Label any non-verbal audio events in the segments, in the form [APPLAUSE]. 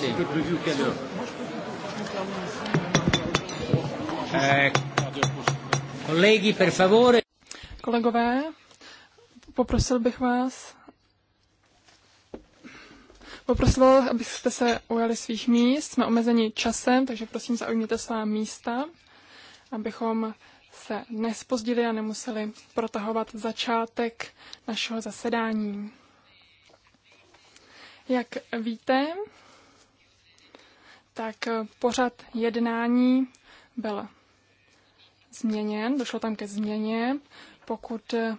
C'est Kolegy, eh, per favore. Kolegové, poprosil bych vás, poprosil, abyste se ujali svých míst. Jsme omezeni časem, takže prosím zaujměte svá místa, abychom se nespozdili a nemuseli protahovat začátek našeho zasedání. Jak víte, tak eh, pořad jednání byl změněn, došlo tam ke změně, pokud eh,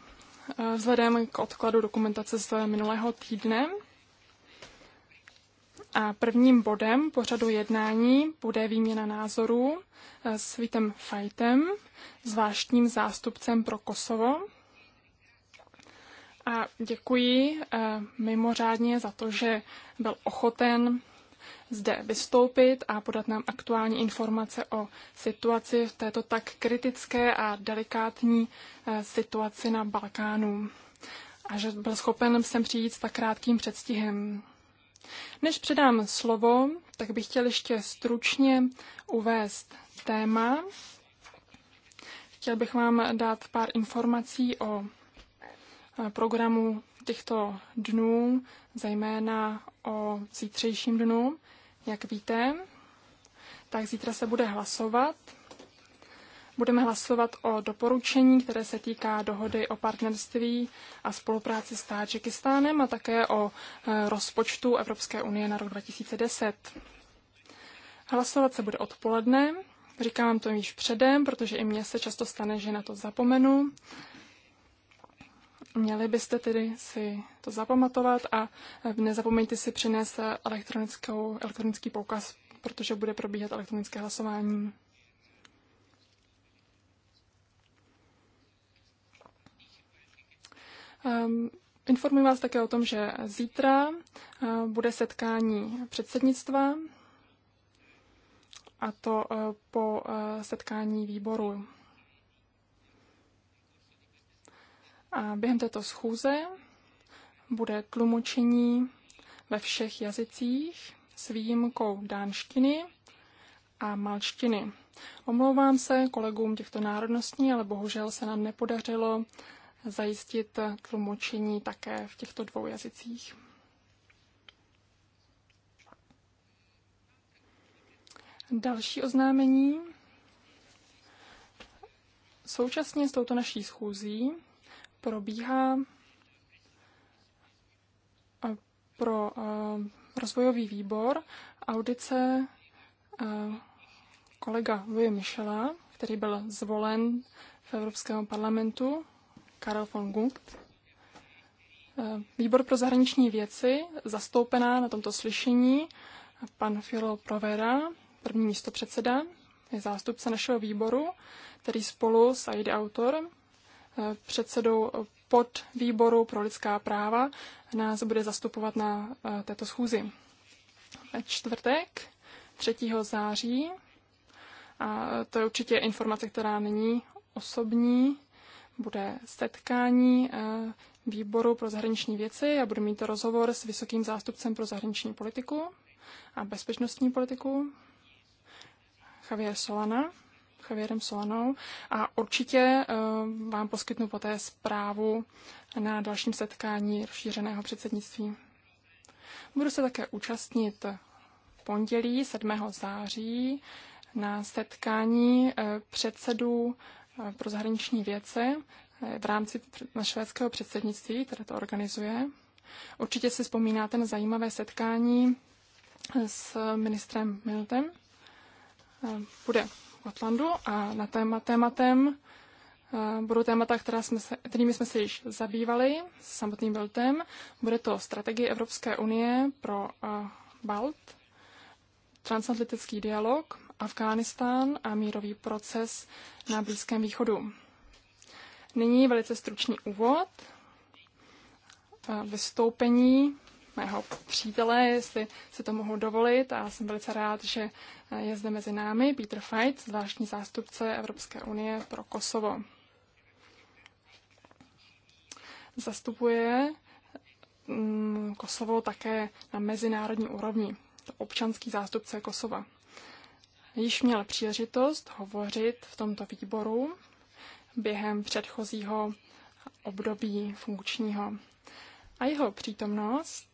eh, vzhledem k odkladu dokumentace z minulého týdne. A prvním bodem pořadu jednání bude výměna názorů s Vítem Fajtem, zvláštním zástupcem pro Kosovo. A děkuji mimořádně za to, že byl ochoten zde vystoupit a podat nám aktuální informace o situaci v této tak kritické a delikátní eh, situaci na Balkánu a že byl schopen sem přijít s tak krátkým předstihem. Než předám slovo, tak bych chtěl ještě stručně uvést téma. Chtěl bych vám dát pár informací o eh, programu těchto dnů, zejména o zítřejším dnu, jak víte, tak zítra se bude hlasovat. Budeme hlasovat o doporučení, které se týká dohody o partnerství a spolupráci s Tádžikistánem a také o e, rozpočtu Evropské unie na rok 2010. Hlasovat se bude odpoledne. Říkám to již předem, protože i mně se často stane, že na to zapomenu. Měli byste tedy si to zapamatovat a eh, nezapomeňte si přinést eh, elektronickou, elektronický poukaz, protože bude probíhat elektronické hlasování. Um, informuji vás také o tom, že zítra eh, bude setkání předsednictva, a to po setkání výboru. A během této schůze bude tlumočení ve všech jazycích s výjimkou dánštiny a malštiny. Omlouvám se kolegům těchto národností, ale bohužel se nám nepodařilo zajistit tlumočení také v těchto dvou jazycích. Další oznámení. Současně s touto naší schůzí probíhá pro rozvojový výbor audice kolega Louis Michela, který byl zvolen v Evropském parlamentu, Karel von Gucht. Výbor pro zahraniční věci, zastoupená na tomto slyšení, pan Filo Provera, první místopředseda, je zástupce našeho výboru, který spolu s ID Autor předsedou pod výboru pro lidská práva, nás bude zastupovat na eh, této schůzi. Ve čtvrtek 3. září, a to je určitě informace, která není osobní, bude setkání eh, výboru pro zahraniční věci a budu mít rozhovor s vysokým zástupcem pro zahraniční politiku a bezpečnostní politiku Javier Solana Javierem Solanou a určitě eh, vám poskytnu poté zprávu na dalším setkání rozšířeného předsednictví. Budu se také účastnit pondělí 7. září na setkání eh, předsedů eh, pro zahraniční věce v rámci švédského předsednictví, které to organizuje. Určitě si vzpomínáte na zajímavé setkání s ministrem Miltem. Bude Gotlandu a na téma, tématem eh, budou témata, která jsme se, kterými jsme se již zabývali s samotným Beltem. Bude to strategie Evropské unie pro uh, Balt, transatlantický dialog, Afghánistán a mírový proces na Blízkém východu. Nyní velice stručný úvod, eh, vystoupení mého přítele, jestli si to mohu dovolit. A jsem velice rád, že je zde mezi námi Peter Fight, zvláštní zástupce Evropské unie pro Kosovo. Zastupuje mm, Kosovo také na mezinárodní úrovni, to občanský zástupce Kosova. Již měl příležitost hovořit v tomto výboru během předchozího období funkčního a jeho přítomnost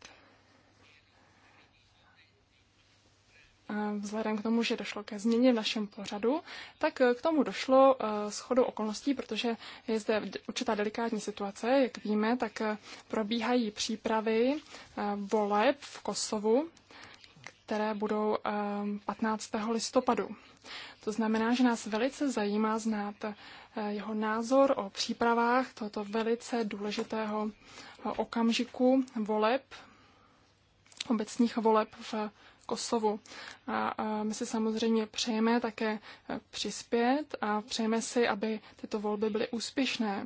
vzhledem k tomu, že došlo ke změně v našem pořadu, tak e, k tomu došlo e, s chodou okolností, protože je zde určitá delikátní situace. Jak víme, tak e, probíhají přípravy voleb v Kosovu které budou 15. Ehm, listopadu. To znamená, že nás velice zajímá znát eh, jeho názor o přípravách tohoto velice důležitého eh, okamžiku voleb, obecních voleb v Kosovu. A my si samozřejmě přejeme také eh, přispět a přejeme si, aby tyto volby byly úspěšné.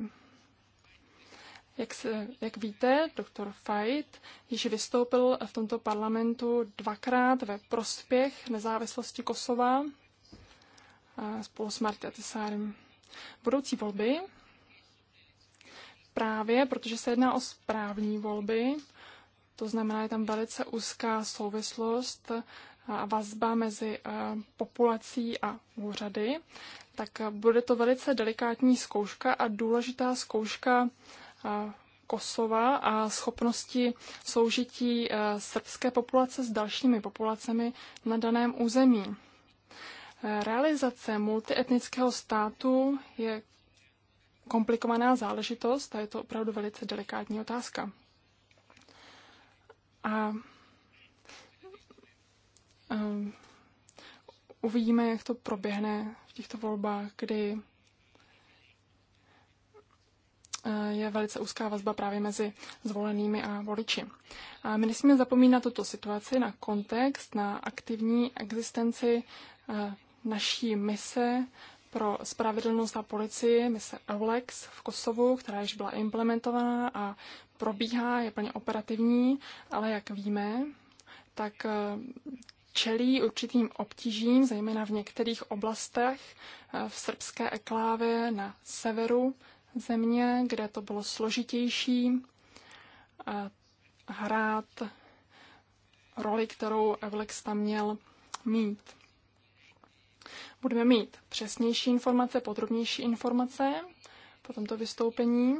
Jak, se, jak víte, doktor Fajt již vystoupil v tomto parlamentu dvakrát ve prospěch nezávislosti Kosova spolu s Marty Atisárem. Budoucí volby, právě protože se jedná o správní volby, to znamená, je tam velice úzká souvislost a vazba mezi eh, populací a úřady, tak bude to velice delikátní zkouška a důležitá zkouška Kosova a schopnosti soužití eh, srbské populace s dalšími populacemi na daném území. Eh, realizace multietnického státu je komplikovaná záležitost a je to opravdu velice delikátní otázka. A um, uvidíme, jak to proběhne v těchto volbách, kdy Eh, je velice úzká vazba právě mezi zvolenými a voliči. A my nesmíme zapomínat tuto situaci na kontext, na aktivní existenci eh, naší mise pro spravedlnost a policii, mise EULEX v Kosovu, která již byla implementovaná a probíhá, je plně operativní, ale jak víme, tak eh, čelí určitým obtížím, zejména v některých oblastech v srbské eklávě na severu země, kde to bylo složitější hrát roli, kterou Evlex tam měl mít. Budeme mít přesnější informace, podrobnější informace po tomto vystoupení.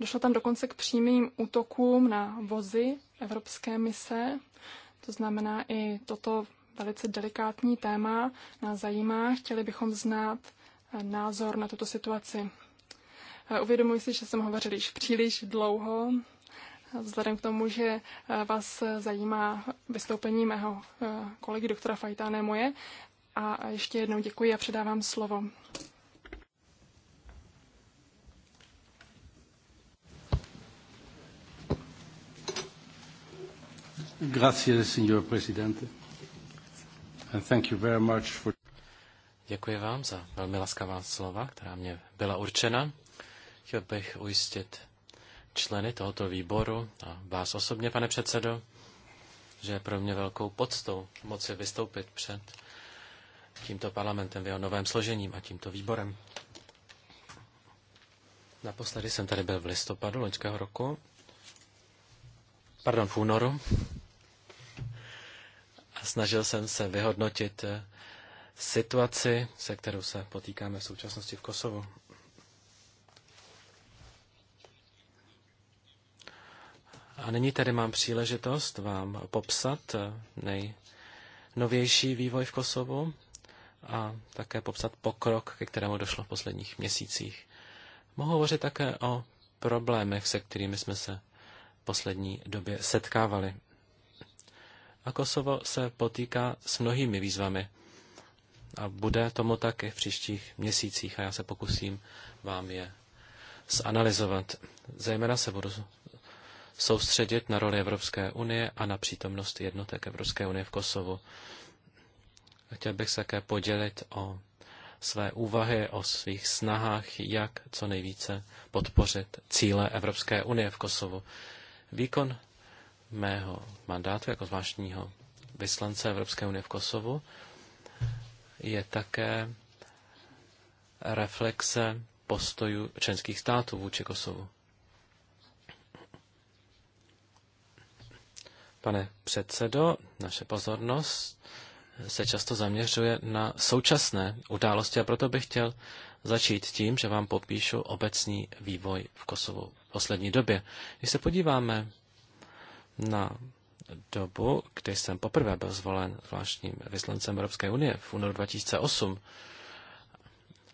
Došlo tam dokonce k přímým útokům na vozy Evropské mise. To znamená, i toto velice delikátní téma nás zajímá. Chtěli bychom znát názor na tuto situaci. Eh, uvědomuji si, že jsem hovořil již příliš dlouho, vzhledem k tomu, že eh, vás eh, zajímá vystoupení mého kolegy doktora Fajta, ne moje. A ještě jednou děkuji a předávám slovo. Grazie, signor Presidente. And thank you very much for... Děkuji vám za velmi laskavá slova, která mě byla určena. Chtěl bych ujistit členy tohoto výboru a vás osobně, pane předsedo, že je pro mě velkou poctou moci vystoupit před tímto parlamentem v jeho novém složením a tímto výborem. Naposledy jsem tady byl v listopadu loňského roku, pardon, v únoru, a snažil jsem se vyhodnotit eh, situaci, se kterou se potýkáme v současnosti v Kosovu. A nyní tady mám příležitost vám popsat nejnovější vývoj v Kosovu a také popsat pokrok, ke kterému došlo v posledních měsících. Mohu hovořit také o problémech, se kterými jsme se v poslední době setkávali. A Kosovo se potýká s mnohými výzvami. A bude tomu tak i v příštích měsících a já se pokusím vám je zanalizovat. Zejména se budu soustředit na roli Evropské unie a na přítomnost jednotek Evropské unie v Kosovu. Chtěl bych se také podělit o své úvahy, o svých snahách, jak co nejvíce podpořit cíle Evropské unie v Kosovu. Výkon mého mandátu jako zvláštního vyslance Evropské unie v Kosovu je také reflexe postoju členských států vůči Kosovu. Pane předsedo, naše pozornost se často zaměřuje na současné události a proto bych chtěl začít tím, že vám popíšu obecný vývoj v Kosovu v poslední době. Když se podíváme na dobu, kdy jsem poprvé byl zvolen zvláštním vyslancem Evropské unie v únoru 2008.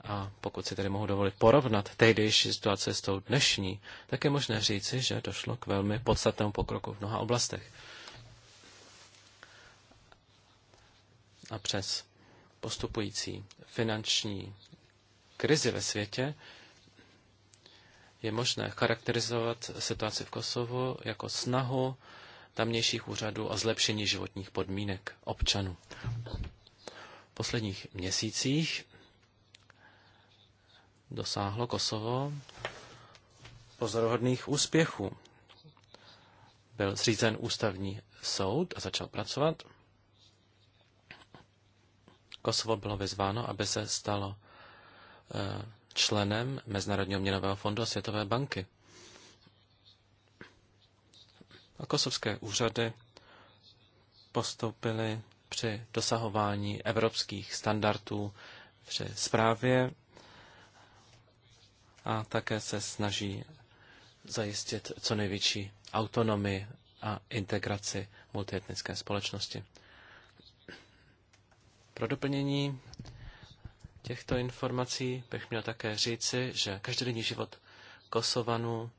A pokud si tedy mohu dovolit porovnat tehdejší situace s tou dnešní, tak je možné říci, že došlo k velmi podstatnému pokroku v mnoha oblastech. A přes postupující finanční krizi ve světě je možné charakterizovat situaci v Kosovu jako snahu tamnějších úřadů a zlepšení životních podmínek občanů. V posledních měsících dosáhlo Kosovo pozoruhodných úspěchů. Byl zřízen ústavní soud a začal pracovat. Kosovo bylo vyzváno, aby se stalo eh, členem Mezinárodního měnového fondu a Světové banky. A kosovské úřady postoupily při dosahování evropských standardů při zprávě a také se snaží zajistit co největší autonomii a integraci multietnické společnosti. Pro doplnění těchto informací bych měl také říci, že každodenní život Kosovanů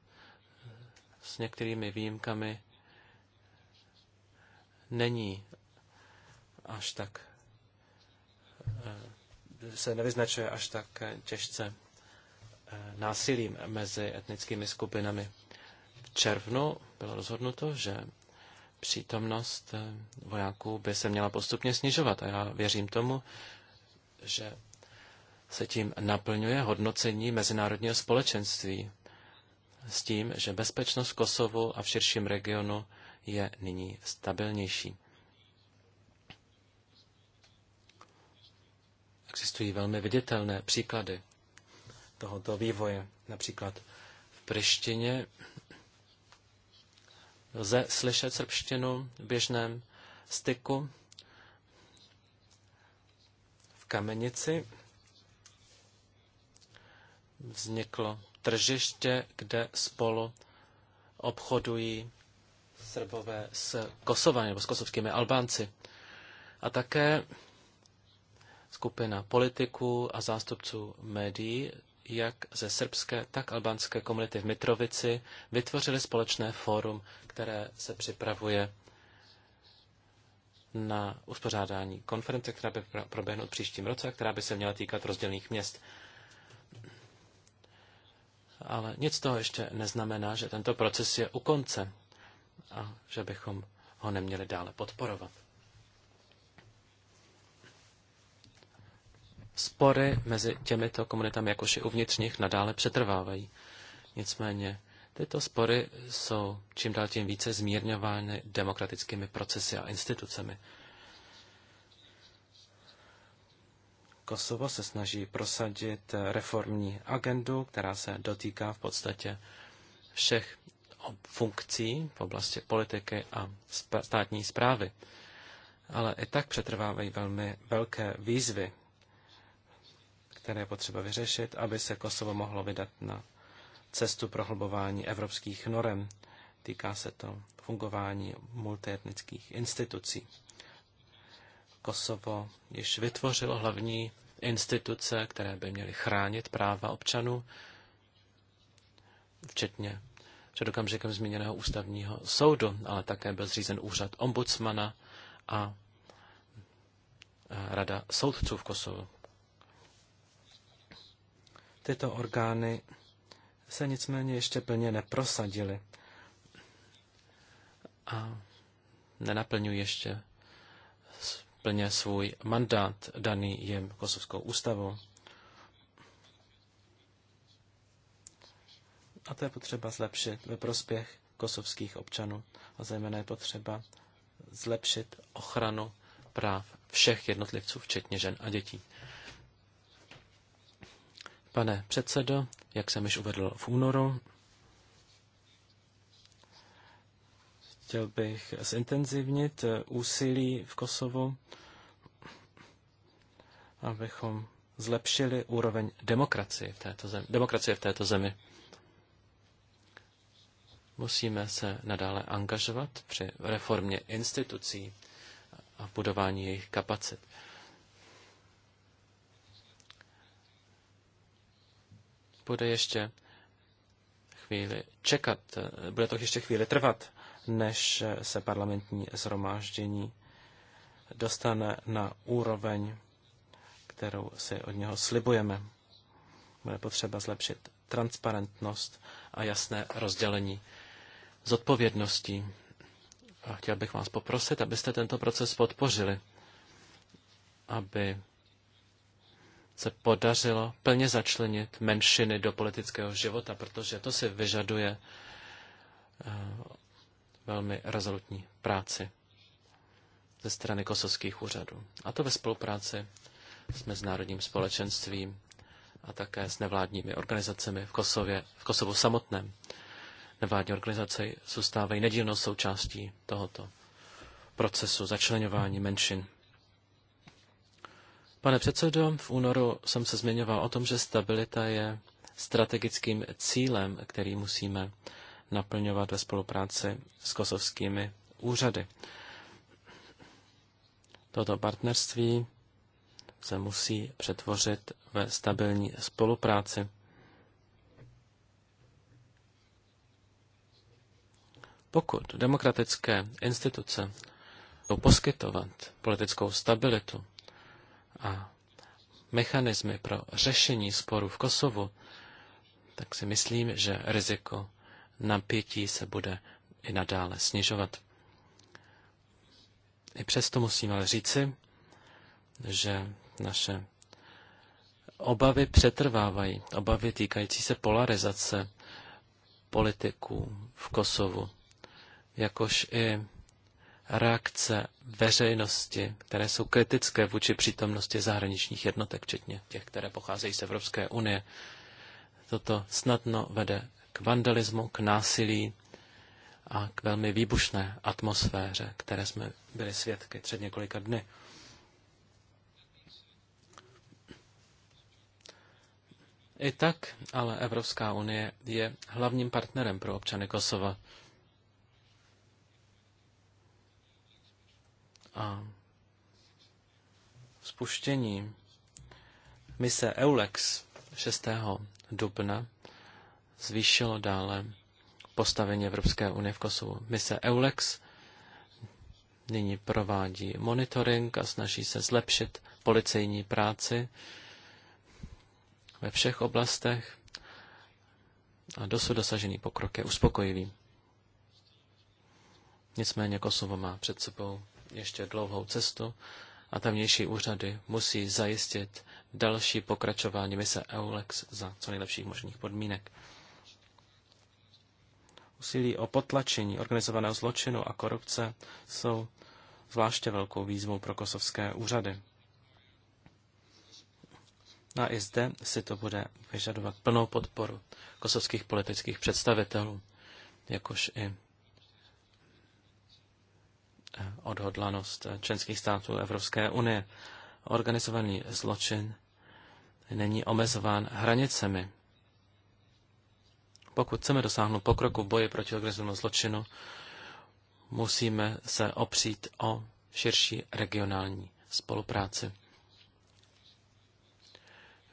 s některými výjimkami není až tak eh, se nevyznačuje až tak těžce eh, násilím mezi etnickými skupinami. V červnu bylo rozhodnuto, že přítomnost eh, vojáků by se měla postupně snižovat a já věřím tomu, že se tím naplňuje hodnocení mezinárodního společenství s tím, že bezpečnost v Kosovu a v širším regionu je nyní stabilnější. Existují velmi viditelné příklady tohoto vývoje. Například v Prištině lze slyšet srbštinu v běžném styku. V Kamenici vzniklo tržiště, kde spolu obchodují Srbové s Kosova nebo s kosovskými Albánci. A také skupina politiků a zástupců médií, jak ze srbské, tak albánské komunity v Mitrovici, vytvořili společné fórum, které se připravuje na uspořádání konference, která by proběhnout příštím roce a která by se měla týkat rozdělených měst. Ale nic toho ještě neznamená, že tento proces je u konce a že bychom ho neměli dále podporovat. Spory mezi těmito komunitami, jakož i uvnitř nich, nadále přetrvávají. Nicméně tyto spory jsou čím dál tím více zmírňovány demokratickými procesy a institucemi. Kosovo se snaží prosadit reformní agendu, která se dotýká v podstatě všech funkcí v oblasti politiky a státní zprávy. Ale i tak přetrvávají velmi velké výzvy, které je potřeba vyřešit, aby se Kosovo mohlo vydat na cestu prohlubování evropských norem. Týká se to fungování multietnických institucí. Kosovo již vytvořilo hlavní instituce, které by měly chránit práva občanů, včetně před okamžikem zmíněného ústavního soudu, ale také byl zřízen úřad ombudsmana a e, rada soudců v Kosovu. Tyto orgány se nicméně ještě plně neprosadily a nenaplňují ještě plně svůj mandát daný jim kosovskou ústavou. A to je potřeba zlepšit ve prospěch kosovských občanů. A zejména je potřeba zlepšit ochranu práv všech jednotlivců, včetně žen a dětí. Pane předsedo, jak jsem již uvedl v únoru, chtěl bych zintenzivnit úsilí v Kosovu, abychom zlepšili úroveň demokracie v této zemi. Demokracie v této zemi. Musíme se nadále angažovat při reformě institucí a budování jejich kapacit. Bude ještě chvíli čekat, bude to ještě chvíli trvat, než se parlamentní zhromáždění dostane na úroveň, kterou si od něho slibujeme. Bude potřeba zlepšit transparentnost a jasné rozdělení zodpovědností. A chtěl bych vás poprosit, abyste tento proces podpořili, aby se podařilo plně začlenit menšiny do politického života, protože to si vyžaduje eh, velmi rezolutní práci ze strany kosovských úřadů. A to ve spolupráci s mezinárodním společenstvím a také s nevládními organizacemi v, Kosově, v Kosovu samotném nevládní organizace zůstávají nedílnou součástí tohoto procesu začlenování menšin. Pane předsedo, v únoru jsem se zmiňoval o tom, že stabilita je strategickým cílem, který musíme naplňovat ve spolupráci s kosovskými úřady. Toto partnerství se musí přetvořit ve stabilní spolupráci. Pokud demokratické instituce budou poskytovat politickou stabilitu a mechanismy pro řešení sporů v Kosovu, tak si myslím, že riziko napětí se bude i nadále snižovat. I přesto musím ale říci, že naše obavy přetrvávají, obavy týkající se polarizace politiků v Kosovu jakož i reakce veřejnosti, které jsou kritické vůči přítomnosti zahraničních jednotek, včetně těch, které pocházejí z Evropské unie. Toto snadno vede k vandalismu, k násilí a k velmi výbušné atmosféře, které jsme byli svědky před několika dny. I tak ale Evropská unie je hlavním partnerem pro občany Kosova a spuštění mise EULEX 6. dubna zvýšilo dále postavení Evropské unie v Kosovu. Mise EULEX nyní provádí monitoring a snaží se zlepšit policejní práci ve všech oblastech a dosud dosažený pokrok je uspokojivý. Nicméně Kosovo má před sebou ještě dlouhou cestu a tamnější úřady musí zajistit další pokračování mise EULEX za co nejlepších možných podmínek. Usilí o potlačení organizovaného zločinu a korupce jsou zvláště velkou výzvou pro kosovské úřady. A i zde si to bude vyžadovat plnou podporu kosovských politických představitelů, jakož i odhodlanost členských států Evropské unie. Organizovaný zločin není omezován hranicemi. Pokud chceme dosáhnout pokroku v boji proti organizovanému zločinu, musíme se opřít o širší regionální spolupráci.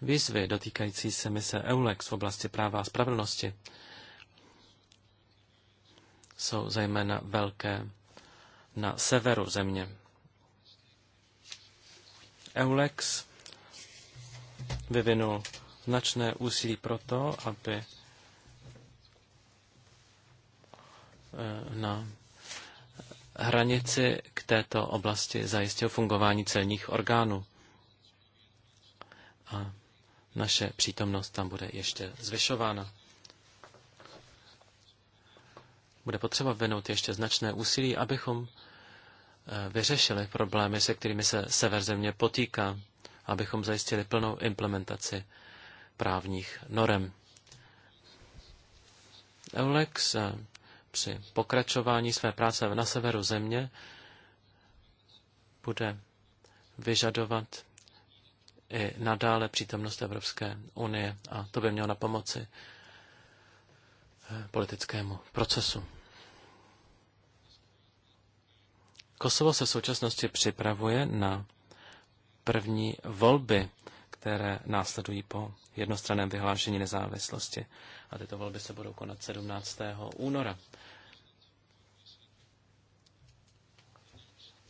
Výzvy dotýkající se mise EULEX v oblasti práva a spravedlnosti jsou zejména velké na severu země. Eulex vyvinul značné úsilí pro to, aby eh, na hranici k této oblasti zajistil fungování celních orgánů. A naše přítomnost tam bude ještě zvyšována bude potřeba vynout ještě značné úsilí, abychom eh, vyřešili problémy, se kterými se sever země potýká, abychom zajistili plnou implementaci právních norem. Eulex eh, při pokračování své práce na severu země bude vyžadovat i nadále přítomnost Evropské unie a to by mělo na pomoci eh, politickému procesu. Kosovo se v současnosti připravuje na první volby, které následují po jednostranném vyhlášení nezávislosti. A tyto volby se budou konat 17. února.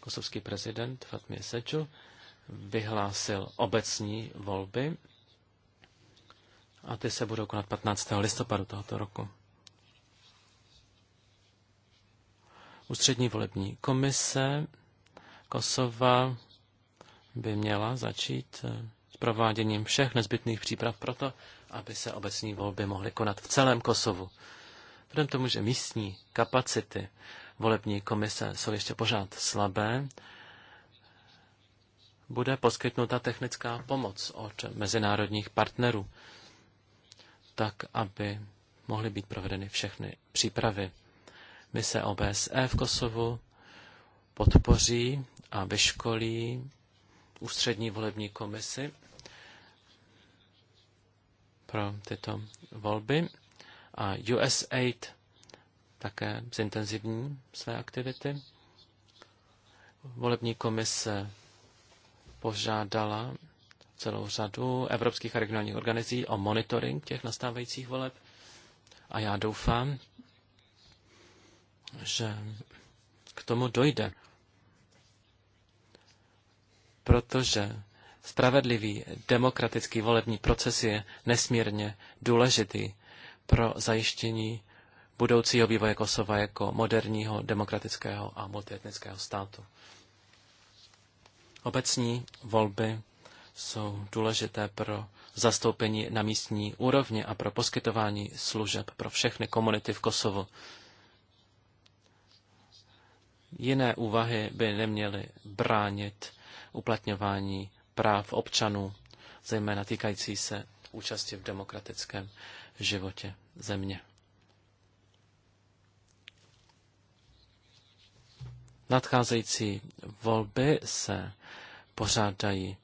Kosovský prezident Fatmir Seču vyhlásil obecní volby a ty se budou konat 15. listopadu tohoto roku. Ústřední volební komise Kosova by měla začít eh, s prováděním všech nezbytných příprav proto, aby se obecní volby mohly konat v celém Kosovu. Vzhledem tomu, že místní kapacity volební komise jsou ještě pořád slabé, bude poskytnuta technická pomoc od mezinárodních partnerů, tak aby mohly být provedeny všechny přípravy mise OBSE v Kosovu podpoří a vyškolí ústřední volební komisi pro tyto volby a USAID také zintenzivní své aktivity. Volební komise požádala celou řadu evropských a regionálních organizací o monitoring těch nastávajících voleb a já doufám, že k tomu dojde. Protože spravedlivý demokratický volební proces je nesmírně důležitý pro zajištění budoucího vývoje Kosova jako moderního, demokratického a multietnického státu. Obecní volby jsou důležité pro zastoupení na místní úrovni a pro poskytování služeb pro všechny komunity v Kosovu jiné úvahy by neměly bránit uplatňování práv občanů, zejména týkající se účasti v demokratickém životě země. Nadcházející volby se pořádají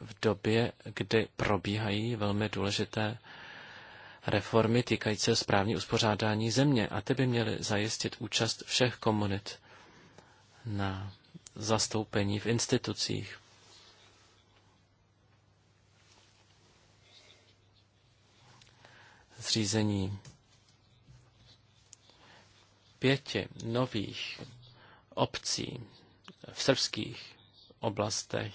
v době, kdy probíhají velmi důležité reformy týkající se správní uspořádání země a ty by měly zajistit účast všech komunit na zastoupení v institucích. Zřízení pěti nových obcí v srbských oblastech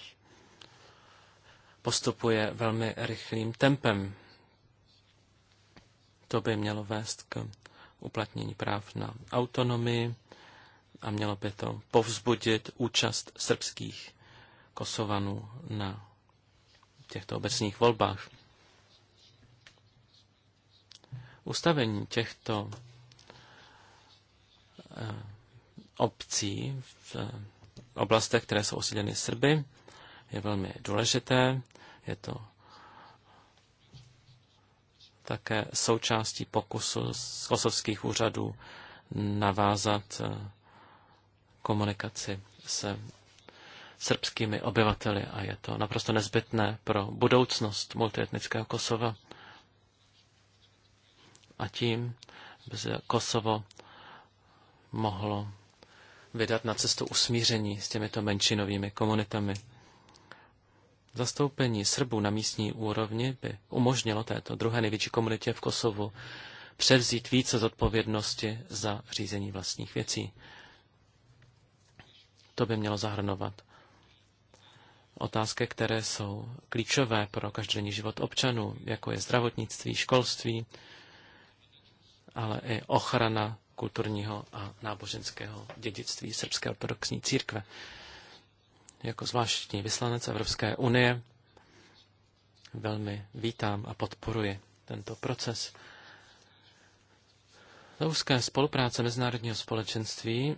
postupuje velmi rychlým tempem. To by mělo vést k uplatnění práv na autonomii, a mělo by to povzbudit účast srbských Kosovanů na těchto obecních volbách. Ustavení těchto eh, obcí v oblastech, které jsou osídleny Srby, je velmi důležité. Je to také součástí pokusu z kosovských úřadů navázat eh, komunikaci se srbskými obyvateli a je to naprosto nezbytné pro budoucnost multietnického Kosova. A tím by se Kosovo mohlo vydat na cestu usmíření s těmito menšinovými komunitami. Zastoupení Srbů na místní úrovni by umožnilo této druhé největší komunitě v Kosovu převzít více zodpovědnosti za řízení vlastních věcí. To by mělo zahrnovat otázky, které jsou klíčové pro každodenní život občanů, jako je zdravotnictví, školství, ale i ochrana kulturního a náboženského dědictví Srbské ortodoxní církve. Jako zvláštní vyslanec Evropské unie velmi vítám a podporuji tento proces. Za úzké spolupráce mezinárodního společenství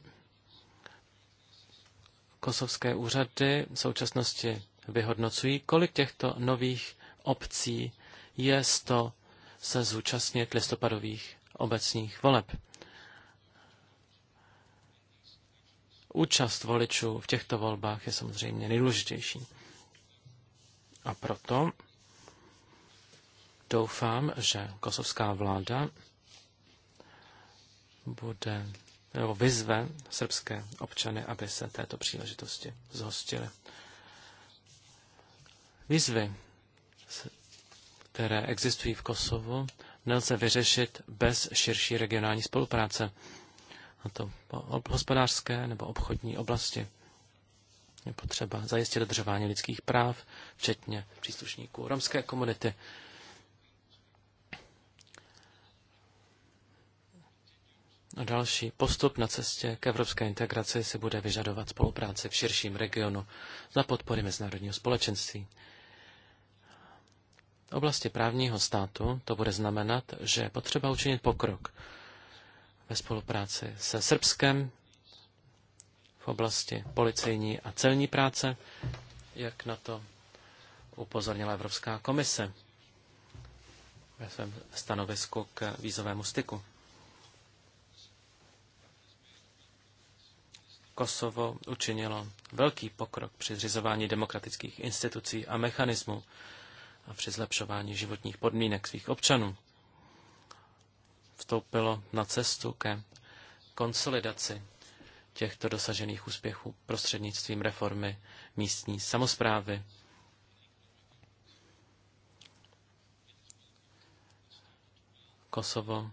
Kosovské úřady v současnosti vyhodnocují, kolik těchto nových obcí je to se zúčastnit listopadových obecních voleb. Účast voličů v těchto volbách je samozřejmě nejdůležitější. A proto doufám, že kosovská vláda bude nebo vyzve srbské občany, aby se této příležitosti zhostili. Výzvy, které existují v Kosovu, nelze vyřešit bez širší regionální spolupráce, a to po hospodářské nebo obchodní oblasti. Je potřeba zajistit dodržování lidských práv, včetně příslušníků romské komunity, Další postup na cestě k evropské integraci si bude vyžadovat spolupráci v širším regionu za podpory mezinárodního společenství. V oblasti právního státu to bude znamenat, že je potřeba učinit pokrok ve spolupráci se Srbskem v oblasti policejní a celní práce, jak na to upozornila Evropská komise ve svém stanovisku k vízovému styku. Kosovo učinilo velký pokrok při zřizování demokratických institucí a mechanismů a při zlepšování životních podmínek svých občanů. Vstoupilo na cestu ke konsolidaci těchto dosažených úspěchů prostřednictvím reformy místní samozprávy. Kosovo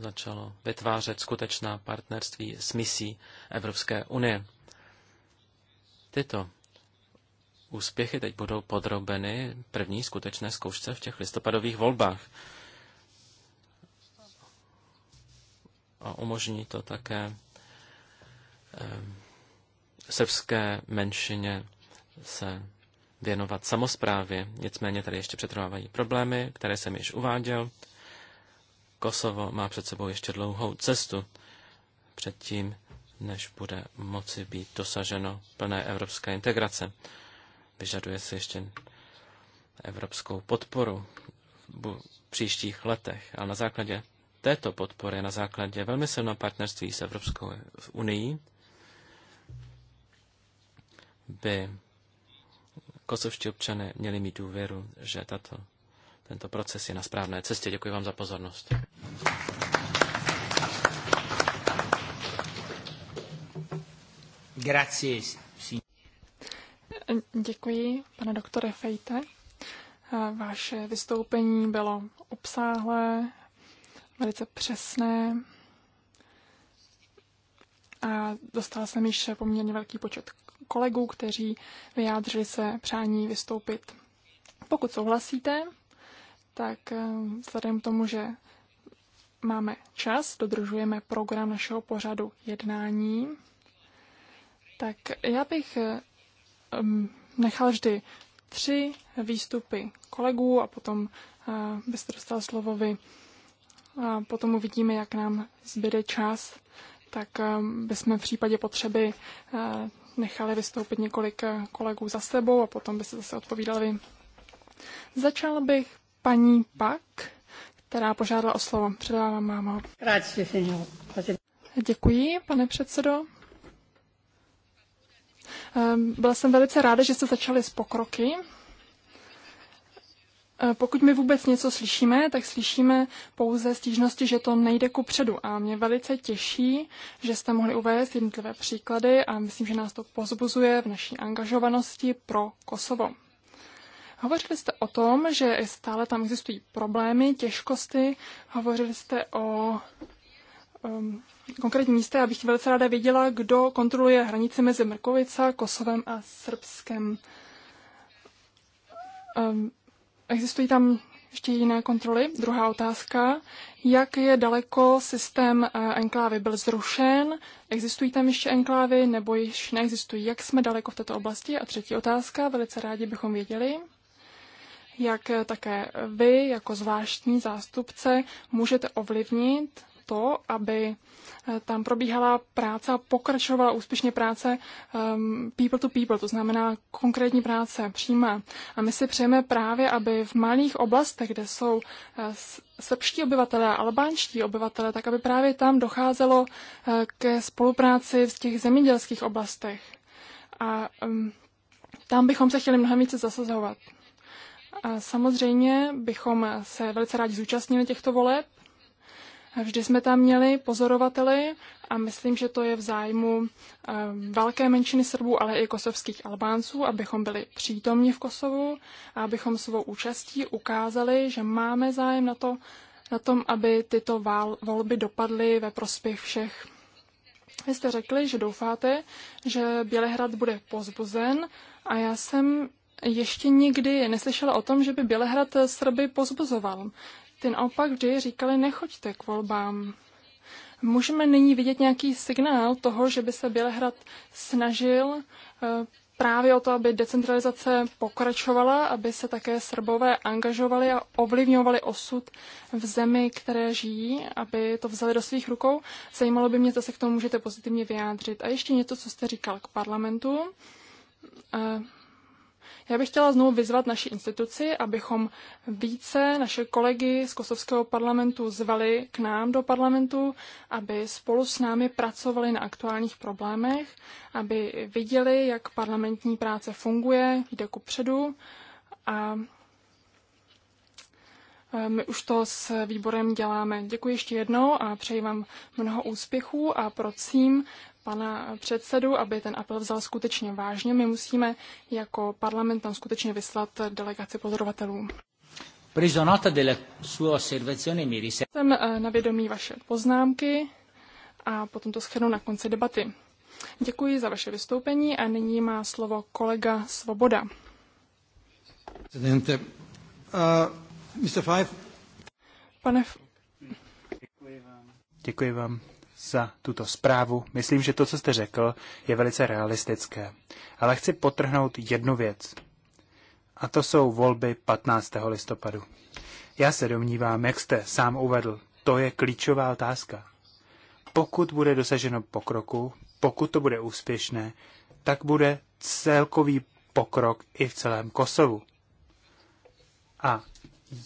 začalo vytvářet skutečná partnerství s misí Evropské unie. Tyto úspěchy teď budou podrobeny první skutečné zkoušce v těch listopadových volbách. A umožní to také eh, srbské menšině se věnovat samozprávě. Nicméně tady ještě přetrvávají problémy, které jsem již uváděl. Kosovo má před sebou ještě dlouhou cestu předtím, než bude moci být dosaženo plné evropské integrace. Vyžaduje se ještě evropskou podporu v příštích letech a na základě této podpory, na základě velmi silného partnerství s Evropskou unii, by kosovští občané měli mít důvěru, že tato tento proces je na správné cestě. Děkuji vám za pozornost. Grazie. Děkuji, pane doktore Fejte. Vaše vystoupení bylo obsáhlé, velice přesné a dostala jsem již poměrně velký počet kolegů, kteří vyjádřili se přání vystoupit. Pokud souhlasíte, tak eh, vzhledem k tomu, že máme čas, dodržujeme program našeho pořadu jednání, tak já bych eh, nechal vždy tři výstupy kolegů a potom eh, byste dostal slovo vy. A potom uvidíme, jak nám zbyde čas, tak bychom v případě potřeby nechali vystoupit několik kolegů za sebou a potom byste zase odpovídali vy. Začal bych paní Pak, která požádala o slovo. Předávám vám ho. Děkuji, pane předsedo. Ehm, byla jsem velice ráda, že jste začali s pokroky. Ehm, pokud my vůbec něco slyšíme, tak slyšíme pouze stížnosti, že to nejde ku předu. A mě velice těší, že jste mohli uvést jednotlivé příklady a myslím, že nás to pozbuzuje v naší angažovanosti pro Kosovo. Hovořili jste o tom, že stále tam existují problémy, těžkosti. Hovořili jste o um, konkrétní místě. Já bych velice ráda věděla, kdo kontroluje hranice mezi Mrkovica, Kosovem a Srbskem. Um, existují tam ještě jiné kontroly? Druhá otázka. Jak je daleko systém eh, enklávy byl zrušen? Existují tam ještě enklávy nebo již neexistují? Jak jsme daleko v této oblasti? A třetí otázka, velice rádi bychom věděli, jak také vy jako zvláštní zástupce můžete ovlivnit to, aby eh, tam probíhala práce a pokračovala úspěšně práce um, people to people, to znamená konkrétní práce přímá. A my si přejeme právě, aby v malých oblastech, kde jsou uh, srbští obyvatelé a albánští obyvatelé, tak aby právě tam docházelo uh, ke spolupráci v těch zemědělských oblastech. A um, tam bychom se chtěli mnohem více zasazovat. Samozřejmě bychom se velice rádi zúčastnili těchto voleb. Vždy jsme tam měli pozorovateli a myslím, že to je v zájmu eh, velké menšiny Srbů, ale i kosovských Albánců, abychom byli přítomni v Kosovu a abychom svou účastí ukázali, že máme zájem na, to, na tom, aby tyto vál, volby dopadly ve prospěch všech. Vy jste řekli, že doufáte, že Bělehrad bude pozbuzen a já jsem ještě nikdy neslyšela o tom, že by Bělehrad Srby pozbuzoval. Ty naopak vždy říkali, nechoďte k volbám. Můžeme nyní vidět nějaký signál toho, že by se Bělehrad snažil eh, právě o to, aby decentralizace pokračovala, aby se také Srbové angažovali a ovlivňovali osud v zemi, které žijí, aby to vzali do svých rukou. Zajímalo by mě, co se k tomu můžete pozitivně vyjádřit. A ještě něco, co jste říkal k parlamentu. Eh, já bych chtěla znovu vyzvat naši instituci, abychom více naše kolegy z kosovského parlamentu zvali k nám do parlamentu, aby spolu s námi pracovali na aktuálních problémech, aby viděli, jak parlamentní práce funguje, jde ku předu a e, my už to s výborem děláme. Děkuji ještě jednou a přeji vám mnoho úspěchů a prosím, pana předsedu, aby ten apel vzal skutečně vážně. My musíme jako parlament tam skutečně vyslat delegaci pozorovatelů. Jsem eh, na vědomí vaše poznámky a potom to schrnu na konci debaty. Děkuji za vaše vystoupení a nyní má slovo kolega Svoboda. Presidente, uh, eh, Mr. Five. Pane... Děkuji vám. Děkuji vám za tuto zprávu. Myslím, že to, co jste řekl, je velice realistické. Ale chci potrhnout jednu věc. A to jsou volby 15. listopadu. Já se domnívám, jak jste sám uvedl, to je klíčová otázka. Pokud bude dosaženo pokroku, pokud to bude úspěšné, tak bude celkový pokrok i v celém Kosovu. A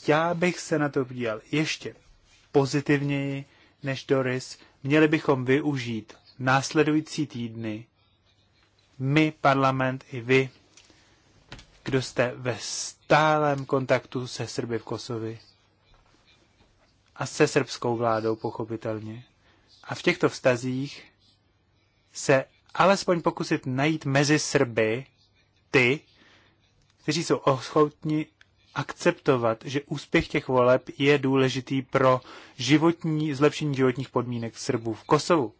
já bych se na to podíval ještě pozitivněji než Doris Měli bychom využít následující týdny, my, parlament i vy, kdo jste ve stálem kontaktu se Srby v Kosovi a se srbskou vládou, pochopitelně. A v těchto vztazích se alespoň pokusit najít mezi Srby ty, kteří jsou ochotni akceptovat, že úspěch těch voleb je důležitý pro životní, zlepšení životních podmínek Srbů v Kosovu.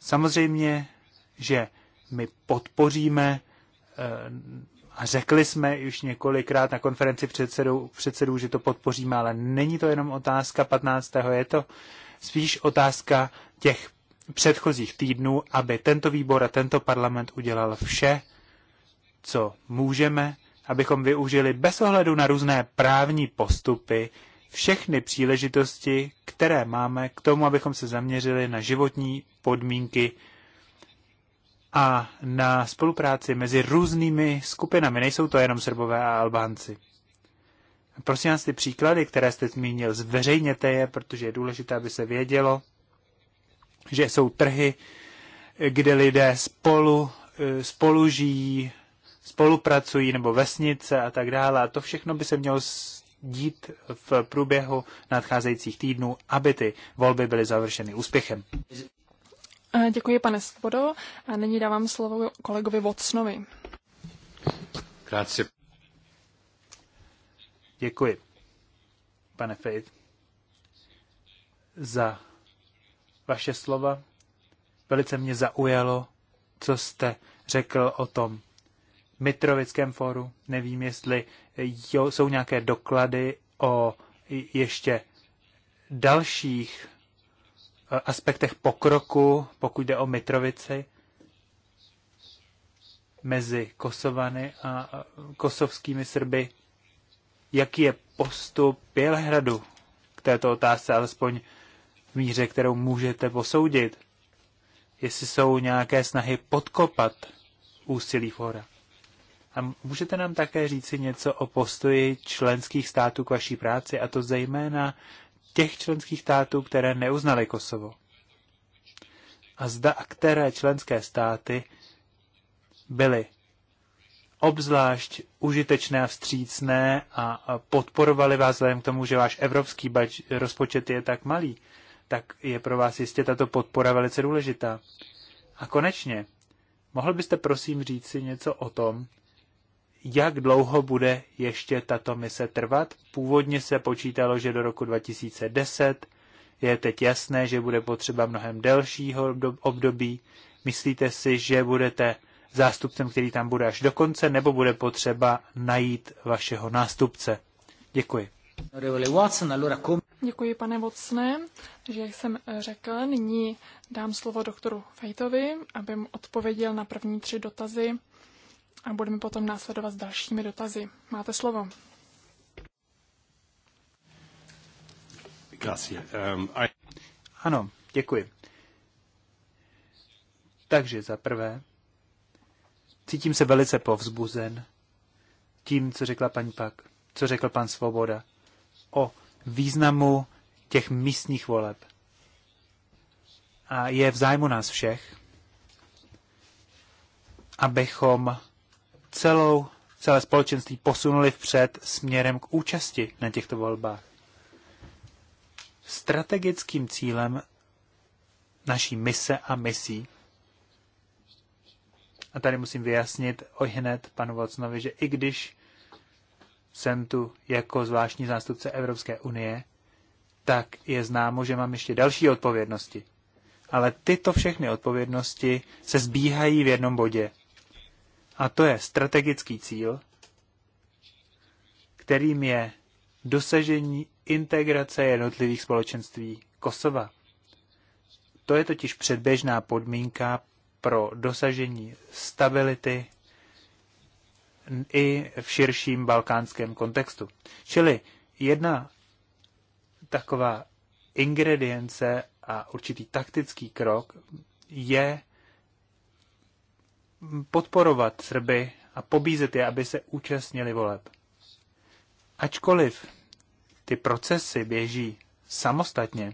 Samozřejmě, že my podpoříme eh, a řekli jsme už několikrát na konferenci předsedů, předsedů, že to podpoříme, ale není to jenom otázka 15. je to spíš otázka těch předchozích týdnů, aby tento výbor a tento parlament udělal vše, co můžeme, abychom využili bez ohledu na různé právní postupy všechny příležitosti, které máme k tomu, abychom se zaměřili na životní podmínky a na spolupráci mezi různými skupinami. Nejsou to jenom Srbové a Albánci. Prosím vás, ty příklady, které jste zmínil, zveřejněte je, protože je důležité, aby se vědělo, že jsou trhy, kde lidé spolu, eh, spolu žijí, spolupracují, nebo vesnice a tak dále. A to všechno by se mělo dít v průběhu nadcházejících týdnů, aby ty volby byly završeny úspěchem. Eh, děkuji, pane Svobodo. A nyní dávám slovo kolegovi Vocnovi. Krátce. Děkuji, pane Fejt, za vaše slova. Velice mě zaujalo, co jste řekl o tom Mitrovickém fóru. Nevím, jestli jsou nějaké doklady o ještě dalších e, aspektech pokroku, pokud jde o Mitrovici, mezi Kosovany a kosovskými Srby. Jaký je postup Bělehradu k této otázce, alespoň v míře, kterou můžete posoudit? Jestli jsou nějaké snahy podkopat úsilí fora. A můžete nám také říci něco o postoji členských států k vaší práci, a to zejména těch členských států, které neuznaly Kosovo? A zda a které členské státy byly obzvlášť užitečné a vstřícné a podporovali vás vzhledem k tomu, že váš evropský bač, rozpočet je tak malý, tak je pro vás jistě tato podpora velice důležitá. A konečně, mohl byste prosím říct si něco o tom, jak dlouho bude ještě tato mise trvat. Původně se počítalo, že do roku 2010 je teď jasné, že bude potřeba mnohem delšího období. Myslíte si, že budete zástupcem, který tam bude až do konce, nebo bude potřeba najít vašeho nástupce? Děkuji. Děkuji, pane Vocné. že jsem řekl. Nyní dám slovo doktoru Fejtovi, aby mu odpověděl na první tři dotazy a budeme potom následovat s dalšími dotazy. Máte slovo. Ehm, ano, děkuji. Takže za prvé, cítím se velice povzbuzen tím, co řekla paní Pak, co řekl pan Svoboda o významu těch místních voleb. A je v zájmu nás všech, abychom celou, celé společenství posunuli vpřed směrem k účasti na těchto volbách. Strategickým cílem naší mise a misí a tady musím vyjasnit hned panu Vocnovi, že i když jsem tu jako zvláštní zástupce Evropské unie, tak je známo, že mám ještě další odpovědnosti. Ale tyto všechny odpovědnosti se zbíhají v jednom bodě. A to je strategický cíl, kterým je dosažení integrace jednotlivých společenství Kosova. To je totiž předběžná podmínka pro dosažení stability i v širším balkánském kontextu. Čili jedna taková ingredience a určitý taktický krok je podporovat Srby a pobízet je, aby se účastnili voleb. Ačkoliv ty procesy běží samostatně,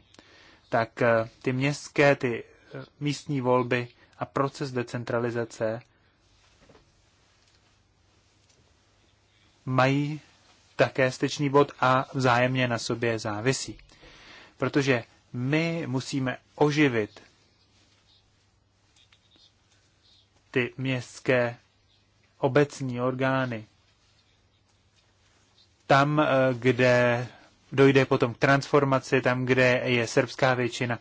tak eh, ty městské, ty eh, místní volby a proces decentralizace mají také styčný bod a vzájemně na sobě závisí. Protože my musíme oživit ty městské obecní orgány. Tam, eh, kde dojde potom k transformaci, tam, kde je srbská většina.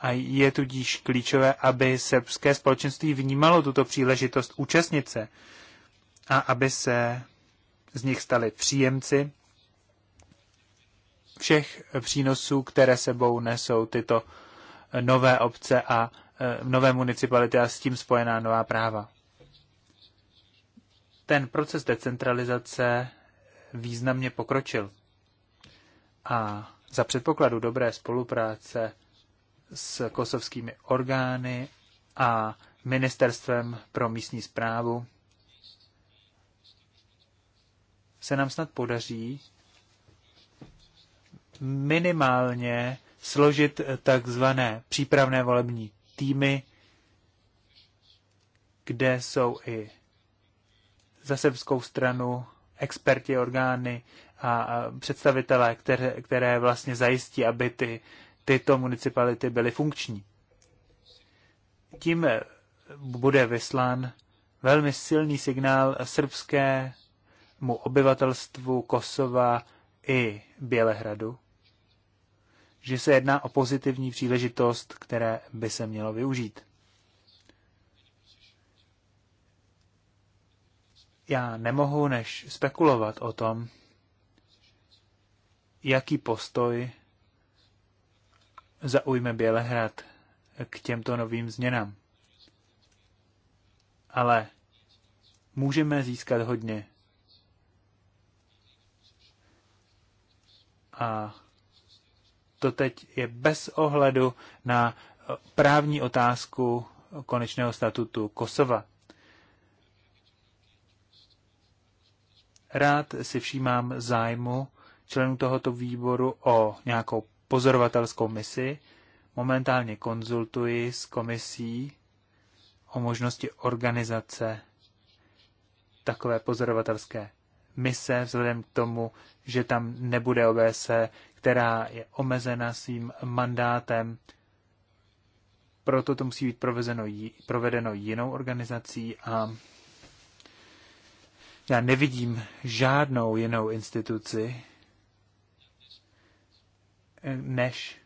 A je tudíž klíčové, aby srbské společenství vnímalo tuto příležitost účastnit se a aby se z nich stali příjemci všech přínosů, které sebou nesou tyto nové obce a Eh, nové municipality a s tím spojená nová práva. Ten proces decentralizace významně pokročil. A za předpokladu dobré spolupráce s kosovskými orgány a ministerstvem pro místní zprávu se nám snad podaří minimálně složit takzvané přípravné volební týmy, kde jsou i za srbskou stranu experti, orgány a představitelé, které, které vlastně zajistí, aby ty, tyto municipality byly funkční. Tím bude vyslán velmi silný signál srbskému obyvatelstvu Kosova i Bělehradu, že se jedná o pozitivní příležitost, které by se mělo využít. Já nemohu než spekulovat o tom, jaký postoj zaujme Bělehrad k těmto novým změnám. Ale můžeme získat hodně. A to teď je bez ohledu na eh, právní otázku konečného statutu Kosova. Rád si všímám zájmu členů tohoto výboru o nějakou pozorovatelskou misi. Momentálně konzultuji s komisí o možnosti organizace takové pozorovatelské mise, vzhledem k tomu, že tam nebude OBS, která je omezena svým mandátem. Proto to musí být provedeno, provedeno jinou organizací a já nevidím žádnou jinou instituci, než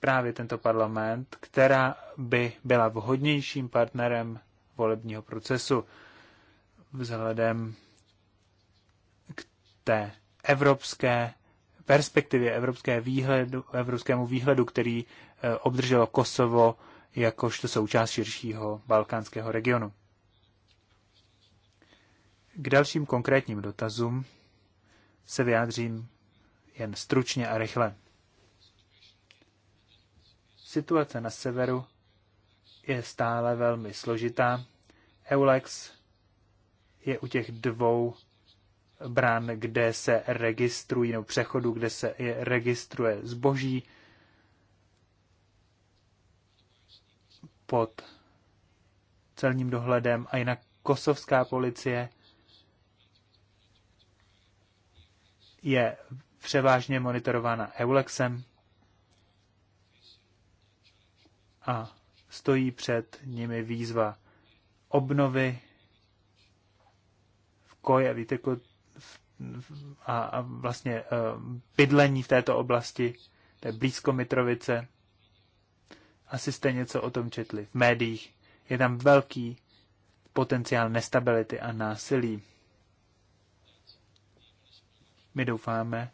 právě tento parlament, která by byla vhodnějším partnerem volebního procesu vzhledem k té evropské perspektivě evropské výhledu, evropskému výhledu, který eh, obdrželo Kosovo jakožto součást širšího balkánského regionu. K dalším konkrétním dotazům se vyjádřím jen stručně a rychle. Situace na severu je stále velmi složitá. Eulex je u těch dvou brán, kde se registrují, nebo přechodu, kde se registruje zboží pod celním dohledem a jinak kosovská policie je převážně monitorována Eulexem a stojí před nimi výzva obnovy v Koje, víte, jako a, a vlastně eh, bydlení v této oblasti, to je blízko Mitrovice. Asi jste něco o tom četli v médiích. Je tam velký potenciál nestability a násilí. My doufáme,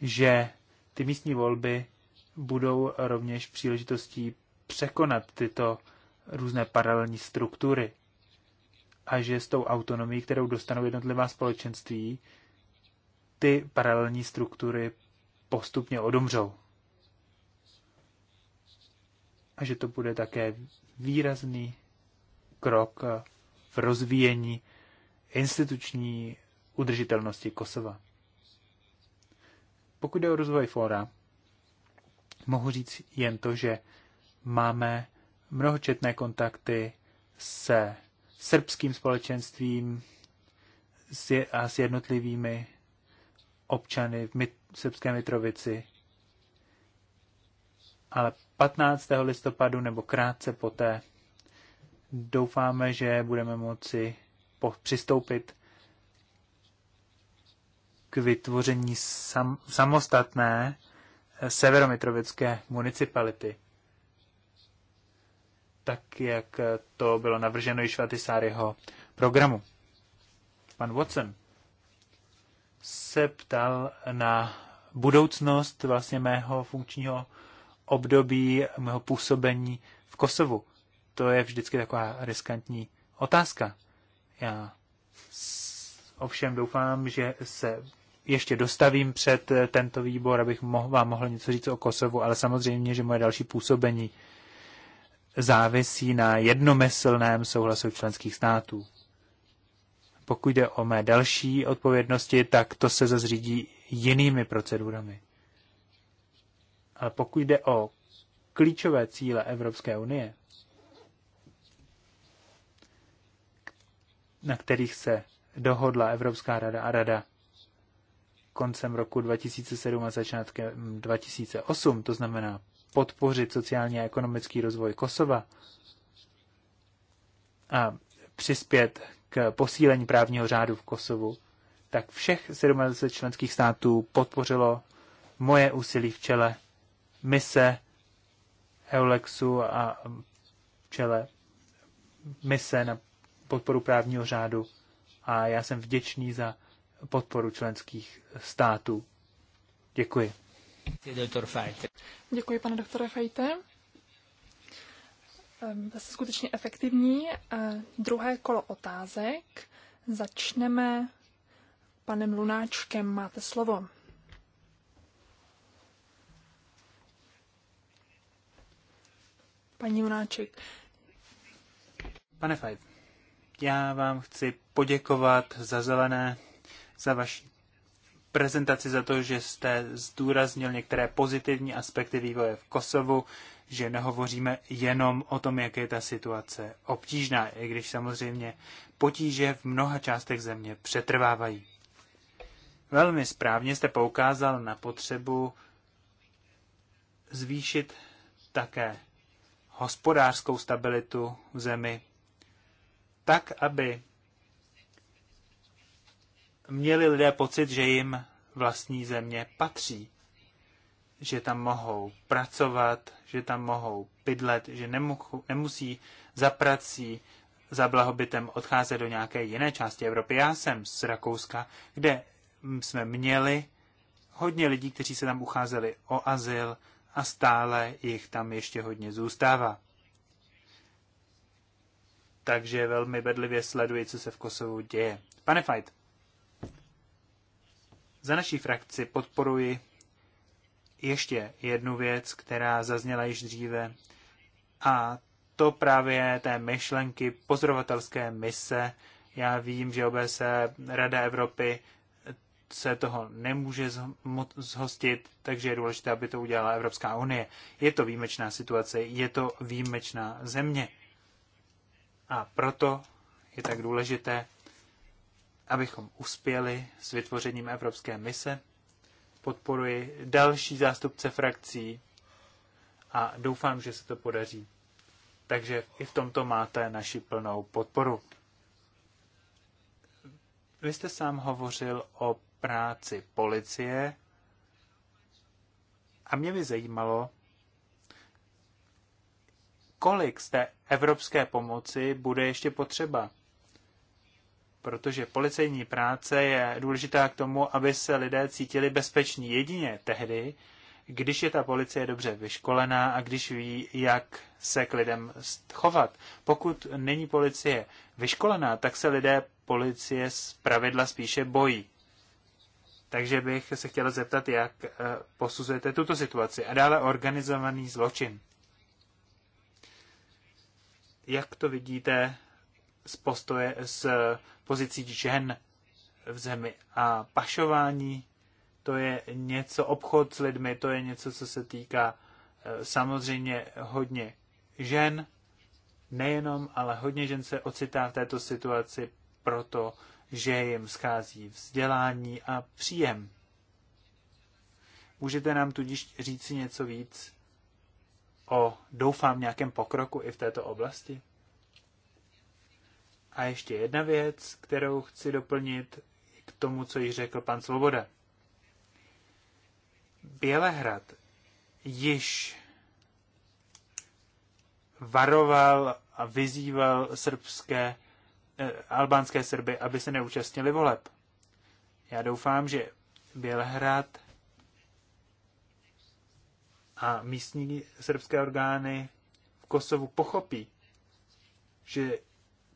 že ty místní volby budou rovněž příležitostí překonat tyto různé paralelní struktury a že s tou autonomií, kterou dostanou jednotlivá společenství, ty paralelní struktury postupně odomřou. A že to bude také výrazný krok v rozvíjení instituční udržitelnosti Kosova. Pokud jde o rozvoj fóra, mohu říct jen to, že máme mnohočetné kontakty se srbským společenstvím a s jednotlivými občany v Mit- Srbské Mitrovici. Ale 15. listopadu nebo krátce poté doufáme, že budeme moci po- přistoupit k vytvoření sam- samostatné eh, severomitrovické municipality. Tak, jak eh, to bylo navrženo již v programu. Pan Watson se ptal na budoucnost vlastně mého funkčního období, mého působení v Kosovu. To je vždycky taková riskantní otázka. Já ovšem doufám, že se ještě dostavím před tento výbor, abych mohl vám mohl něco říct o Kosovu, ale samozřejmě, že moje další působení závisí na jednomyslném souhlasu členských států. Pokud jde o mé další odpovědnosti, tak to se zazřídí jinými procedurami. Ale pokud jde o klíčové cíle Evropské unie, na kterých se dohodla Evropská rada a rada koncem roku 2007 a začátkem 2008, to znamená podpořit sociální a ekonomický rozvoj Kosova a přispět k posílení právního řádu v Kosovu, tak všech 27 členských států podpořilo moje úsilí v čele mise Eulexu a v čele mise na podporu právního řádu a já jsem vděčný za podporu členských států. Děkuji. Děkuji, pane doktore Fajte. Ehm, zase skutečně efektivní. Eh, druhé kolo otázek. Začneme panem Lunáčkem. Máte slovo. Paní Lunáček. Pane Fajt, já vám chci poděkovat za zelené, za vaši prezentaci, za to, že jste zdůraznil některé pozitivní aspekty vývoje v Kosovu, že nehovoříme jenom o tom, jak je ta situace obtížná, i když samozřejmě potíže v mnoha částech země přetrvávají. Velmi správně jste poukázal na potřebu zvýšit také hospodářskou stabilitu v zemi, tak, aby měli lidé pocit, že jim vlastní země patří že tam mohou pracovat, že tam mohou bydlet, že nemohu, nemusí za prací, za blahobytem odcházet do nějaké jiné části Evropy. Já jsem z Rakouska, kde jsme měli hodně lidí, kteří se tam ucházeli o azyl a stále jich tam ještě hodně zůstává. Takže velmi bedlivě sleduji, co se v Kosovu děje. Pane Fajt, za naší frakci podporuji ještě jednu věc, která zazněla již dříve, a to právě té myšlenky pozorovatelské mise. Já vím, že OBSE Rada Evropy se toho nemůže zhostit, takže je důležité, aby to udělala Evropská unie. Je to výjimečná situace, je to výjimečná země. A proto je tak důležité, abychom uspěli s vytvořením evropské mise podporuji další zástupce frakcí a doufám, že se to podaří. Takže i v tomto máte naši plnou podporu. Vy jste sám hovořil o práci policie a mě by zajímalo, kolik z té evropské pomoci bude ještě potřeba protože policejní práce je důležitá k tomu, aby se lidé cítili bezpeční jedině tehdy, když je ta policie dobře vyškolená a když ví, jak se k lidem chovat. Pokud není policie vyškolená, tak se lidé policie z pravidla spíše bojí. Takže bych se chtěla zeptat, jak eh, posuzujete tuto situaci. A dále organizovaný zločin. Jak to vidíte z postoje, z pozicí žen v zemi. A pašování, to je něco, obchod s lidmi, to je něco, co se týká e, samozřejmě hodně žen, nejenom, ale hodně žen se ocitá v této situaci proto, že jim schází vzdělání a příjem. Můžete nám tudíž říci něco víc o, doufám, nějakém pokroku i v této oblasti? A ještě jedna věc, kterou chci doplnit k tomu, co již řekl pan Svoboda. Bělehrad již varoval a vyzýval srbské, eh, albánské Srby, aby se neúčastnili voleb. Já doufám, že Bělehrad a místní srbské orgány v Kosovu pochopí, že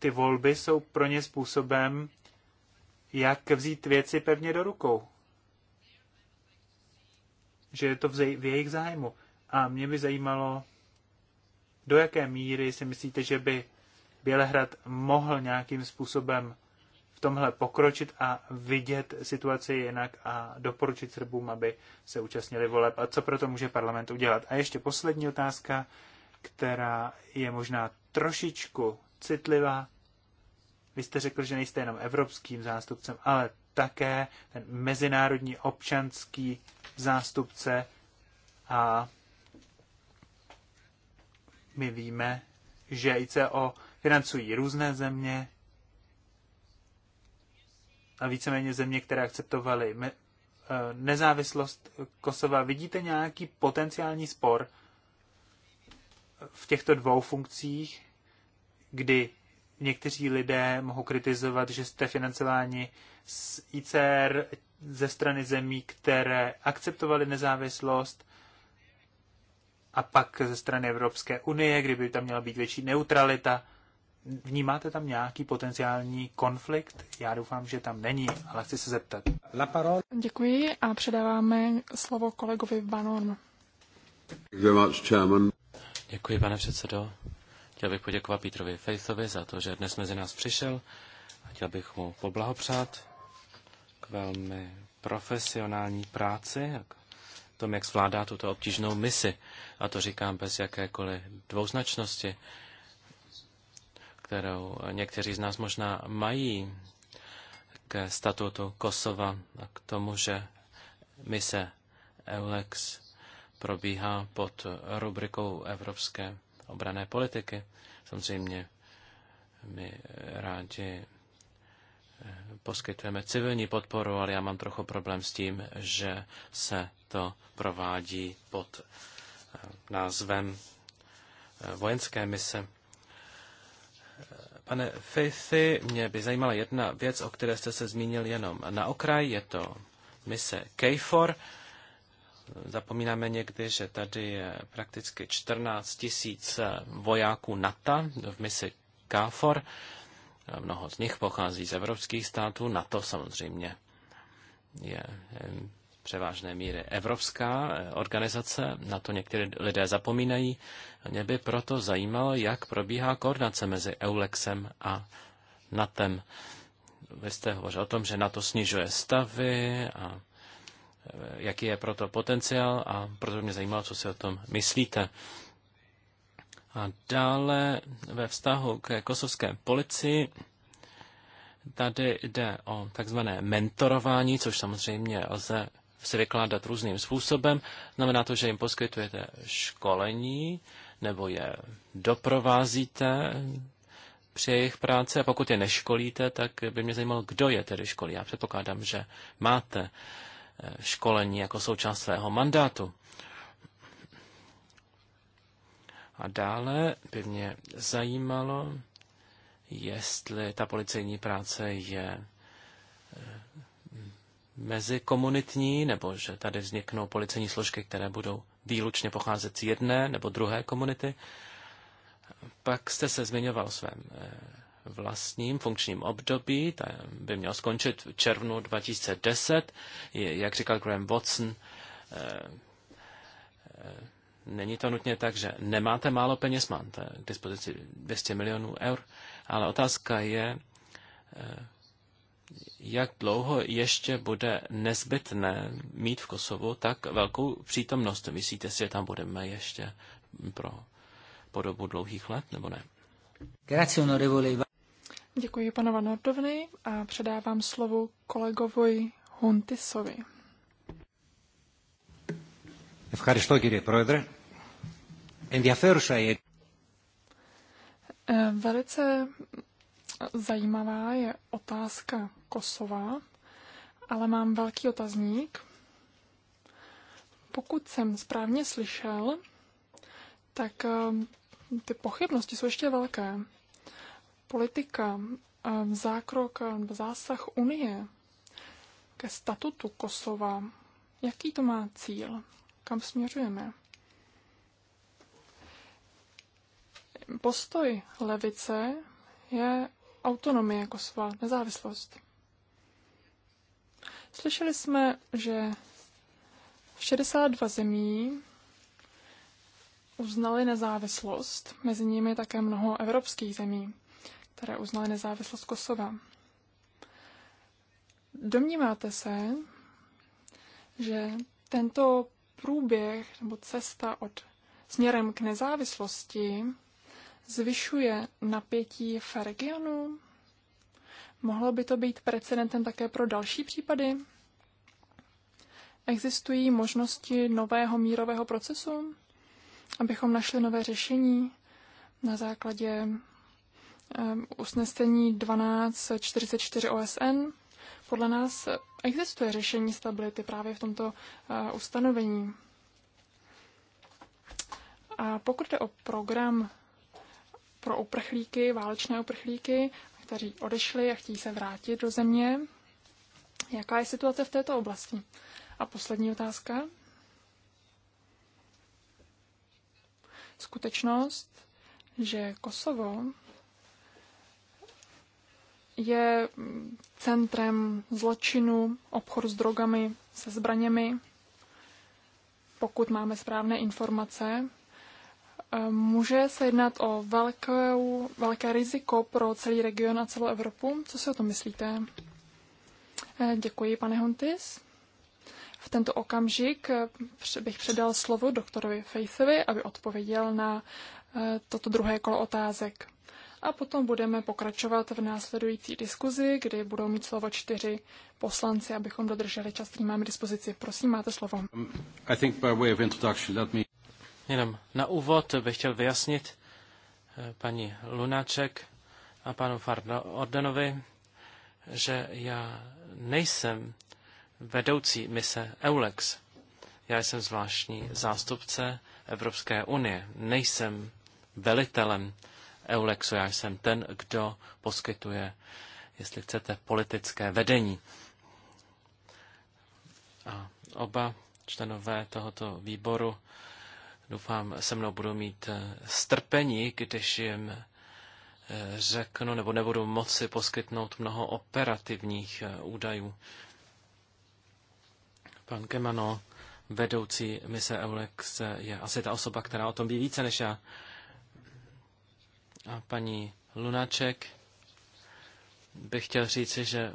ty volby jsou pro ně způsobem, jak vzít věci pevně do rukou. Že je to v jejich zájmu. A mě by zajímalo, do jaké míry si myslíte, že by Bělehrad mohl nějakým způsobem v tomhle pokročit a vidět situaci jinak a doporučit Srbům, aby se účastnili voleb a co proto může parlament udělat. A ještě poslední otázka, která je možná trošičku citlivá, vy jste řekl, že nejste jenom evropským zástupcem, ale také ten mezinárodní občanský zástupce a my víme, že ICO financují různé země a víceméně země, které akceptovaly e, nezávislost Kosova. Vidíte nějaký potenciální spor v těchto dvou funkcích, kdy někteří lidé mohou kritizovat, že jste financováni z ICR ze strany zemí, které akceptovaly nezávislost a pak ze strany Evropské unie, kdyby tam měla být větší neutralita. Vnímáte tam nějaký potenciální konflikt? Já doufám, že tam není, ale chci se zeptat. La parole. Děkuji a předáváme slovo kolegovi Banon. Děkuji, pane předsedo. Chtěl bych poděkovat Petrovi Fejsovi za to, že dnes mezi nás přišel a chtěl bych mu poblahopřát k velmi profesionální práci k tom, jak zvládá tuto obtížnou misi. A to říkám bez jakékoliv dvouznačnosti, kterou někteří z nás možná mají ke statutu Kosova a k tomu, že mise EULEX probíhá pod rubrikou Evropské obrané politiky. Samozřejmě my rádi eh, poskytujeme civilní podporu, ale já mám trochu problém s tím, že se to provádí pod eh, názvem eh, vojenské mise. Pane Fifi, mě by zajímala jedna věc, o které jste se zmínil jenom na okraj, je to mise KFOR. Zapomínáme někdy, že tady je prakticky 14 tisíc vojáků NATO v misi KFOR. Mnoho z nich pochází z evropských států. NATO samozřejmě je eh, v převážné míry evropská eh, organizace. Na to některé lidé zapomínají. Mě by proto zajímalo, jak probíhá koordinace mezi EULEXem a NATEM. Vy jste hovořil o tom, že NATO snižuje stavy a Eh, jaký je proto potenciál a proto mě zajímalo, co si o tom myslíte. A dále ve vztahu k kosovské policii tady jde o takzvané mentorování, což samozřejmě lze si vykládat různým způsobem. Znamená to, že jim poskytujete školení nebo je doprovázíte při jejich práci a pokud je neškolíte, tak by mě zajímalo, kdo je tedy školí. Já předpokládám, že máte uh, Eh, školení jako součást svého mandátu. A dále by mě zajímalo, jestli ta policejní práce je eh, mezi komunitní, nebo že tady vzniknou policejní složky, které budou výlučně pocházet z jedné nebo druhé komunity. Pak jste se zmiňoval o svém eh, vlastním funkčním období, ta by měl skončit v červnu 2010. Jak říkal Graham Watson, eh, eh, není to nutně tak, že nemáte málo peněz, máte k dispozici 200 milionů eur, ale otázka je, eh, jak dlouho ještě bude nezbytné mít v Kosovu tak velkou přítomnost. Myslíte si, že tam budeme ještě pro podobu dlouhých let, nebo ne? Děkuji panu Van a předávám slovo kolegovi Huntisovi. Eh, velice zajímavá je otázka Kosova, ale mám velký otazník. Pokud jsem správně slyšel, tak eh, ty pochybnosti jsou ještě velké politika, eh, zákrok, eh, zásah Unie ke statutu Kosova, jaký to má cíl? Kam směřujeme? Postoj levice je autonomie Kosova, nezávislost. Slyšeli jsme, že 62 zemí uznali nezávislost, mezi nimi také mnoho evropských zemí které uznaly nezávislost Kosova. Domníváte se, že tento průběh nebo cesta od směrem k nezávislosti zvyšuje napětí v regionu? Mohlo by to být precedentem také pro další případy? Existují možnosti nového mírového procesu, abychom našli nové řešení na základě Ehm, usnesení 1244 OSN. Podle nás existuje řešení stability právě v tomto eh, ustanovení. A pokud jde o program pro uprchlíky, válečné uprchlíky, kteří odešli a chtějí se vrátit do země, jaká je situace v této oblasti? A poslední otázka. Skutečnost, že Kosovo je centrem zločinu, obchodu s drogami, se zbraněmi. Pokud máme správné informace, eh, může se jednat o velkou, velké riziko pro celý region a celou Evropu. Co si o tom myslíte? Eh, děkuji, pane Hontis. V tento okamžik eh, bych předal slovo doktorovi Fejsovi, aby odpověděl na toto druhé kolo otázek a potom budeme pokračovat v následující diskuzi, kdy budou mít slovo čtyři poslanci, abychom dodrželi čas, který máme dispozici. Prosím, máte slovo. Um, I think by way of introduction, let me... Jenom na úvod bych chtěl vyjasnit eh, paní Lunáček a panu Farno Ordenovi, že já nejsem vedoucí mise EULEX. Já jsem zvláštní zástupce Evropské unie. Nejsem velitelem Eulexu. Já jsem ten, kdo poskytuje, jestli chcete, politické vedení. A oba členové tohoto výboru, doufám, se mnou budou mít eh, strpení, když jim eh, řeknu nebo nebudu moci poskytnout mnoho operativních eh, údajů. Pan Kemano, vedoucí mise Eulex, je asi ta osoba, která o tom ví více než já. A paní Lunaček bych chtěl říci, že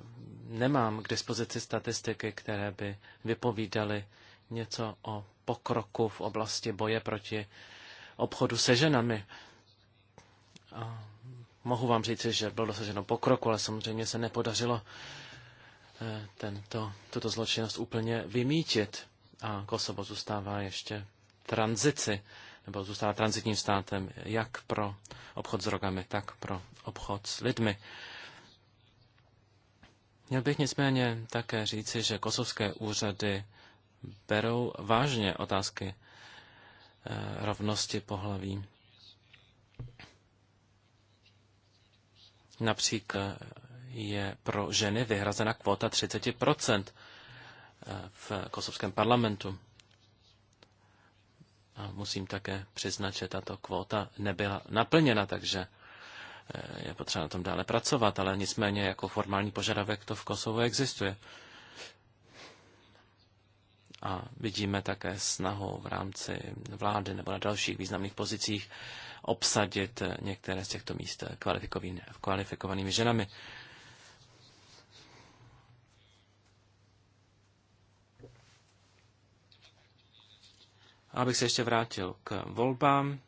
nemám k dispozici statistiky, které by vypovídaly něco o pokroku v oblasti boje proti obchodu se ženami. A mohu vám říci, že bylo dosaženo pokroku, ale samozřejmě se nepodařilo eh, tento, tuto zločinnost úplně vymítit a Kosovo zůstává ještě tranzici nebo zůstala transitním státem jak pro obchod s drogami, tak pro obchod s lidmi. Měl bych nicméně také říci, že kosovské úřady berou vážně otázky eh, rovnosti pohlaví. Například je pro ženy vyhrazena kvota 30 eh, v kosovském parlamentu. A musím také přiznat, že tato kvóta nebyla naplněna, takže eh, je potřeba na tom dále pracovat, ale nicméně jako formální požadavek to v Kosovu existuje. A vidíme také snahu v rámci vlády nebo na dalších významných pozicích obsadit eh, některé z těchto míst eh, kvalifikovanými ženami. Abych se ještě vrátil k volbám.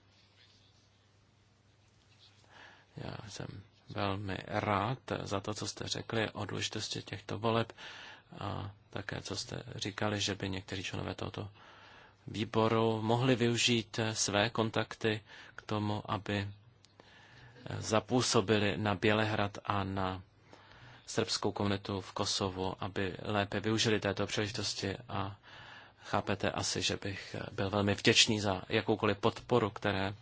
Já jsem velmi rád za to, co jste řekli o důležitosti těchto voleb a také, co jste říkali, že by někteří členové tohoto výboru mohli využít své kontakty k tomu, aby zapůsobili na Bělehrad a na srbskou komunitu v Kosovu, aby lépe využili této příležitosti a Chápete asi, že bych byl velmi vděčný za jakoukoliv podporu, které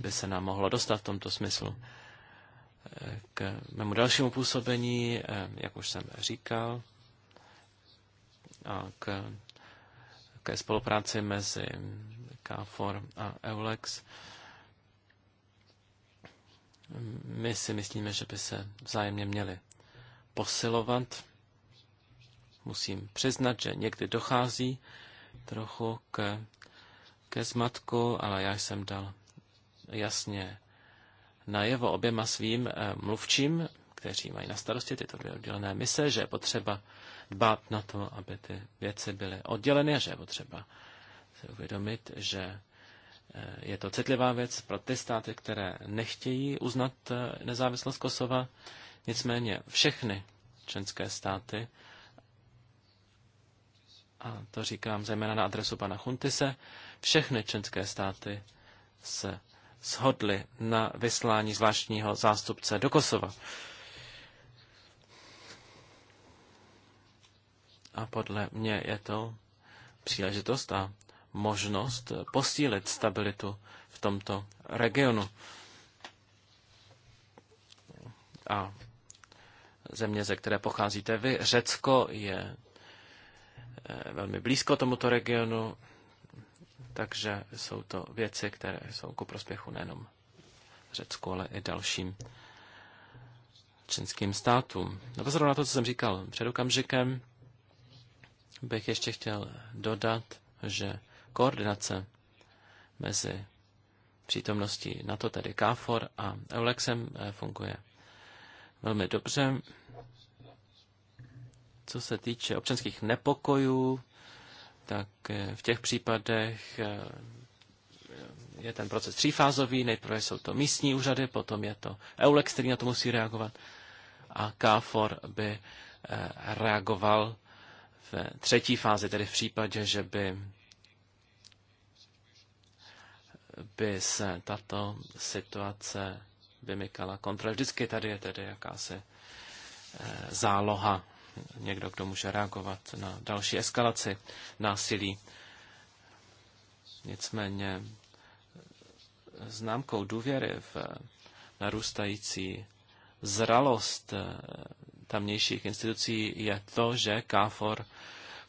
by se nám mohlo dostat v tomto smyslu. K mému dalšímu působení, jak už jsem říkal, a k, ke spolupráci mezi KFOR a EULEX, my si myslíme, že by se vzájemně měli posilovat. Musím přiznat, že někdy dochází trochu ke, ke zmatku, ale já jsem dal jasně najevo oběma svým eh, mluvčím, kteří mají na starosti tyto dvě oddělené mise, že je potřeba dbát na to, aby ty věci byly odděleny a že je potřeba se uvědomit, že eh, je to citlivá věc pro ty státy, které nechtějí uznat eh, nezávislost Kosova. Nicméně všechny členské státy a to říkám zejména na adresu pana Chuntise, všechny členské státy se shodly na vyslání zvláštního zástupce do Kosova. A podle mě je to příležitost a možnost posílit stabilitu v tomto regionu. A země, ze které pocházíte vy, Řecko, je Eh, velmi blízko tomuto regionu, takže jsou to věci, které jsou ku prospěchu nejenom Řecku, ale i dalším členským státům. No, pozoru na to, co jsem říkal před okamžikem, bych ještě chtěl dodat, že koordinace mezi přítomností NATO, tedy KFOR a EULEXem eh, funguje velmi dobře. Co se týče občanských nepokojů, tak eh, v těch případech eh, je ten proces třífázový. Nejprve jsou to místní úřady, potom je to EULEX, který na to musí reagovat a KFOR by eh, reagoval v třetí fázi, tedy v případě, že by, by se tato situace vymykala kontrole. Vždycky tady je tedy jakási záloha někdo, kdo může reagovat na další eskalaci násilí. Nicméně známkou důvěry v narůstající zralost eh, tamnějších institucí je to, že KFOR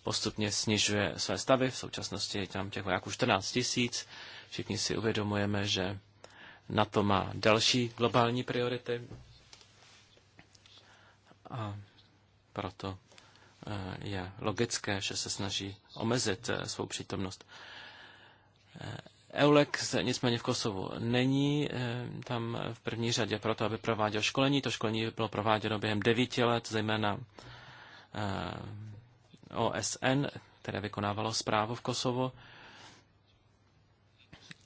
postupně snižuje své stavy. V současnosti je tam těch vojáků 14 tisíc. Všichni si uvědomujeme, že na to má další globální priority. A proto eh, je logické, že se snaží omezit eh, svou přítomnost. Eh, EULEX nicméně v Kosovu není tam v první řadě proto, aby prováděl školení. To školení bylo prováděno během devíti let, zejména OSN, které vykonávalo zprávu v Kosovu.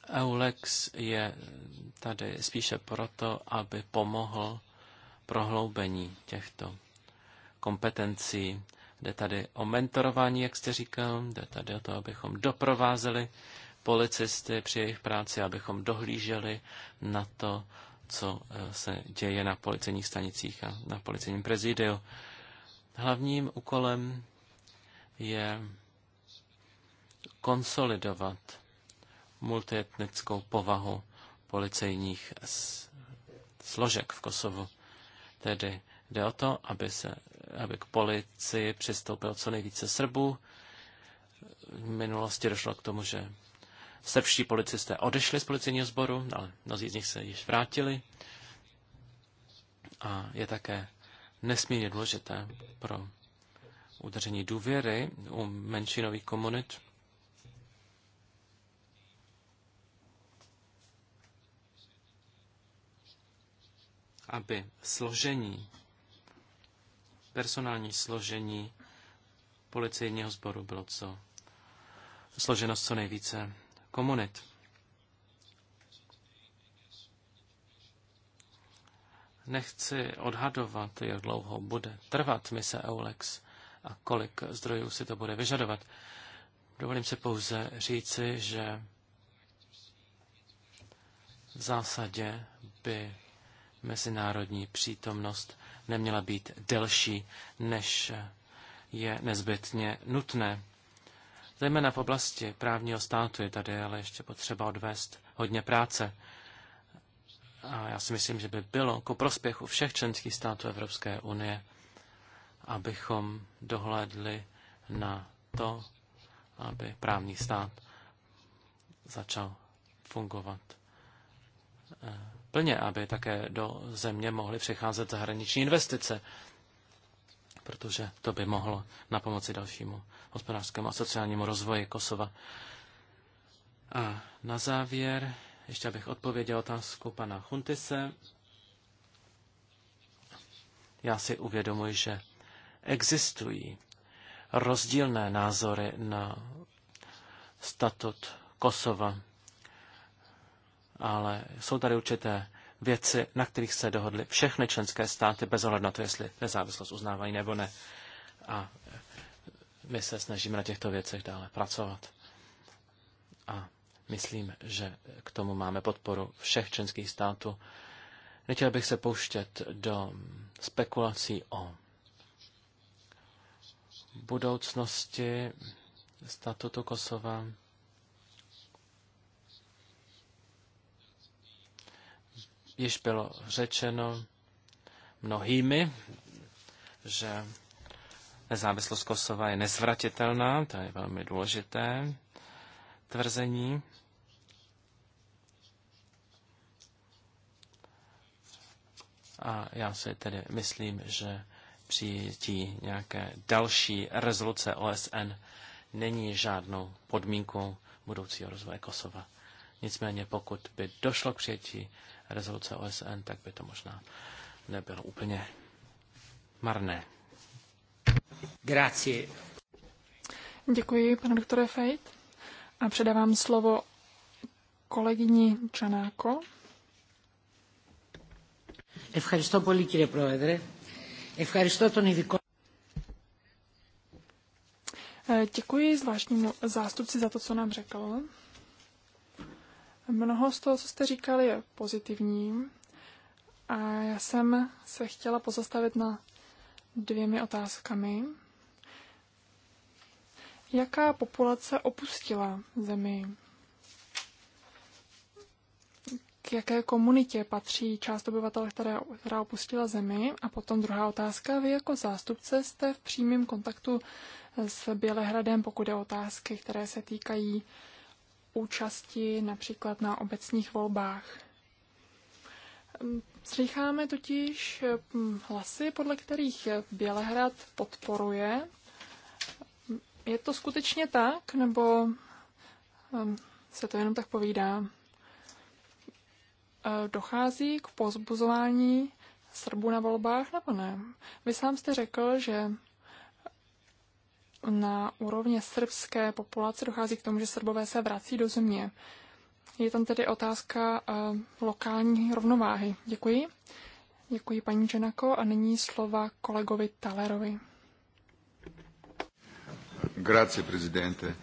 EULEX je tady spíše proto, aby pomohl prohloubení těchto kompetencí. Jde tady o mentorování, jak jste říkal, jde tady o to, abychom doprovázeli policisty při jejich práci, abychom dohlíželi na to, co eh, se děje na policejních stanicích a na policejním prezidiu. Hlavním úkolem je konsolidovat multietnickou povahu policejních složek v Kosovu. Tedy jde o to, aby se aby k policii přistoupil co nejvíce Srbů. V minulosti došlo k tomu, že srbští policisté odešli z policijního sboru, ale mnozí z nich se již vrátili. A je také nesmírně důležité pro udržení důvěry u menšinových komunit, aby složení personální složení policejního sboru bylo co složeno co nejvíce komunit. Nechci odhadovat, jak dlouho bude trvat mise EULEX a kolik zdrojů si to bude vyžadovat. Dovolím si pouze říci, že v zásadě by mezinárodní přítomnost neměla být delší, než je nezbytně nutné. Zejména v oblasti právního státu je tady ale ještě potřeba odvést hodně práce. A já si myslím, že by bylo ku prospěchu všech členských států Evropské unie, abychom dohlédli na to, aby právní stát začal fungovat eh, plně, aby také do země mohly přicházet zahraniční investice, protože to by mohlo na pomoci dalšímu hospodářskému a sociálnímu rozvoji Kosova. A na závěr, ještě abych odpověděl otázku pana Chuntise, já si uvědomuji, že existují rozdílné názory na statut Kosova ale jsou tady určité věci, na kterých se dohodly všechny členské státy, bez ohledu na to, jestli nezávislost uznávají nebo ne. A my se snažíme na těchto věcech dále pracovat. A myslím, že k tomu máme podporu všech členských států. Nechtěl bych se pouštět do spekulací o budoucnosti statutu Kosova. Již bylo řečeno mnohými, že nezávislost Kosova je nezvratitelná, to je velmi důležité tvrzení. A já si tedy myslím, že přijetí nějaké další rezoluce OSN není žádnou podmínkou budoucího rozvoje Kosova. Nicméně pokud by došlo k přijetí rezoluce OSN, tak by to možná nebylo úplně marné. Grazie. Děkuji, pane doktore Fejt. A předávám slovo kolegyni Čanáko. Ευχαριστώ πολύ κύριε Πρόεδρε. Ευχαριστώ τον ειδικό. Děkuji zvláštnímu zástupci za to, co nám řekl. Mnoho z toho, co jste říkali, je pozitivní. A já jsem se chtěla pozastavit na dvěmi otázkami. Jaká populace opustila zemi? K jaké komunitě patří část obyvatel, která opustila zemi? A potom druhá otázka. Vy jako zástupce jste v přímém kontaktu s Bělehradem, pokud je otázky, které se týkají účasti například na obecních volbách. Slycháme totiž hm, hlasy, podle kterých Bělehrad podporuje. Je to skutečně tak, nebo hm, se to jenom tak povídá? E, dochází k pozbuzování Srbů na volbách, nebo ne? Vy sám jste řekl, že na úrovně srbské populace dochází k tomu, že srbové se vrací do země. Je tam tedy otázka uh, lokální rovnováhy. Děkuji. Děkuji paní Čenako a nyní slova kolegovi Talerovi. Grazie, prezidente.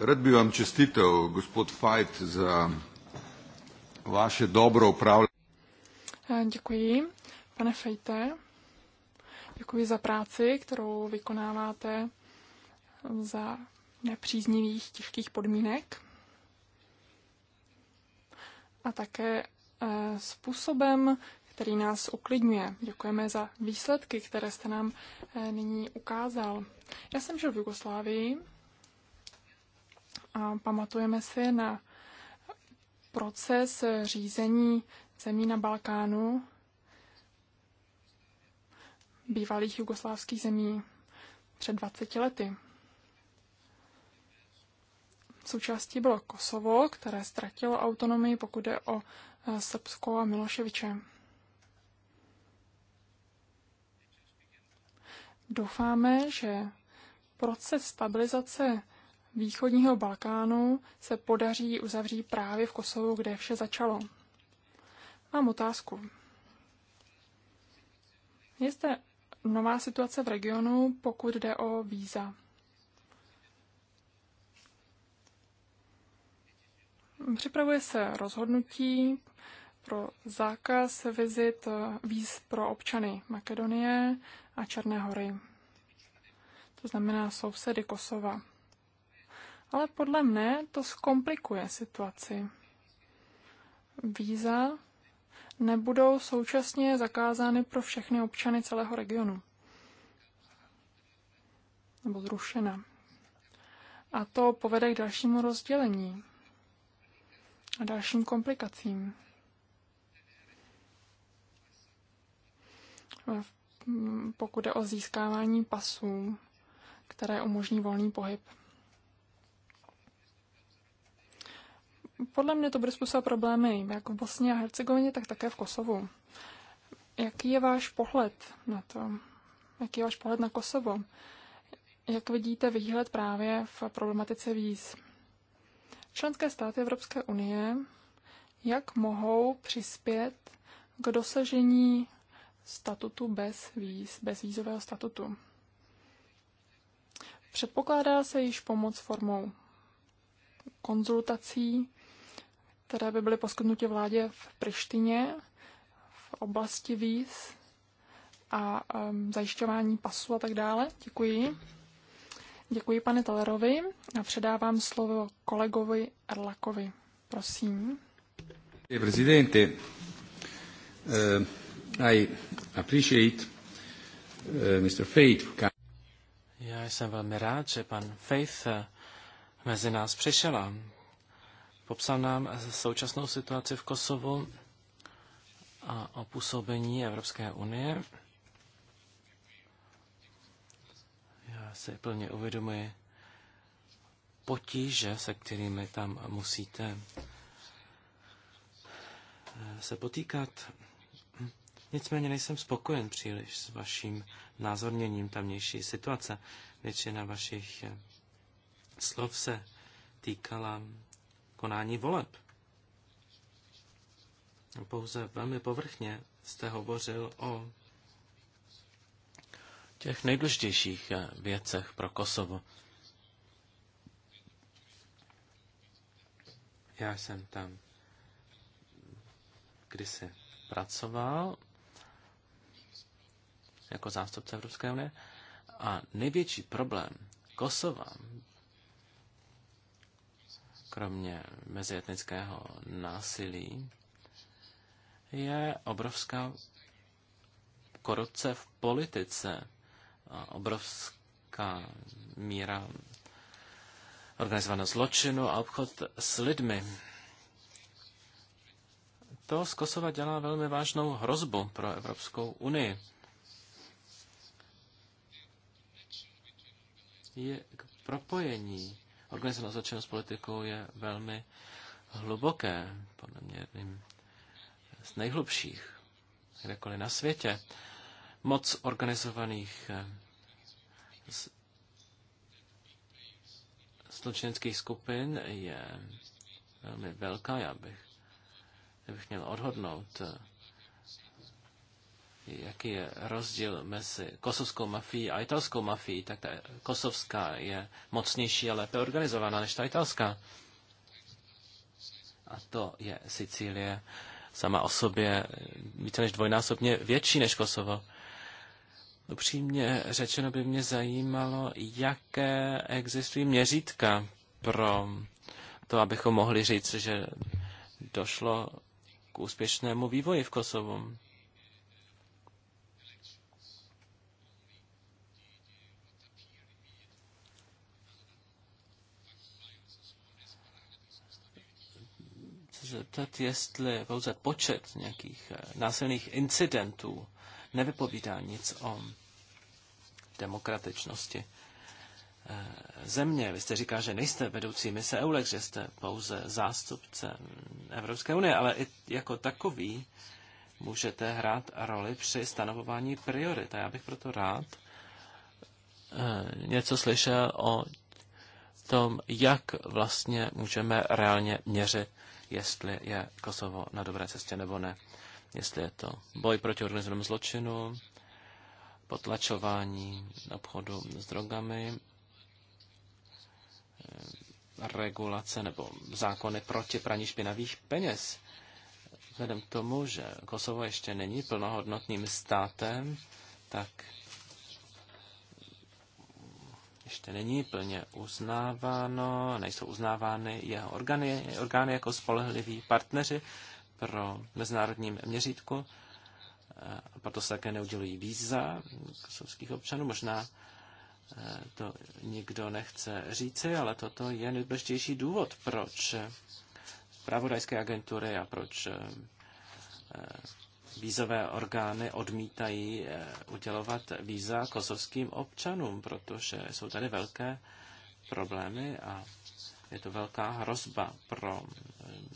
Rád bych vám čestitev, gospod Fajt, za vaše dobro upravljanje. Eh, děkuji, pane Fejte. Děkuji za práci, kterou vykonáváte za nepříznivých, těžkých podmínek a také eh, způsobem, který nás uklidňuje. Děkujeme za výsledky, které jste nám eh, nyní ukázal. Já jsem žil v Jugoslávii a pamatujeme si na proces řízení zemí na Balkánu bývalých jugoslávských zemí před 20 lety. V součástí bylo Kosovo, které ztratilo autonomii, pokud je o eh, Srbsko a Miloševiče. Doufáme, že proces stabilizace východního Balkánu se podaří uzavřít právě v Kosovu, kde vše začalo. Mám otázku. Je zde nová situace v regionu, pokud jde o víza. Připravuje se rozhodnutí pro zákaz vizit eh, víz pro občany Makedonie a Černé hory. To znamená sousedy Kosova. Ale podle mne to zkomplikuje situaci. Víza nebudou současně zakázány pro všechny občany celého regionu. Nebo zrušena. A to povede k dalšímu rozdělení a dalším komplikacím. Pokud je o získávání pasů, které umožní volný pohyb. Podle mě to bude způsobovat problémy jak v Bosně a Hercegovině, tak také v Kosovu. Jaký je váš pohled na to? Jaký je váš pohled na Kosovo? Jak vidíte výhled právě v problematice víz? Členské státy Evropské unie, jak mohou přispět k dosažení statutu bez víz, bez vízového statutu? Předpokládá se již pomoc formou konzultací které by byly poskytnuty vládě v Prištině v oblasti víz a um, zajišťování pasu a tak dále. Děkuji. Děkuji pane Talerovi a předávám slovo kolegovi Erlakovi. Prosím. Prezidente, uh, I appreciate uh, eh, Mr. Faith. Já jsem velmi rád, že pan Faith eh, mezi nás přišel a popsal nám současnou situaci v Kosovu a o působení Evropské unie. Já se plně uvědomuji potíže, se kterými tam musíte eh, se potýkat. Nicméně nejsem spokojen příliš s vaším názorněním tamnější situace. Většina vašich eh, slov se týkala konání voleb. Pouze velmi povrchně jste hovořil o těch nejdůležitějších eh, věcech pro Kosovo. Já jsem tam kdysi pracoval jako zástupce Evropské unie a největší problém Kosova kromě mezietnického násilí, je obrovská korupce v politice a obrovská míra organizovaného zločinu a obchod s lidmi. To z Kosova dělá velmi vážnou hrozbu pro Evropskou unii. Je k propojení organizovaná zločinnost politikou je velmi hluboké, podle mě jedním z nejhlubších kdekoliv na světě. Moc organizovaných eh, zločinských skupin je velmi velká, já bych, bych měl odhodnout eh, jaký je rozdíl mezi kosovskou mafií a italskou mafií, tak ta kosovská je mocnější a lépe organizovaná než ta italská. A to je Sicílie sama o sobě více než dvojnásobně větší než Kosovo. Upřímně řečeno by mě zajímalo, jaké existují měřítka pro to, abychom mohli říct, že došlo k úspěšnému vývoji v Kosovu. zeptat, jestli pouze počet nějakých eh, násilných incidentů nevypovídá nic o demokratičnosti eh, země. Vy jste říká, že nejste vedoucí mise EULEX, že jste pouze zástupce Evropské unie, ale i jako takový můžete hrát roli při stanovování priorit. A já bych proto rád eh, něco slyšel o tom, jak vlastně můžeme reálně měřit jestli je Kosovo na dobré cestě nebo ne. Jestli je to boj proti organizovanému zločinu, potlačování obchodu s drogami, eh, regulace nebo zákony proti praní špinavých peněz. Vzhledem k tomu, že Kosovo ještě není plnohodnotným státem, tak ještě není plně uznáváno, nejsou uznávány jeho orgány, orgány jako spolehliví partneři pro mezinárodním měřítku. A proto se také neudělují víza kosovských občanů. Možná eh, to nikdo nechce říci, ale toto je nejdůležitější důvod, proč pravodajské agentury a proč eh, vízové orgány odmítají eh, udělovat víza kosovským občanům, protože jsou tady velké problémy a je to velká hrozba pro eh,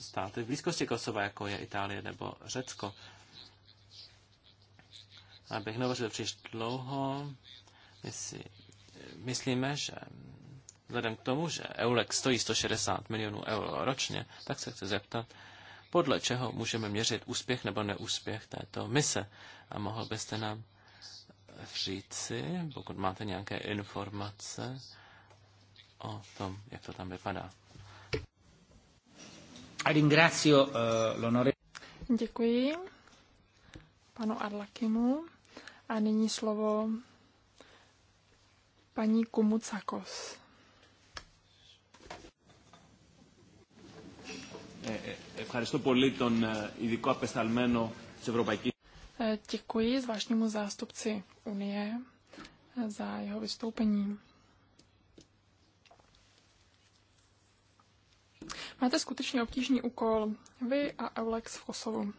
státy v blízkosti Kosova, jako je Itálie nebo Řecko. Abych nehovořil příliš dlouho, my si myslíme, že vzhledem k tomu, že EULEX stojí 160 milionů euro ročně, tak se chci zeptat, podle čeho můžeme měřit úspěch nebo neúspěch této mise. A mohl byste nám říci, pokud máte nějaké informace o tom, jak to tam vypadá. Eh, Děkuji panu Arlakimu a nyní slovo paní Kumucakos. Eh, eh, Ευχαριστώ πολύ τον ειδικό απεσταλμένο της Ευρωπαϊκής. Děkuji zvláštnímu zástupci Unie eh, za jeho vystoupení. Máte skutečně obtížný úkol, vy a Eulex v Kosovu.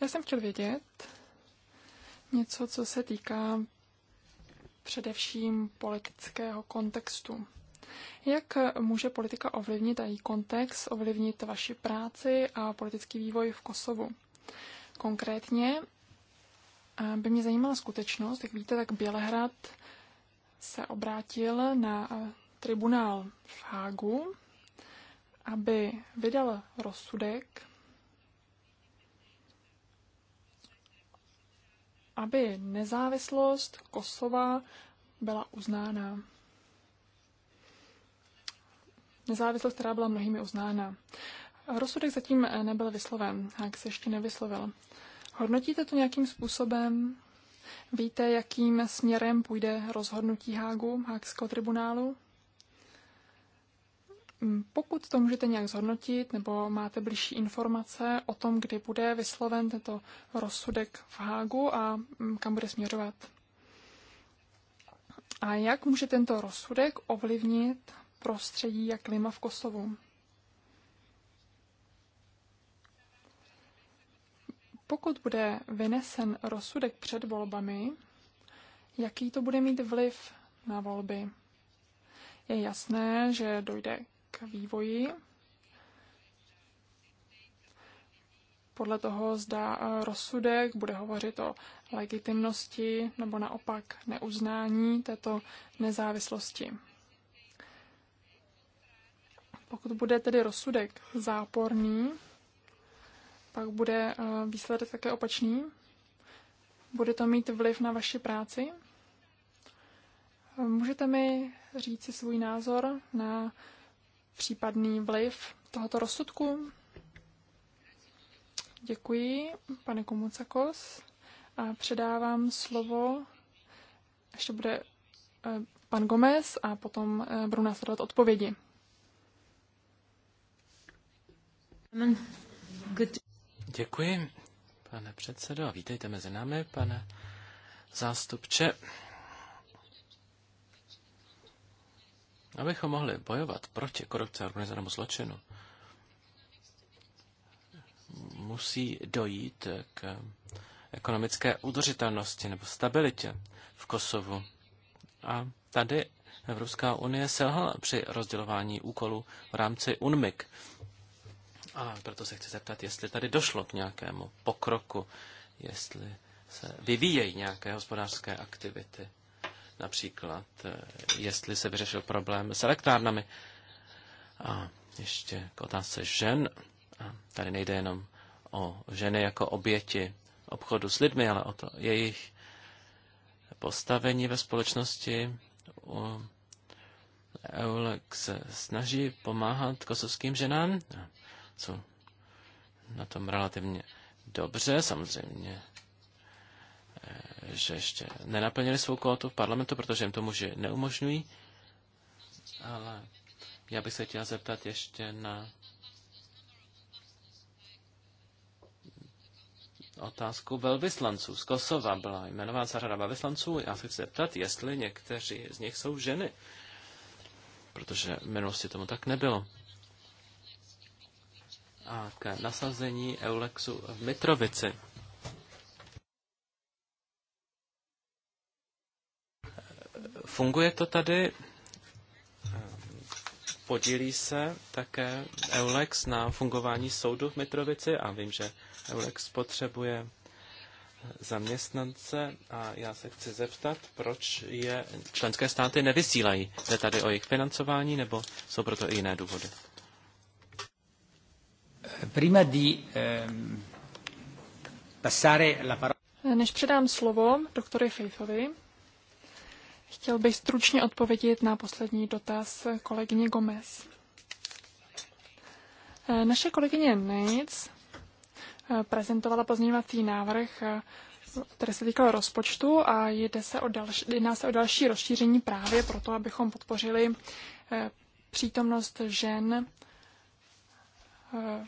Já jsem chtěl vědět něco, co se týká především politického kontextu. Jak může politika ovlivnit a její kontext, ovlivnit vaši práci a politický vývoj v Kosovu? Konkrétně eh, by mě zajímala skutečnost, jak víte, tak Bělehrad se obrátil na eh, tribunál v Hágu, aby vydal rozsudek, aby nezávislost Kosova byla uznána nezávislost, která byla mnohými uznána. Rozsudek zatím nebyl vysloven, jak se ještě nevyslovil. Hodnotíte to nějakým způsobem? Víte, jakým směrem půjde rozhodnutí Hágu, Hákského tribunálu? Hm, pokud to můžete nějak zhodnotit nebo máte blížší informace o tom, kdy bude vysloven tento rozsudek v Hágu a hm, kam bude směřovat. A jak může tento rozsudek ovlivnit prostředí a klima v Kosovu. Pokud bude vynesen rozsudek před volbami, jaký to bude mít vliv na volby? Je jasné, že dojde k vývoji podle toho, zda e, rozsudek bude hovořit o legitimnosti nebo naopak neuznání této nezávislosti. Pokud bude tedy rozsudek záporný, pak bude eh, výsledek také opačný. Bude to mít vliv na vaši práci? Eh, můžete mi říct si svůj názor na případný vliv tohoto rozsudku? Děkuji, pane Komucakos. A předávám slovo, ještě bude eh, pan Gomez a potom budu následovat odpovědi. Děkuji, pane předsedo, a vítejte mezi námi, pane zástupče. Abychom mohli bojovat proti korupci a organizovanému zločinu, musí dojít k ekonomické udržitelnosti nebo stabilitě v Kosovu. A tady Evropská unie selhala při rozdělování úkolů v rámci UNMIK. A proto se chci zeptat, jestli tady došlo k nějakému pokroku, jestli se vyvíjejí nějaké hospodářské aktivity. Například, eh, jestli se vyřešil problém s elektrárnami. A ještě k otázce žen. A tady nejde jenom o ženy jako oběti obchodu s lidmi, ale o to jejich postavení ve společnosti. EULEX se snaží pomáhat kosovským ženám co na tom relativně dobře, samozřejmě eh, že ještě nenaplnili svou kvotu v parlamentu, protože jim to muži neumožňují. Ale já bych se chtěl zeptat ještě na otázku velvyslanců. Z Kosova byla jmenová řada velvyslanců. Já se chci zeptat, jestli někteří z nich jsou ženy, protože v minulosti tomu tak nebylo a k nasazení Eulexu v Mitrovici. Funguje to tady? Podílí se také Eulex na fungování soudu v Mitrovici a vím, že Eulex potřebuje zaměstnance a já se chci zeptat, proč je členské státy nevysílají. Jde tady o jejich financování nebo jsou proto i jiné důvody? Prima di ehm, passare la parola... Než předám slovo doktory Fejfovi, chtěl bych stručně odpovědět na poslední dotaz kolegyně Gomez. Eh, naše kolegyně Nic eh, prezentovala pozměňovací návrh, eh, který se týkal rozpočtu a jde se o další, jedná se o další rozšíření právě proto, abychom podpořili přítomnost žen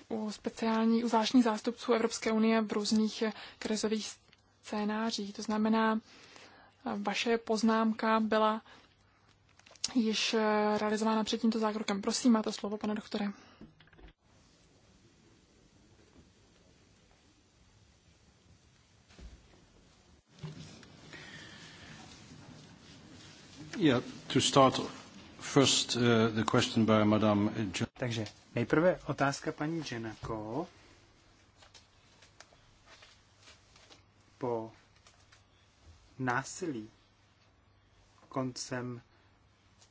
u speciální, u zvláštních zástupců Evropské unie v různých krizových scénářích. To znamená, vaše poznámka byla již realizována před tímto zákrokem. Prosím, máte slovo, pane doktore. Yeah, to start First, uh, the question by Madame Takže nejprve otázka paní Jenako. Po násilí koncem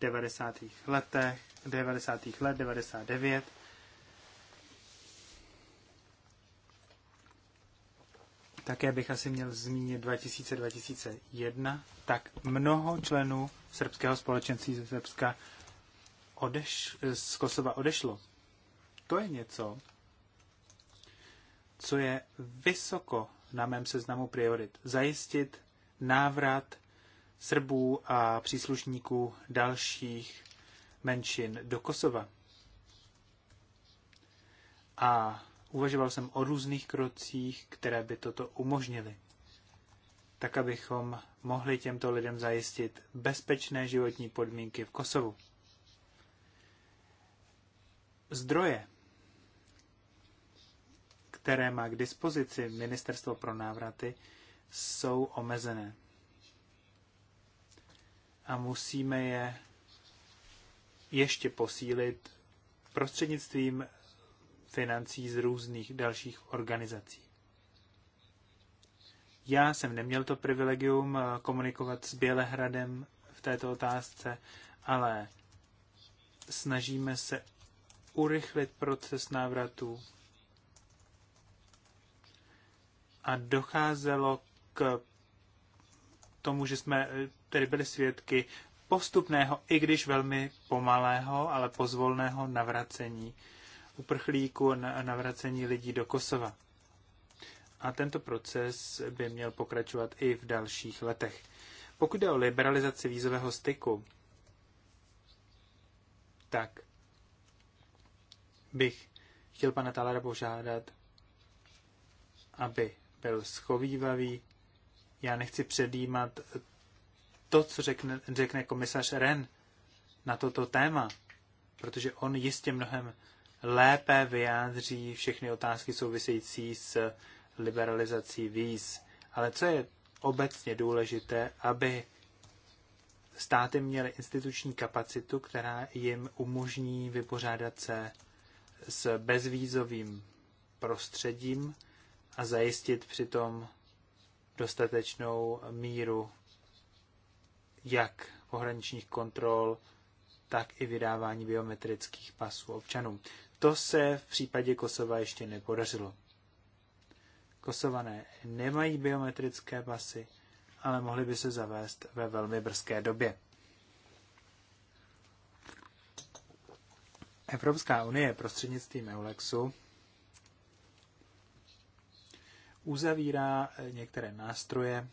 90. letech, 90. let, 99. Také bych asi měl zmínit 2000-2001, tak mnoho členů srbského společenství ze Srbska odeš, z Kosova odešlo. To je něco, co je vysoko na mém seznamu priorit. Zajistit návrat Srbů a příslušníků dalších menšin do Kosova. A uvažoval jsem o různých krocích, které by toto umožnily. Tak, abychom mohli těmto lidem zajistit bezpečné životní podmínky v Kosovu. Zdroje, které má k dispozici Ministerstvo pro návraty, jsou omezené. A musíme je ještě posílit prostřednictvím financí z různých dalších organizací. Já jsem neměl to privilegium eh, komunikovat s Bělehradem v této otázce, ale snažíme se urychlit proces návratu a docházelo k tomu, že jsme eh, tedy byli svědky postupného, i když velmi pomalého, ale pozvolného navracení uprchlíků a navracení lidí do Kosova. A tento proces by měl pokračovat i v dalších letech. Pokud jde o liberalizaci vízového styku, tak bych chtěl pana Talera požádat, aby byl schovývavý. Já nechci předjímat to, co řekne, řekne komisař Ren na toto téma, protože on jistě mnohem lépe vyjádří všechny otázky související s liberalizací víz. Ale co je obecně důležité, aby státy měly instituční kapacitu, která jim umožní vypořádat se s bezvízovým prostředím a zajistit přitom dostatečnou míru jak pohraničních kontrol, tak i vydávání biometrických pasů občanům. To se v případě Kosova ještě nepodařilo. Kosované nemají biometrické pasy, ale mohly by se zavést ve velmi brzké době. Evropská unie prostřednictvím EULEXu uzavírá eh, některé nástroje,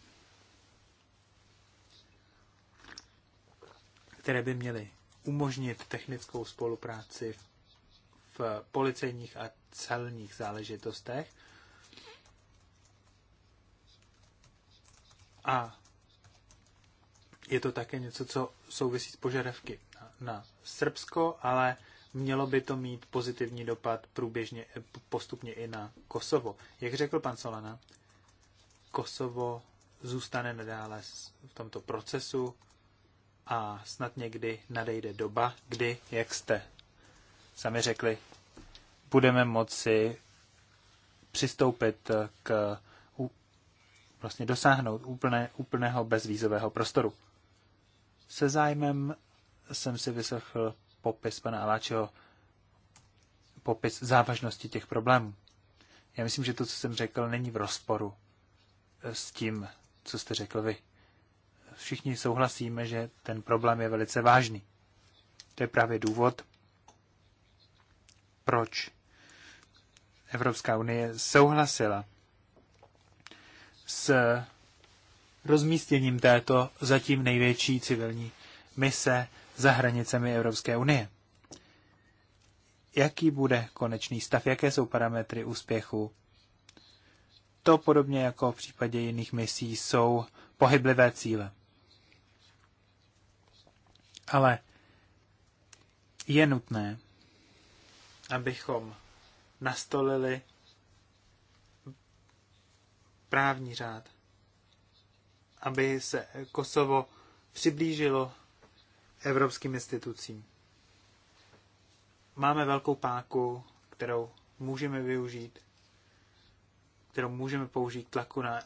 které by měly umožnit technickou spolupráci v policejních a celních záležitostech. A je to také něco, co souvisí s požadavky na, na Srbsko, ale Mělo by to mít pozitivní dopad průběžně, eh, postupně i na Kosovo. Jak řekl pan Solana, Kosovo zůstane nadále v tomto procesu a snad někdy nadejde doba, kdy, jak jste sami řekli, budeme moci přistoupit k vlastně dosáhnout úplné, úplného bezvízového prostoru. Se zájmem jsem si vyslechl popis pana Aláčeho, popis závažnosti těch problémů. Já myslím, že to, co jsem řekl, není v rozporu eh, s tím, co jste řekl vy. Všichni souhlasíme, že ten problém je velice vážný. To je právě důvod, proč Evropská unie souhlasila s rozmístěním této zatím největší civilní mise za hranicemi Evropské unie. Jaký bude konečný stav, jaké jsou parametry úspěchu? To podobně jako v případě jiných misí jsou pohyblivé cíle. Ale je nutné, abychom nastolili právní řád, aby se Kosovo přiblížilo evropským institucím. Máme velkou páku, kterou můžeme využít, kterou můžeme použít tlaku na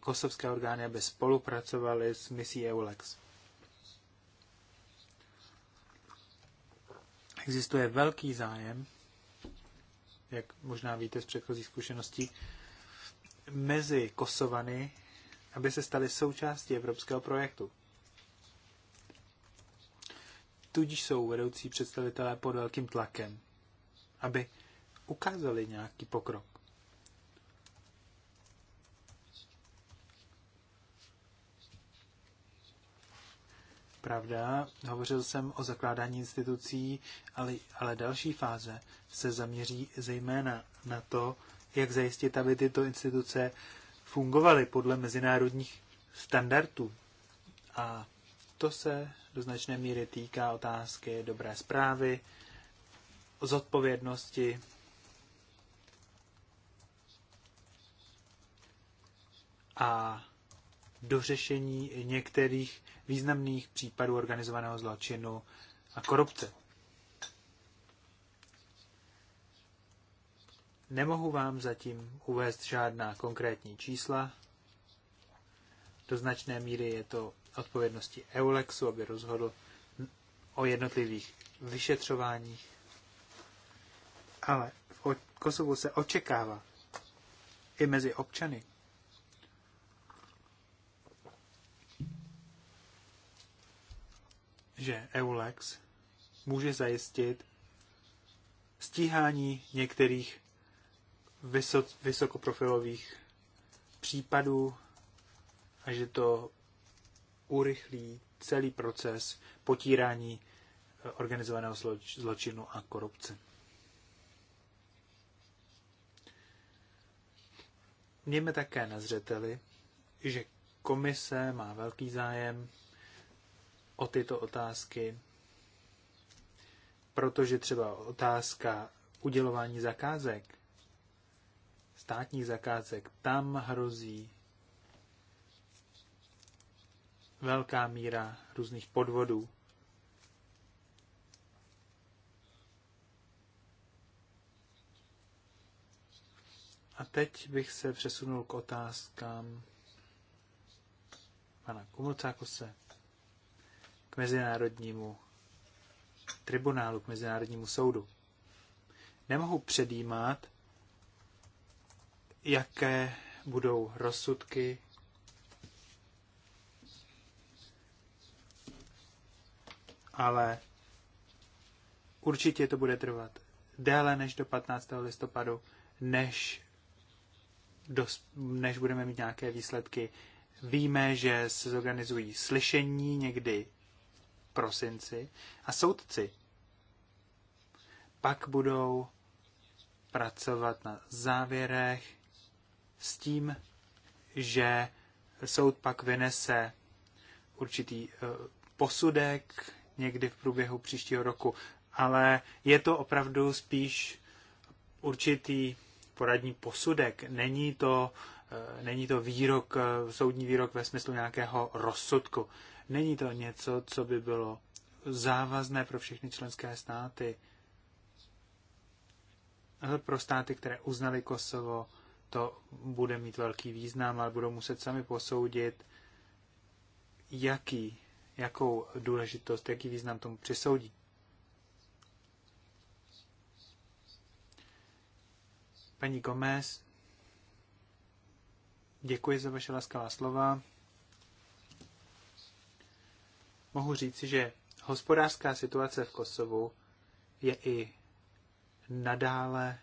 kosovské orgány, aby spolupracovali s misí EULEX. Existuje velký zájem, jak možná víte z předchozích zkušeností, mezi Kosovany, aby se stali součástí evropského projektu. Tudíž jsou vedoucí představitelé pod velkým tlakem, aby ukázali nějaký pokrok. Pravda, hovořil jsem o zakládání institucí, ale, ale další fáze se zaměří zejména na to, jak zajistit, aby tyto instituce fungovaly podle mezinárodních standardů. A to se do značné míry týká otázky dobré zprávy, zodpovědnosti a dořešení některých významných případů organizovaného zločinu a korupce. Nemohu vám zatím uvést žádná konkrétní čísla. Do značné míry je to odpovědnosti Eulexu, aby rozhodl o jednotlivých vyšetřováních. Ale v Kosovu se očekává i mezi občany že EULEX může zajistit stíhání některých vysokoprofilových případů a že to urychlí celý proces potírání eh, organizovaného zločinu a korupce. Mějme také na zřeteli, že komise má velký zájem o tyto otázky, protože třeba otázka udělování zakázek, státních zakázek, tam hrozí velká míra různých podvodů. A teď bych se přesunul k otázkám pana Kumulcákose k Mezinárodnímu tribunálu, k Mezinárodnímu soudu. Nemohu předjímat, jaké budou rozsudky ale určitě to bude trvat déle než do 15. listopadu, než, dos, než budeme mít nějaké výsledky. Víme, že se zorganizují slyšení někdy v prosinci a soudci pak budou pracovat na závěrech s tím, že soud pak vynese určitý eh, posudek, někdy v průběhu příštího roku. Ale je to opravdu spíš určitý poradní posudek. Není to, eh, není to výrok, eh, soudní výrok ve smyslu nějakého rozsudku. Není to něco, co by bylo závazné pro všechny členské státy. Ale pro státy, které uznali Kosovo, to bude mít velký význam, ale budou muset sami posoudit, jaký jakou důležitost, jaký význam tomu přisoudí. Paní Gomez, děkuji za vaše laskavá slova. Mohu říci, že hospodářská situace v Kosovu je i nadále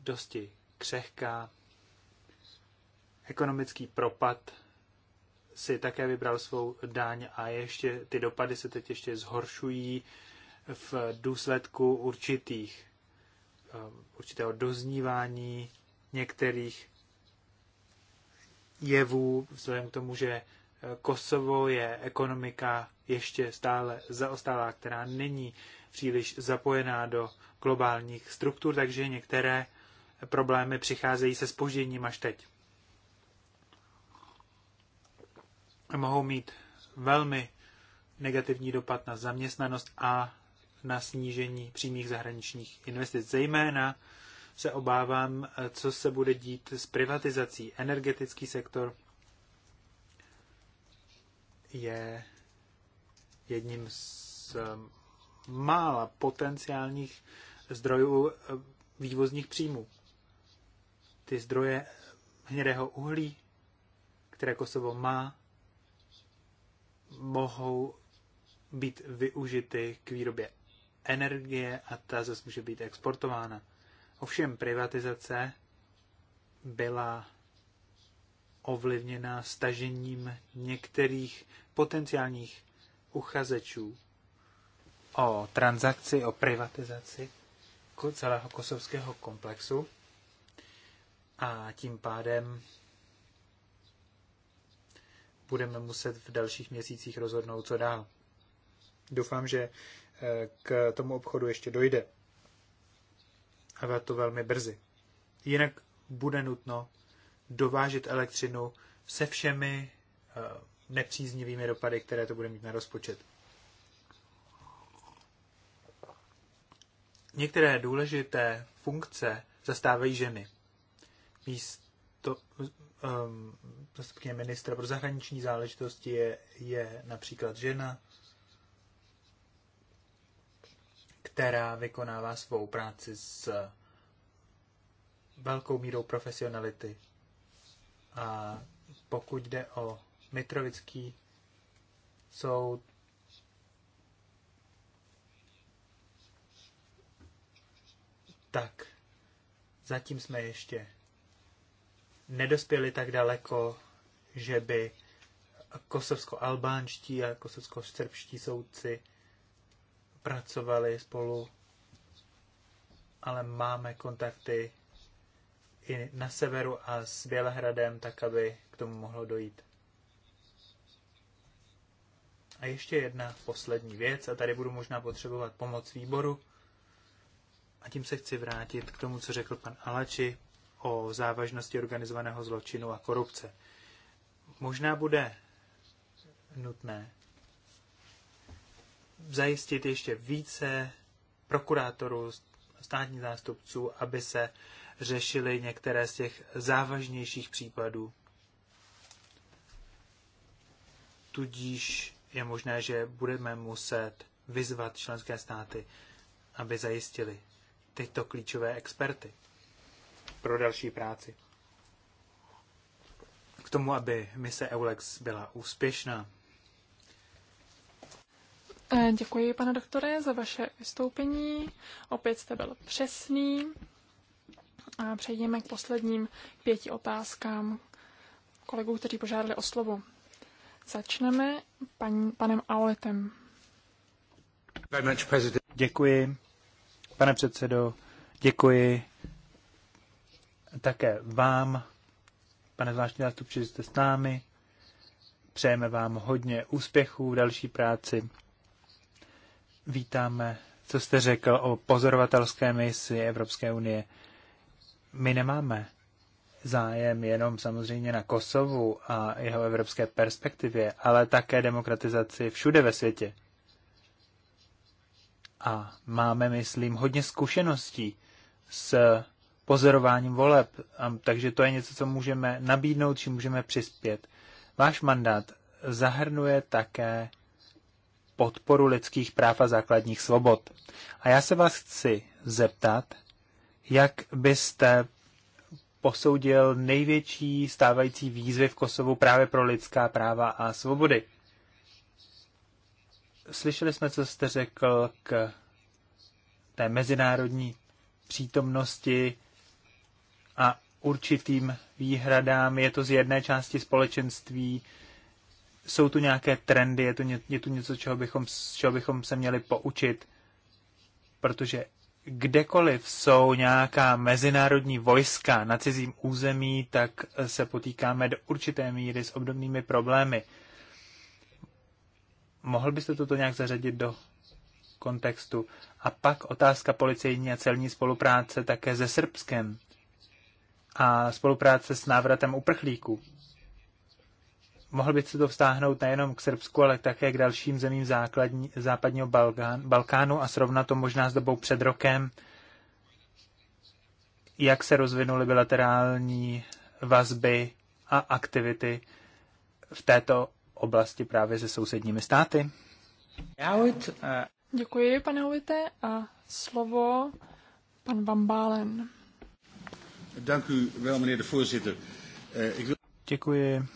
dosti křehká. Ekonomický propad si také vybral svou daň a ještě ty dopady se teď ještě zhoršují v důsledku určitých, um, určitého doznívání některých jevů, vzhledem k tomu, že eh, Kosovo je ekonomika ještě stále zaostalá, která není příliš zapojená do globálních struktur, takže některé problémy přicházejí se spožděním až teď. mohou mít velmi negativní dopad na zaměstnanost a na snížení přímých zahraničních investic. Zejména se obávám, co se bude dít s privatizací. Energetický sektor je jedním z eh, mála potenciálních zdrojů eh, vývozních příjmů. Ty zdroje hnědého uhlí, které Kosovo má, mohou být využity k výrobě energie a ta zase může být exportována. Ovšem privatizace byla ovlivněna stažením některých potenciálních uchazečů o transakci, o privatizaci celého kosovského komplexu a tím pádem budeme muset v dalších měsících rozhodnout, co dál. Doufám, že eh, k tomu obchodu ještě dojde. A to velmi brzy. Jinak bude nutno dovážet elektřinu se všemi eh, nepříznivými dopady, které to bude mít na rozpočet. Některé důležité funkce zastávají ženy. Míst to um, zastupkyně ministra pro zahraniční záležitosti je, je například žena, která vykonává svou práci s velkou mírou profesionality. A pokud jde o Mitrovický soud, tak zatím jsme ještě nedospěli tak daleko, že by kosovsko-albánští a kosovsko-srbští soudci pracovali spolu, ale máme kontakty i na severu a s Bělehradem, tak aby k tomu mohlo dojít. A ještě jedna poslední věc, a tady budu možná potřebovat pomoc výboru. A tím se chci vrátit k tomu, co řekl pan Alači, o závažnosti organizovaného zločinu a korupce. Možná bude nutné zajistit ještě více prokurátorů, státních zástupců, aby se řešily některé z těch závažnějších případů. Tudíž je možné, že budeme muset vyzvat členské státy, aby zajistili tyto klíčové experty pro další práci. K tomu, aby mise EULEX byla úspěšná. Eh, děkuji, pane doktore, za vaše vystoupení. Opět jste byl přesný. A přejdeme k posledním pěti otázkám kolegů, kteří požádali o slovo. Začneme paní, panem Auletem. Děkuji, pane předsedo. Děkuji také vám, pane zvláštní zástupče, že jste s námi. Přejeme vám hodně úspěchů v další práci. Vítáme, co jste řekl o pozorovatelské misi Evropské unie. My nemáme zájem jenom samozřejmě na Kosovu a jeho evropské perspektivě, ale také demokratizaci všude ve světě. A máme, myslím, hodně zkušeností s pozorováním voleb. A, takže to je něco, co můžeme nabídnout, či můžeme přispět. Váš mandát zahrnuje také podporu lidských práv a základních svobod. A já se vás chci zeptat, jak byste posoudil největší stávající výzvy v Kosovu právě pro lidská práva a svobody. Slyšeli jsme, co jste řekl k té mezinárodní přítomnosti a určitým výhradám. Je to z jedné části společenství. Jsou tu nějaké trendy, je tu, je tu něco, čeho bychom, čeho bychom se měli poučit, protože kdekoliv jsou nějaká mezinárodní vojska na cizím území, tak se potýkáme do určité míry s obdobnými problémy. Mohl byste toto nějak zařadit do kontextu? A pak otázka policejní a celní spolupráce také ze Srbskem a spolupráce s návratem uprchlíků. Mohl by se to vztáhnout nejenom k Srbsku, ale také k dalším zemím základní, západního Balkán, Balkánu a srovnat to možná s dobou před rokem, jak se rozvinuly bilaterální vazby a aktivity v této oblasti právě se sousedními státy. Eh. Děkuji, pane Hovite, a slovo pan Bambálen. Dank u wel, meneer de voorzitter. Eh, ik wil... Děkuji.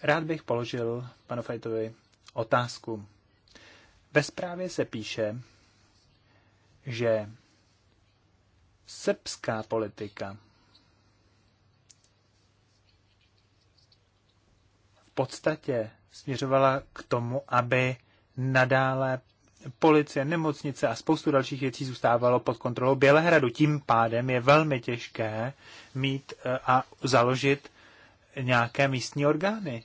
Rád bych položil panu Fajtovi otázku. Ve zprávě se píše, že srbská politika v podstatě směřovala k tomu, aby nadále policie, nemocnice a spoustu dalších věcí zůstávalo pod kontrolou Bělehradu. Tím pádem je velmi těžké mít eh, a založit nějaké místní orgány.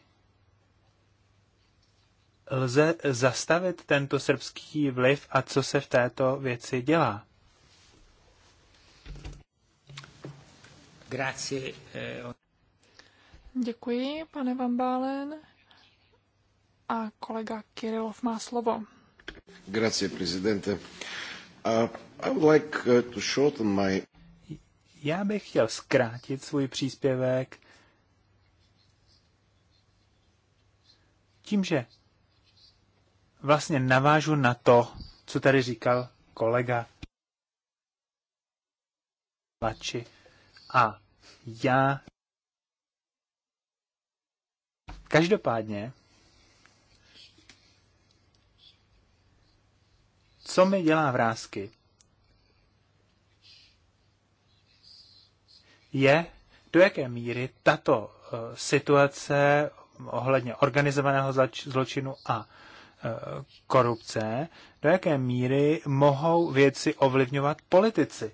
Lze zastavit tento srbský vliv a co se v této věci dělá? Eh, Děkuji, pane Vambálen. A kolega Kirilov má slovo prezidente. Uh, uh, já bych chtěl zkrátit svůj příspěvek tím, že vlastně navážu na to, co tady říkal kolega Lači. A já Každopádně co mi dělá vrázky, je, do jaké míry tato eh, situace ohledně organizovaného zločinu a eh, korupce, do jaké míry mohou věci ovlivňovat politici.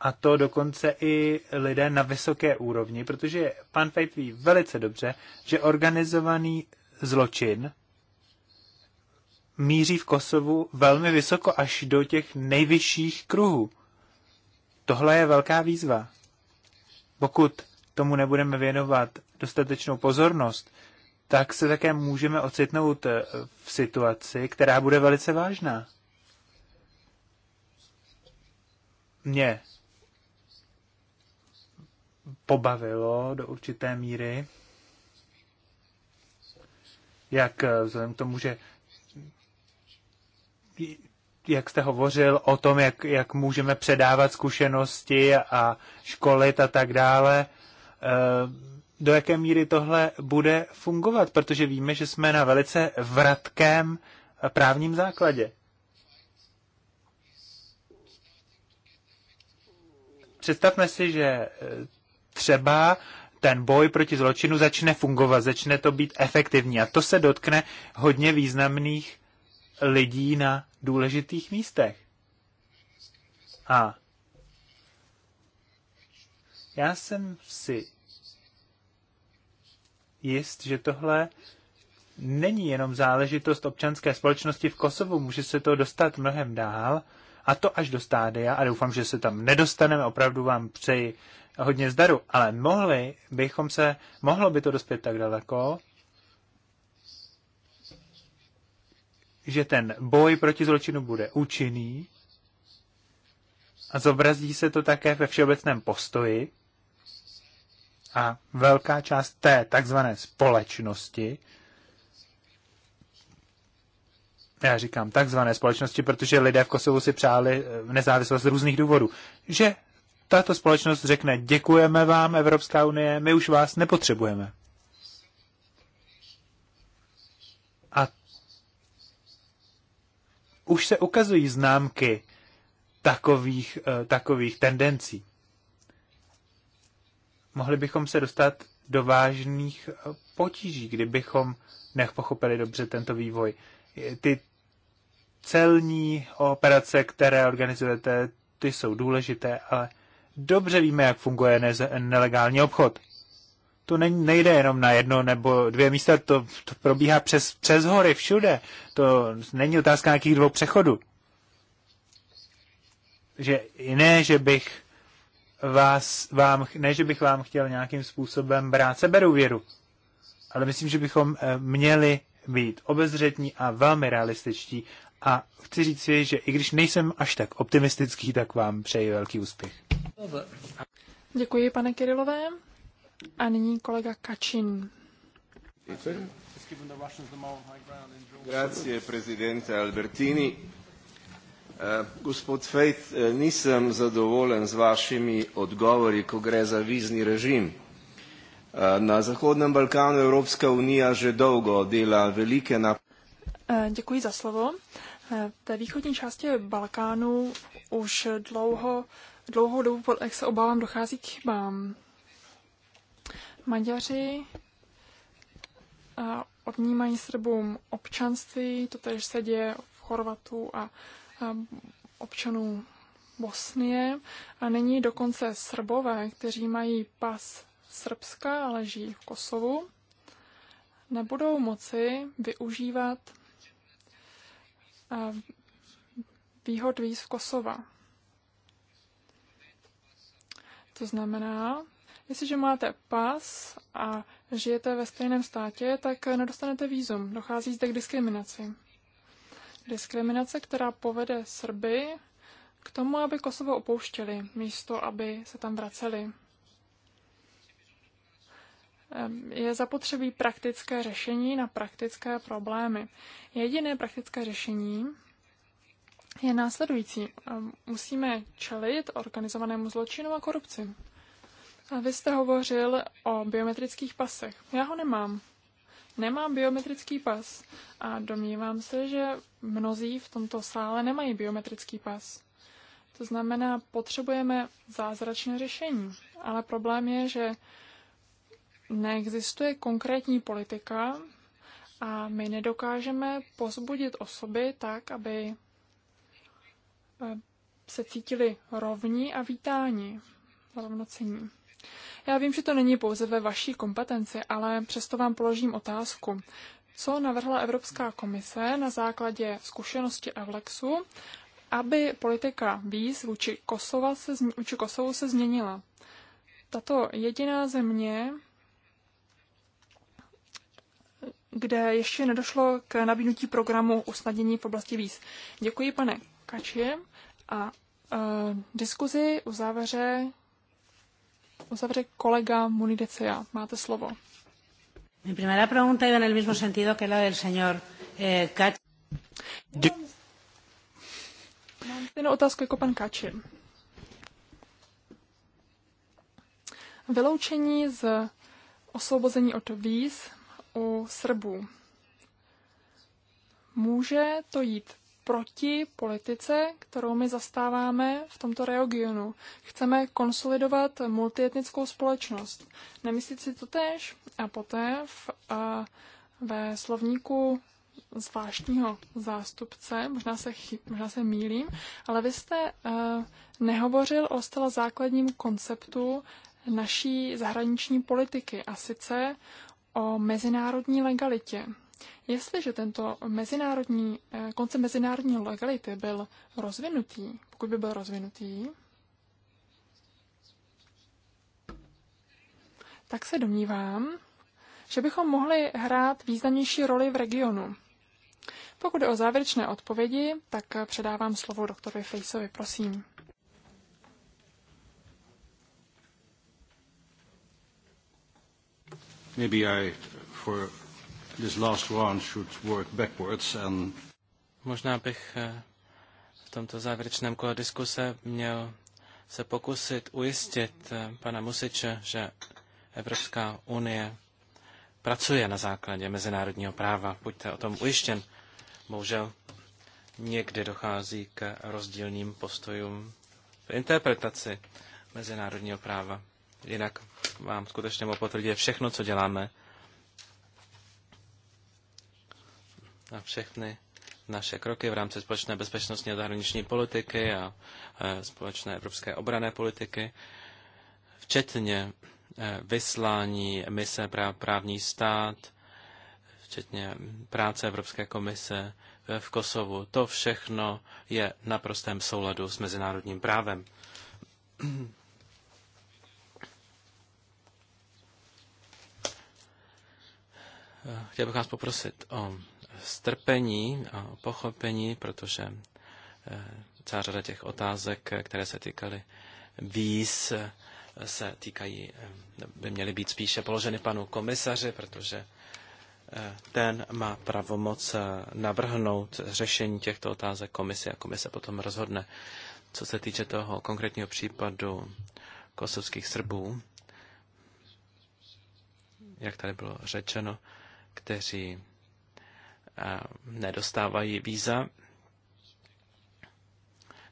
A to dokonce i lidé na vysoké úrovni, protože pan Fejt ví velice dobře, že organizovaný zločin míří v Kosovu velmi vysoko až do těch nejvyšších kruhů. Tohle je velká výzva. Pokud tomu nebudeme věnovat dostatečnou pozornost, tak se také můžeme ocitnout eh, v situaci, která bude velice vážná. Mě pobavilo do určité míry, jak eh, vzhledem k tomu, že jak jste hovořil o tom, jak, jak můžeme předávat zkušenosti a školit a tak dále, eh, do jaké míry tohle bude fungovat, protože víme, že jsme na velice vratkém právním základě. Představme si, že eh, třeba ten boj proti zločinu začne fungovat, začne to být efektivní a to se dotkne hodně významných lidí na důležitých místech. A já jsem si jist, že tohle není jenom záležitost občanské společnosti v Kosovu, může se to dostat mnohem dál, a to až do stádia, a doufám, že se tam nedostaneme, opravdu vám přeji hodně zdaru, ale mohli bychom se, mohlo by to dospět tak daleko, že ten boj proti zločinu bude účinný a zobrazí se to také ve všeobecném postoji a velká část té takzvané společnosti, já říkám takzvané společnosti, protože lidé v Kosovu si přáli eh, nezávislost z různých důvodů, že tato společnost řekne, děkujeme vám, Evropská unie, my už vás nepotřebujeme. už se ukazují známky takových, eh, takových tendencí. Mohli bychom se dostat do vážných eh, potíží, kdybychom nepochopili dobře tento vývoj. Ty celní operace, které organizujete, ty jsou důležité, ale dobře víme, jak funguje ne- nelegální obchod to nejde jenom na jedno nebo dvě místa, to, to probíhá přes, přes hory, všude. To není otázka nějakých dvou přechodů. Že ne, že bych vás, vám, ne, že bych vám chtěl nějakým způsobem brát seberuvěru, ale myslím, že bychom eh, měli být obezřetní a velmi realističtí a chci říct si, že i když nejsem až tak optimistický, tak vám přeji velký úspěch. Děkuji, pane Kirilové. A nyní kolega Kačin. Grazie, prezidente Albertini. Eh, gospod Fejt, eh, nisem zadovoljen z vašimi odgovori, ko gre za vizni režim. Eh, na Zahodnem Balkanu Evropska unija že dolgo dela velike nap... Děkuji za slovo. V té východní části Balkánu už dlouho, dlouhou dobu, jak se obávám, dochází k chybám. Maďaři odnímají Srbům občanství, to tež se děje v Chorvatu a občanů Bosnie. A není dokonce Srbové, kteří mají pas Srbska, ale žijí v Kosovu, nebudou moci využívat výhod víz Kosova. To znamená, Jestliže máte pas a žijete ve stejném státě, tak nedostanete výzum. Dochází zde k diskriminaci. Diskriminace, která povede Srby k tomu, aby Kosovo opouštěli, místo aby se tam vraceli. Je zapotřebí praktické řešení na praktické problémy. Jediné praktické řešení je následující. Musíme čelit organizovanému zločinu a korupci. A vy jste hovořil o biometrických pasech. Já ho nemám. Nemám biometrický pas a domnívám se, že mnozí v tomto sále nemají biometrický pas. To znamená, potřebujeme zázračné řešení, ale problém je, že neexistuje konkrétní politika a my nedokážeme pozbudit osoby tak, aby eh, se cítili rovní a vítáni, rovnocení. Já vím, že to není pouze ve vaší kompetenci, ale přesto vám položím otázku. Co navrhla Evropská komise na základě zkušenosti Evlexu, aby politika víz vůči, Kosova se, vůči Kosovu se změnila? Tato jediná země kde ještě nedošlo k nabídnutí programu usnadnění v oblasti víz. Děkuji, pane Kačie, a e, diskuzi uzavře uzavře kolega Munidecea. Máte slovo. Mi primera pregunta iba en el mismo sentido que la del señor eh, Mám otázku jako pan Kači. Vyloučení z osvobození od víz u Srbů. Může to jít proti politice, kterou my zastáváme v tomto regionu. Chceme konsolidovat multietnickou společnost. Nemyslíte si to tež? A poté v, a, ve slovníku zvláštního zástupce, možná se, chy, možná se mýlím, ale vy jste a, e, nehovořil o zcela základním konceptu naší zahraniční politiky, a sice o mezinárodní legalitě. Jestliže tento mezinárodní, eh, koncept mezinárodní legality byl rozvinutý, pokud by byl rozvinutý, tak se domnívám, že bychom mohli hrát významnější roli v regionu. Pokud je o závěrečné odpovědi, tak eh, předávám slovo doktorovi Fejsovi, prosím. Maybe I, for this last one should work backwards and... Možná bych eh, v tomto závěrečném kole diskuse měl se pokusit ujistit eh, pana Musiče, že Evropská unie pracuje na základě mezinárodního práva. Buďte o tom ujištěn. Bohužel někdy dochází k rozdílným postojům v interpretaci mezinárodního práva. Jinak vám skutečně mohu potvrdit všechno, co děláme na všechny naše kroky v rámci společné bezpečnostní a zahraniční politiky a e, společné evropské obrané politiky, včetně e, vyslání mise právní stát, včetně práce Evropské komise v Kosovu. To všechno je naprostém souladu s mezinárodním právem. E, chtěl bych vás poprosit o strpení a pochopení, protože eh, celá řada těch otázek, které se týkaly víz, eh, se týkají, eh, by měly být spíše položeny panu komisaři, protože ten má pravomoc navrhnout řešení těchto otázek komise, a komise potom rozhodne. Co se týče toho konkrétního případu kosovských Srbů, jak tady bylo řečeno, kteří nedostávají víza,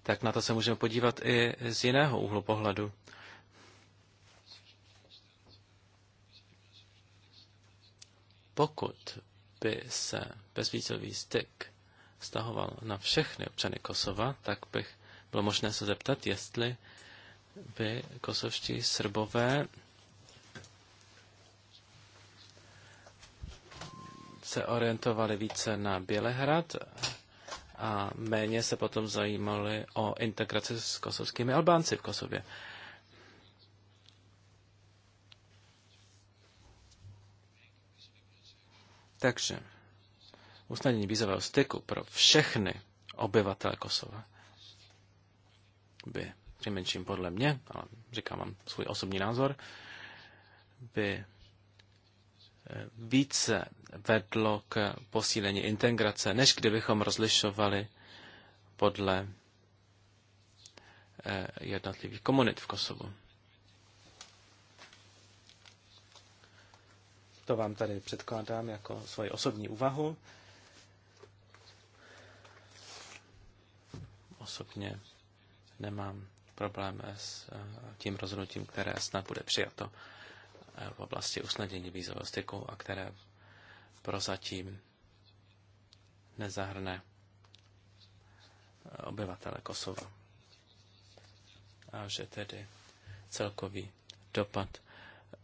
tak na to se můžeme podívat i z jiného úhlu pohledu. Pokud by se bezvízový styk vztahoval na všechny občany Kosova, tak bych bylo možné se zeptat, jestli by kosovští srbové se orientovali více na Bělehrad a méně se potom zajímali o integraci s kosovskými Albánci v Kosově. Takže usnadnění vízového styku pro všechny obyvatele Kosova by přinejmenším podle mě, ale říkám vám svůj osobní názor, by eh, více vedlo k posílení integrace, než kdybychom rozlišovali podle eh, jednotlivých komunit v Kosovu. To vám tady předkládám jako svoji osobní úvahu. Osobně nemám problém s eh, tím rozhodnutím, které snad bude přijato eh, v oblasti usnadnění vízového styku a které prozatím nezahrne obyvatele Kosova. A že tedy celkový dopad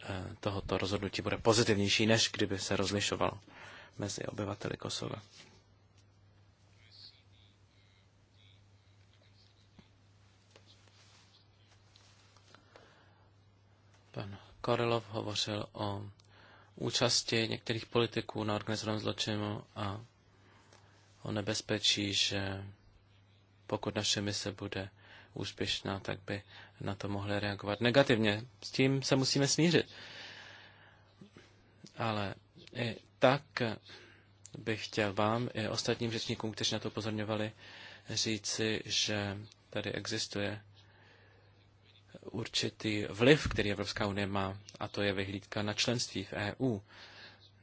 eh, tohoto rozhodnutí bude pozitivnější, než kdyby se rozlišoval mezi obyvateli Kosova. Pan Korelov hovořil o účasti některých politiků na organizovaném zločinu a o nebezpečí, že pokud naše mise bude úspěšná, tak by na to mohli reagovat negativně. S tím se musíme smířit. Ale i tak bych chtěl vám i ostatním řečníkům, kteří na to pozorňovali, říci, že tady existuje určitý vliv, který Evropská unie má, a to je vyhlídka na členství v EU.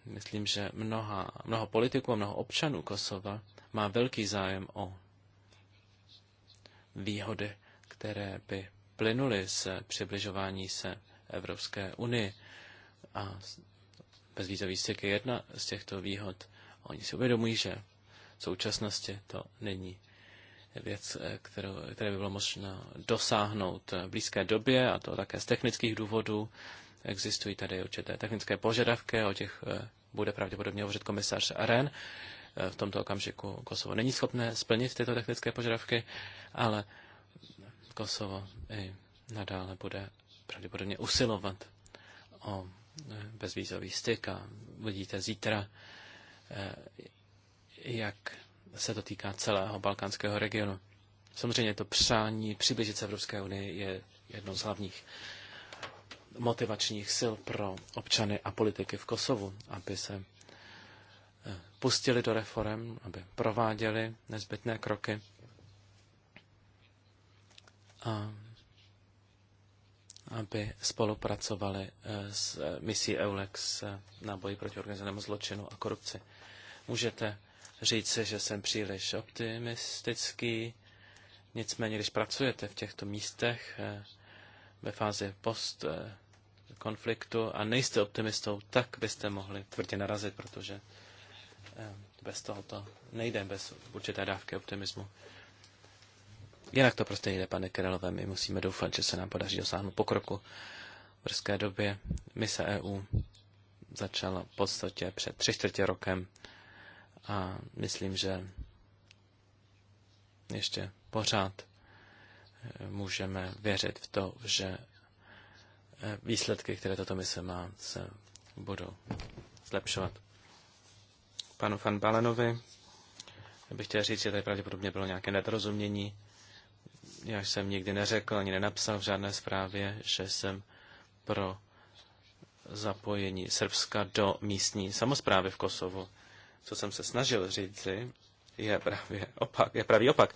Myslím, že mnoha, mnoho politiků a mnoho občanů Kosova má velký zájem o výhody, které by plynuly z přibližování se Evropské unii. A bezvízový styk je jedna z těchto výhod. Oni si uvědomují, že v současnosti to není věc, eh, kterou, které by bylo možno dosáhnout v blízké době, a to také z technických důvodů. Existují tady určité technické požadavky, o těch eh, bude pravděpodobně hovořit komisař Aren. Eh, v tomto okamžiku Kosovo není schopné splnit tyto technické požadavky, ale Kosovo i nadále bude pravděpodobně usilovat o bezvízový styk a vidíte zítra, jak se to týká celého balkánského regionu. Samozřejmě to přání přiblížit se Evropské unii je jednou z hlavních motivačních sil pro občany a politiky v Kosovu, aby se eh, pustili do reform, aby prováděli nezbytné kroky. A aby spolupracovali eh, s misí EULEX eh, na boji proti organizovanému zločinu a korupci. Můžete říci, že jsem příliš optimistický. Nicméně, když pracujete v těchto místech eh, ve fázi post eh, konfliktu a nejste optimistou, tak byste mohli tvrdě narazit, protože eh, bez toho to nejde, bez určité dávky optimismu. Jinak to prostě jde, pane Kerelové, my musíme doufat, že se nám podaří dosáhnout pokroku. V brzké době mise EU začala v podstatě před tři čtvrtě rokem a myslím, že ještě pořád eh, můžeme věřit v to, že eh, výsledky, které tato mise má, se budou zlepšovat. Panu Van Balenovi bych chtěl říct, že tady pravděpodobně bylo nějaké nedorozumění. Já jsem nikdy neřekl ani nenapsal v žádné zprávě, že jsem pro zapojení Srbska do místní samozprávy v Kosovu co jsem se snažil říci, je právě opak, je pravý opak.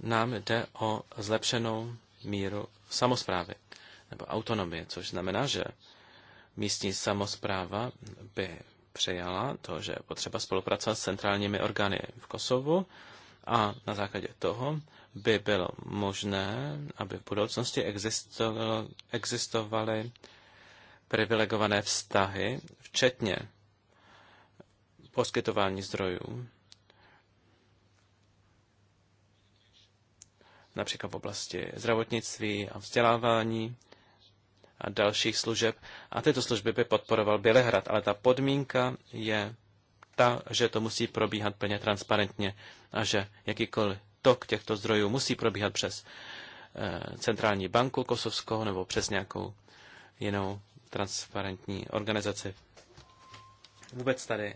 Nám jde o zlepšenou míru samozprávy nebo autonomie, což znamená, že místní samozpráva by přejala to, že je potřeba spolupracovat s centrálními orgány v Kosovu a na základě toho by bylo možné, aby v budoucnosti existovaly privilegované vztahy, včetně poskytování zdrojů. například v oblasti zdravotnictví a vzdělávání a dalších služeb. A tyto služby by podporoval Bělehrad, ale ta podmínka je ta, že to musí probíhat plně transparentně a že jakýkoliv tok těchto zdrojů musí probíhat přes eh, centrální banku Kosovskou nebo přes nějakou jinou transparentní organizaci. Vůbec tady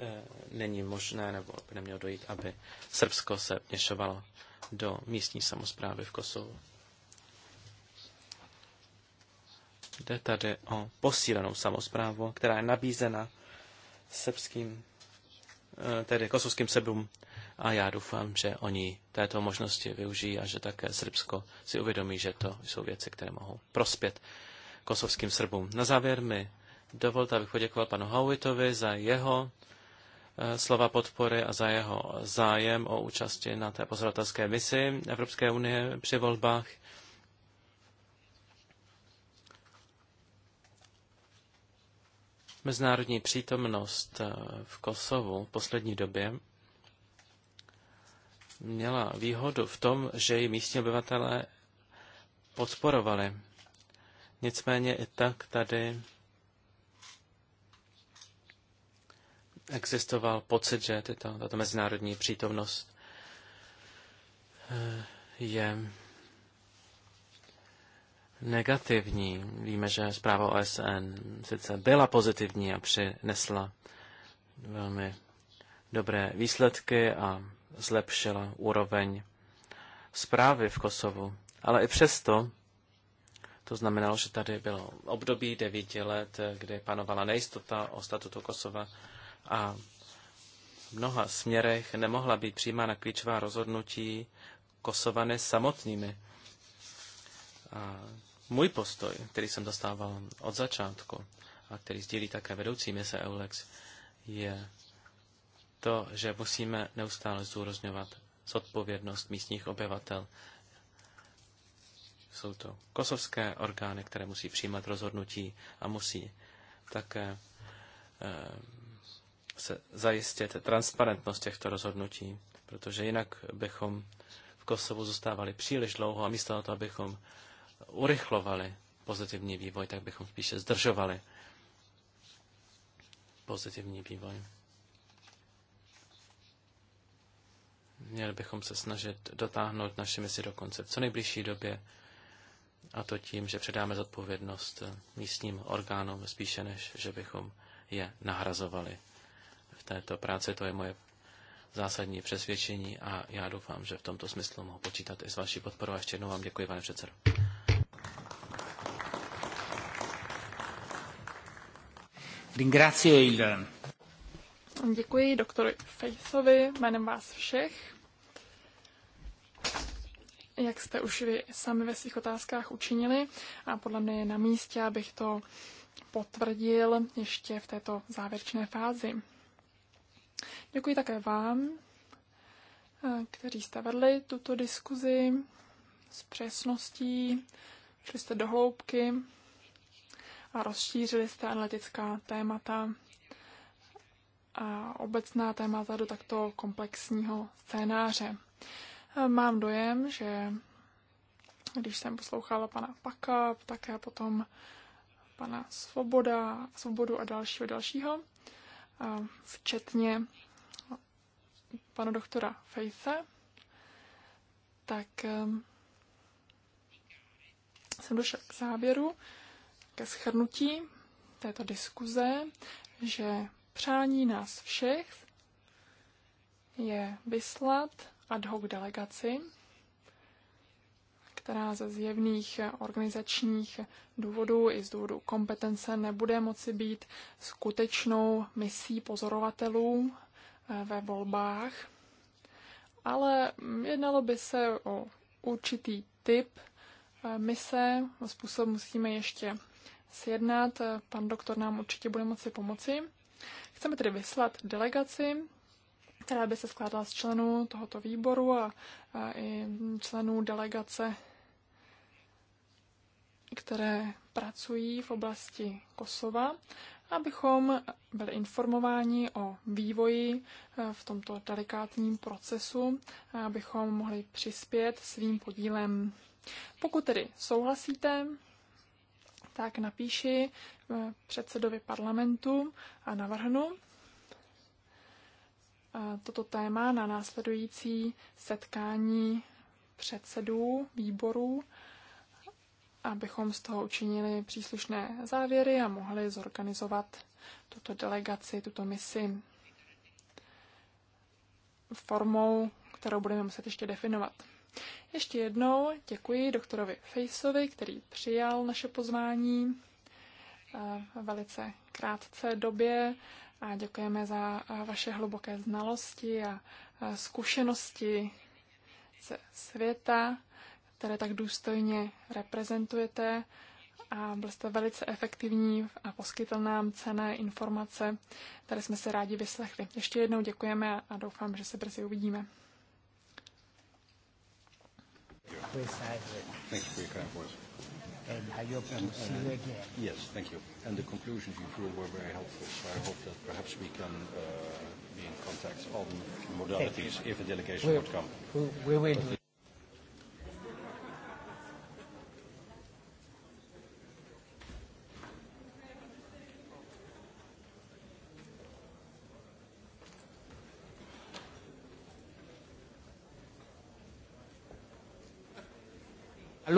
Eh, není možné, nebo by nemělo dojít, aby Srbsko se měšovalo do místní samozprávy v Kosovu. Jde tady o posílenou samozprávu, která je nabízena srbským, eh, tedy kosovským sebům a já doufám, že oni této možnosti využijí a že také Srbsko si uvědomí, že to jsou věci, které mohou prospět kosovským Srbům. Na závěr mi dovolte, abych poděkoval panu Howitovi za jeho Eh, slova podpory a za jeho zájem o účasti na té pozorovatelské misi Evropské unie při volbách. Mezinárodní přítomnost eh, v Kosovu v poslední době měla výhodu v tom, že ji místní obyvatelé podporovali. Nicméně i tak tady existoval pocit, že tyto, tato mezinárodní přítomnost eh, je negativní. Víme, že zpráva OSN sice byla pozitivní a přinesla velmi dobré výsledky a zlepšila úroveň zprávy v Kosovu. Ale i přesto to znamenalo, že tady bylo období devíti let, kdy panovala nejistota o statutu Kosova a v mnoha směrech nemohla být přijímána klíčová rozhodnutí kosované samotnými. A můj postoj, který jsem dostával od začátku a který sdílí také vedoucí mise EULEX, je to, že musíme neustále zdůrozňovat zodpovědnost místních obyvatel. Jsou to kosovské orgány, které musí přijímat rozhodnutí a musí také eh, se zajistit transparentnost těchto rozhodnutí, protože jinak bychom v Kosovu zůstávali příliš dlouho a místo toho, abychom urychlovali pozitivní vývoj, tak bychom spíše zdržovali pozitivní vývoj. Měli bychom se snažit dotáhnout naše misi do konce v co nejbližší době, a to tím, že předáme zodpovědnost místním orgánům spíše než, že bychom je nahrazovali této práce To je moje zásadní přesvědčení a já doufám, že v tomto smyslu mohu počítat i s vaší podporou. A ještě jednou vám děkuji, pane předsedo. Děkuji doktoru Fejsovi jménem vás všech. Jak jste už vy sami ve svých otázkách učinili a podle mě je na místě, abych to potvrdil ještě v této závěrečné fázi. Děkuji také vám, eh, kteří jste vedli tuto diskuzi s přesností, šli jste do hloubky a rozšířili jste analytická témata a obecná témata do takto komplexního scénáře. Eh, mám dojem, že když jsem poslouchala pana Paka, také potom pana Svoboda, Svobodu a dalšího dalšího, včetně pana doktora Fejse, tak ehm, jsem došel k závěru, ke schrnutí této diskuze, že přání nás všech je vyslat ad hoc delegaci která ze zjevných organizačních důvodů i z důvodu kompetence nebude moci být skutečnou misí pozorovatelů eh, ve volbách, ale mm, jednalo by se o určitý typ eh, mise, způsob musíme ještě sjednat, eh, pan doktor nám určitě bude moci pomoci. Chceme tedy vyslat delegaci, která by se skládala z členů tohoto výboru a, a i členů delegace které pracují v oblasti Kosova, abychom byli informováni o vývoji eh, v tomto delikátním procesu, abychom mohli přispět svým podílem. Pokud tedy souhlasíte, tak napíši eh, předsedovi parlamentu a navrhnu eh, toto téma na následující setkání předsedů výborů abychom z toho učinili příslušné závěry a mohli zorganizovat tuto delegaci, tuto misi formou, kterou budeme muset ještě definovat. Ještě jednou děkuji doktorovi Fejsovi, který přijal naše pozvání v eh, velice krátce době a děkujeme za eh, vaše hluboké znalosti a eh, zkušenosti ze světa které tak důstojně reprezentujete a byl jste velice efektivní a poskytl nám cené informace, které jsme se rádi vyslechli. Ještě jednou děkujeme a doufám, že se brzy uvidíme. Uh, yes, thank you. And the conclusions you drew were very helpful, so I hope that perhaps we can uh, be in contact on modalities if a delegation would come. We will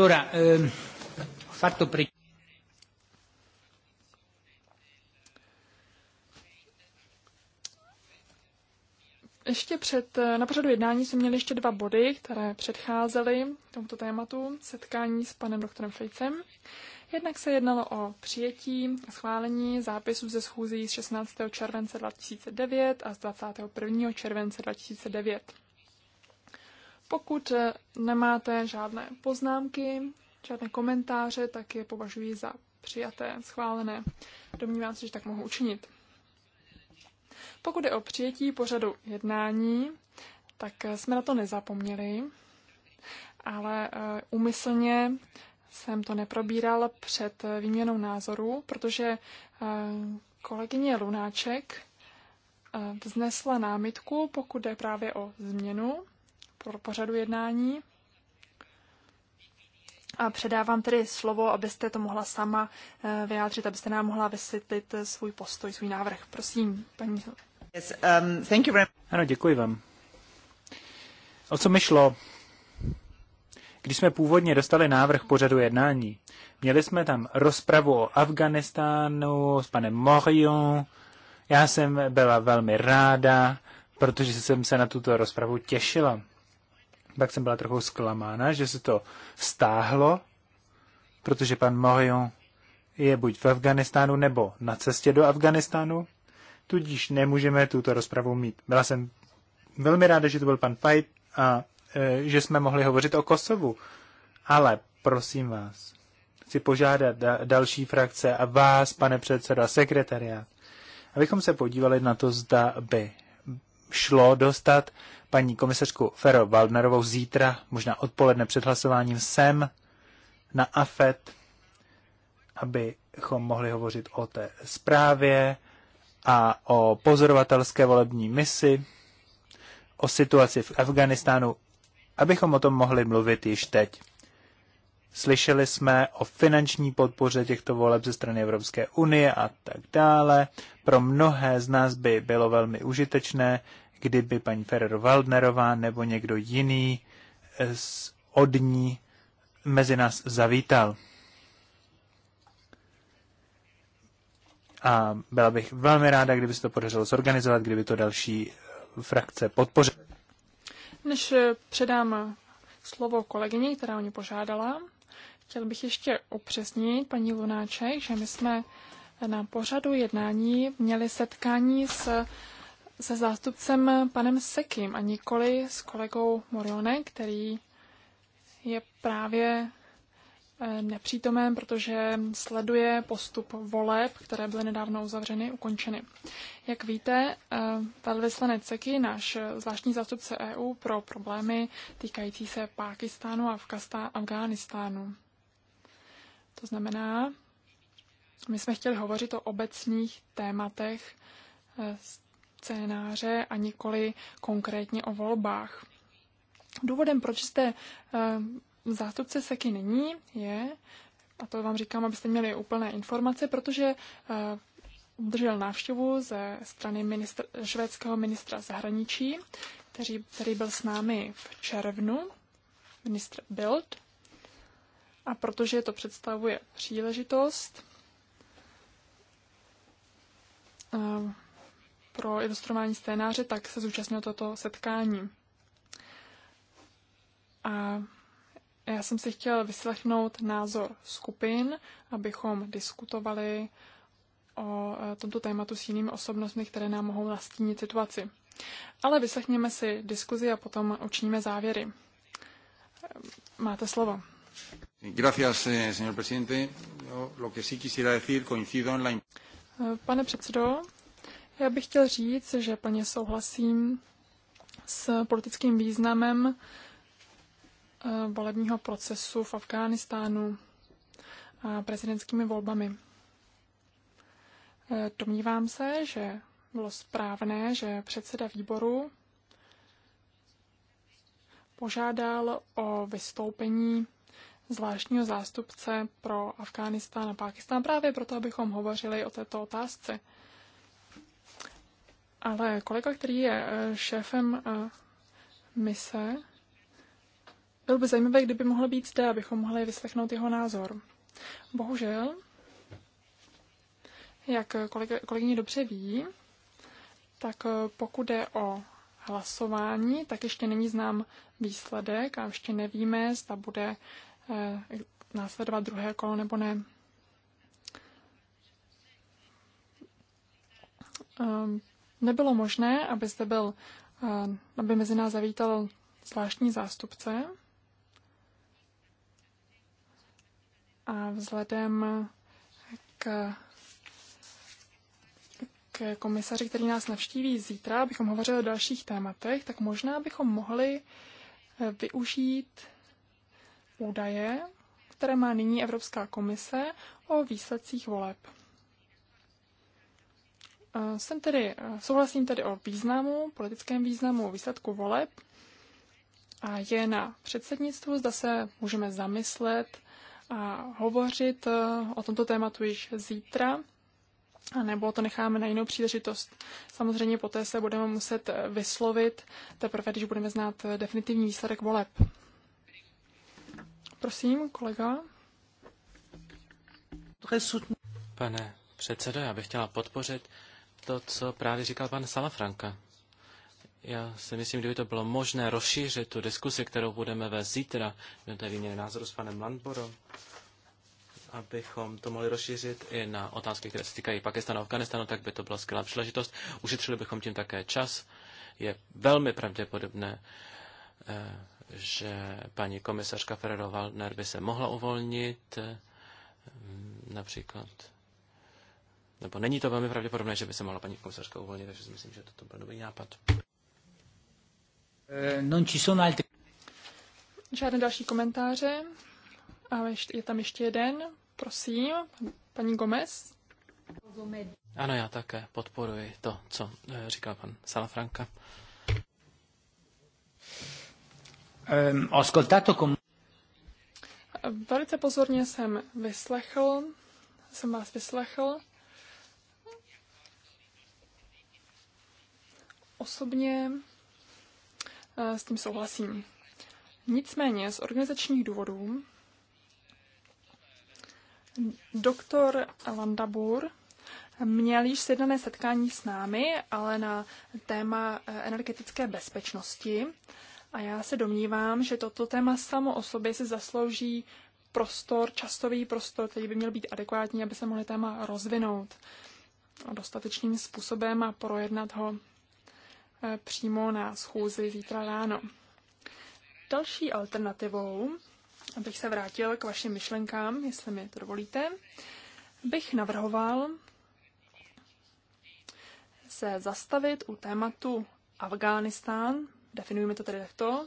Allora, eh, fatto pre- Ještě před, eh, na pořadu jednání jsme měli ještě dva body, které předcházely tomuto tématu setkání s panem doktorem Fejcem. Jednak se jednalo o přijetí a schválení zápisů ze schůzí z 16. července 2009 a z 21. července 2009. Pokud eh, nemáte žádné poznámky, žádné komentáře, tak je považuji za přijaté, schválené. Domnívám se, že tak mohu učinit. Pokud je o přijetí pořadu jednání, tak eh, jsme na to nezapomněli, ale umyslně eh, jsem to neprobíral před výměnou názoru, protože kolegyně Lunáček vznesla námitku, pokud jde právě o změnu pro pořadu jednání. A předávám tedy slovo, abyste to mohla sama eh, vyjádřit, abyste nám mohla vysvětlit eh, svůj postoj, svůj návrh. Prosím, paní. Yes, um, thank you very... Ano, děkuji vám. O co mi šlo? Když jsme původně dostali návrh pořadu jednání, měli jsme tam rozpravu o Afganistánu s panem Morion. Já jsem byla velmi ráda, protože jsem se na tuto rozpravu těšila tak jsem byla trochu zklamána, že se to stáhlo, protože pan Mohion je buď v Afganistánu nebo na cestě do Afganistánu, tudíž nemůžeme tuto rozpravu mít. Byla jsem velmi ráda, že to byl pan Pajt a e, že jsme mohli hovořit o Kosovu. Ale prosím vás, chci požádat da- další frakce a vás, pane předsedo a sekretariát, abychom se podívali na to, zda by šlo dostat paní komisařku Fero Waldnerovou zítra, možná odpoledne před hlasováním sem na AFET, abychom mohli hovořit o té zprávě a o pozorovatelské volební misi, o situaci v Afganistánu, abychom o tom mohli mluvit již teď. Slyšeli jsme o finanční podpoře těchto voleb ze strany Evropské unie a tak dále. Pro mnohé z nás by bylo velmi užitečné, kdyby paní Ferrer-Waldnerová nebo někdo jiný eh, od ní mezi nás zavítal. A byla bych velmi ráda, kdyby se to podařilo zorganizovat, kdyby to další eh, frakce podpořila. Než eh, předám slovo kolegyni, která o ně požádala, chtěl bych ještě upřesnit paní Lunáček, že my jsme na pořadu jednání měli setkání s se zástupcem panem Sekim a nikoli s kolegou Morione, který je právě eh, nepřítomen, protože sleduje postup voleb, které byly nedávno uzavřeny, ukončeny. Jak víte, eh, velvyslanec Seki, náš zvláštní zástupce EU pro problémy týkající se Pákistánu a Afganistánu. To znamená, my jsme chtěli hovořit o obecných tématech eh, scénáře a nikoli konkrétně o volbách. Důvodem, proč v eh, zástupce SEKI není, je, a to vám říkám, abyste měli úplné informace, protože eh, držel návštěvu ze strany ministr, švédského ministra zahraničí, který, který byl s námi v červnu, ministr Bild. A protože to představuje příležitost, eh, pro ilustrování scénáře, tak se zúčastnil toto setkání. A já jsem si chtěl vyslechnout názor skupin, abychom diskutovali o e, tomto tématu s jinými osobnostmi, které nám mohou nastínit situaci. Ale vyslechněme si diskuzi a potom učiníme závěry. E, máte slovo. Gracias, eh, señor presidente. Lo que sí quisiera decir, coincido en la... E, pane předsedo, já bych chtěl říct, že plně souhlasím s politickým významem eh, volebního procesu v Afghánistánu a prezidentskými volbami. Eh, domnívám se, že bylo správné, že předseda výboru požádal o vystoupení zvláštního zástupce pro Afghánistán a Pákistán právě proto, abychom hovořili o této otázce. Ale kolega, který je eh, šéfem eh, mise, bylo by zajímavé, kdyby mohl být zde, abychom mohli vyslechnout jeho názor. Bohužel, jak kolega, kolegyně dobře ví, tak eh, pokud jde o hlasování, tak ještě není znám výsledek a ještě nevíme, zda bude následovat druhé kolo nebo ne. Ehm, nebylo možné, aby zde byl, eh, aby mezi nás zavítal zvláštní zástupce. A vzhledem k, k komisaři, který nás navštíví zítra, abychom hovořili o dalších tématech, tak možná bychom mohli eh, využít údaje, které má nyní Evropská komise o výsledcích voleb. Eh, jsem tedy, eh, souhlasím tedy o významu, politickém významu výsledku voleb a je na předsednictvu, zda se můžeme zamyslet a hovořit eh, o tomto tématu již zítra, nebo to necháme na jinou příležitost. Samozřejmě poté se budeme muset vyslovit, teprve když budeme znát definitivní výsledek voleb. Prosím, kolega. Pane předsedo, já bych chtěla podpořit to, co právě říkal pan Salafranka. Já si myslím, kdyby to bylo možné rozšířit tu diskusi, kterou budeme vést zítra, do tady výměny názoru s panem Landborem, abychom to mohli rozšířit i na otázky, které se týkají Pakistanu a Afganistanu, tak by to byla skvělá příležitost. Ušetřili bychom tím také čas. Je velmi pravděpodobné, eh, že paní komisařka Ferrerová by se mohla uvolnit eh, například nebo není to velmi pravděpodobné, že by se mohla paní komisařka uvolnit, takže si myslím, že to byl dobrý nápad. Eh, non ci sono altri... Žádné další komentáře, ale je tam ještě jeden. Prosím, paní Gomez. Ano, já také podporuji to, co eh, říkal pan Salafranka. Ehm, Velice pozorně jsem vyslechl, jsem vás vyslechl Osobně eh, s tím souhlasím. Nicméně z organizačních důvodů doktor Landabur měl již sjednané setkání s námi, ale na téma eh, energetické bezpečnosti. A já se domnívám, že toto téma samo o sobě si zaslouží prostor, častový prostor, který by měl být adekvátní, aby se mohly téma rozvinout dostatečným způsobem a projednat ho Eh, přímo na schůzi zítra ráno. Další alternativou, abych se vrátil k vašim myšlenkám, jestli mi to dovolíte, bych navrhoval se zastavit u tématu Afghánistán, definujeme to tedy takto,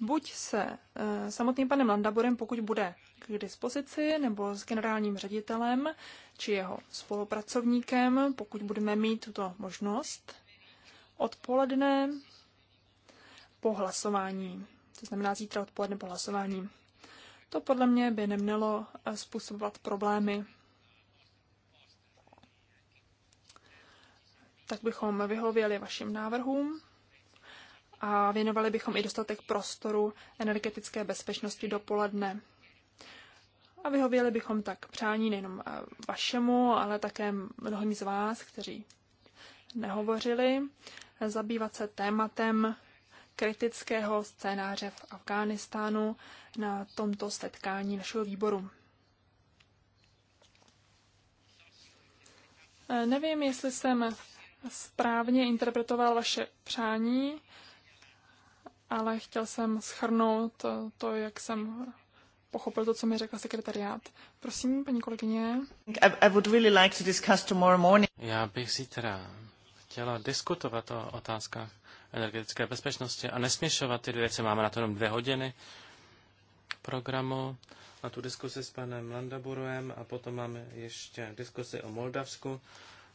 buď se e, samotným panem Landaborem, pokud bude k dispozici, nebo s generálním ředitelem či jeho spolupracovníkem, pokud budeme mít tuto možnost odpoledne po hlasování. To znamená zítra odpoledne po hlasování. To podle mě by nemělo eh, způsobovat problémy. Tak bychom vyhověli vašim návrhům a věnovali bychom i dostatek prostoru energetické bezpečnosti dopoledne. A vyhověli bychom tak přání nejenom eh, vašemu, ale také mnohým z vás, kteří nehovořili zabývat se tématem kritického scénáře v Afghánistánu na tomto setkání našeho výboru. Nevím, jestli jsem správně interpretoval vaše přání, ale chtěl jsem schrnout to, jak jsem pochopil to, co mi řekl sekretariát. Prosím, paní kolegyně. Já bych zítra chtěla diskutovat o otázkách energetické bezpečnosti a nesměšovat ty dvě věci. Máme na to jenom dvě hodiny programu na tu diskusi s panem Landaburuem a potom máme ještě diskusi o Moldavsku.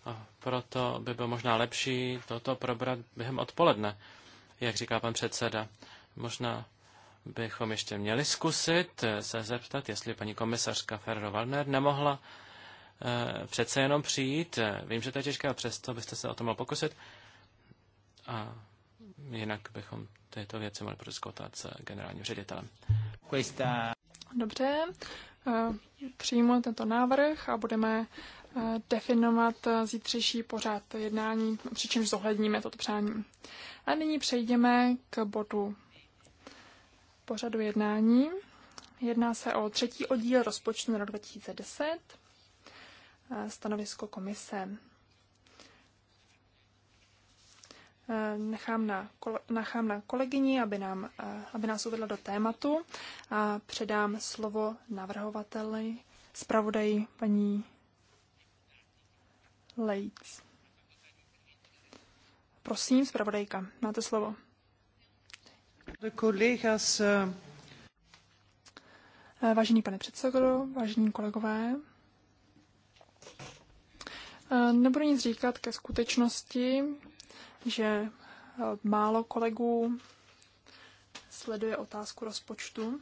A proto by bylo možná lepší toto probrat během odpoledne, jak říká pan předseda. Možná bychom ještě měli zkusit se zeptat, jestli paní komisařka ferro walner nemohla Eh, přece jenom přijít. Eh, vím, že to je těžké, ale přesto byste se o to mohl pokusit. A jinak bychom tyto věci mohli prodiskutovat s generálním ředitelem. Dobře, eh, přijmu tento návrh a budeme definovat zítřejší pořád jednání, přičemž zohledníme toto přání. A nyní přejdeme k bodu pořadu jednání. Jedná se o třetí oddíl rozpočtu na rok 2010 stanovisko komise. Nechám na, nechám na kolegyni, aby, nám, aby nás uvedla do tématu a předám slovo navrhovateli, zpravodaji paní Lejc. Prosím, zpravodajka, máte slovo. Eh, Vážený pane předsedo, vážení kolegové, E, nebudu nic říkat ke skutečnosti, že e, málo kolegů sleduje otázku rozpočtu.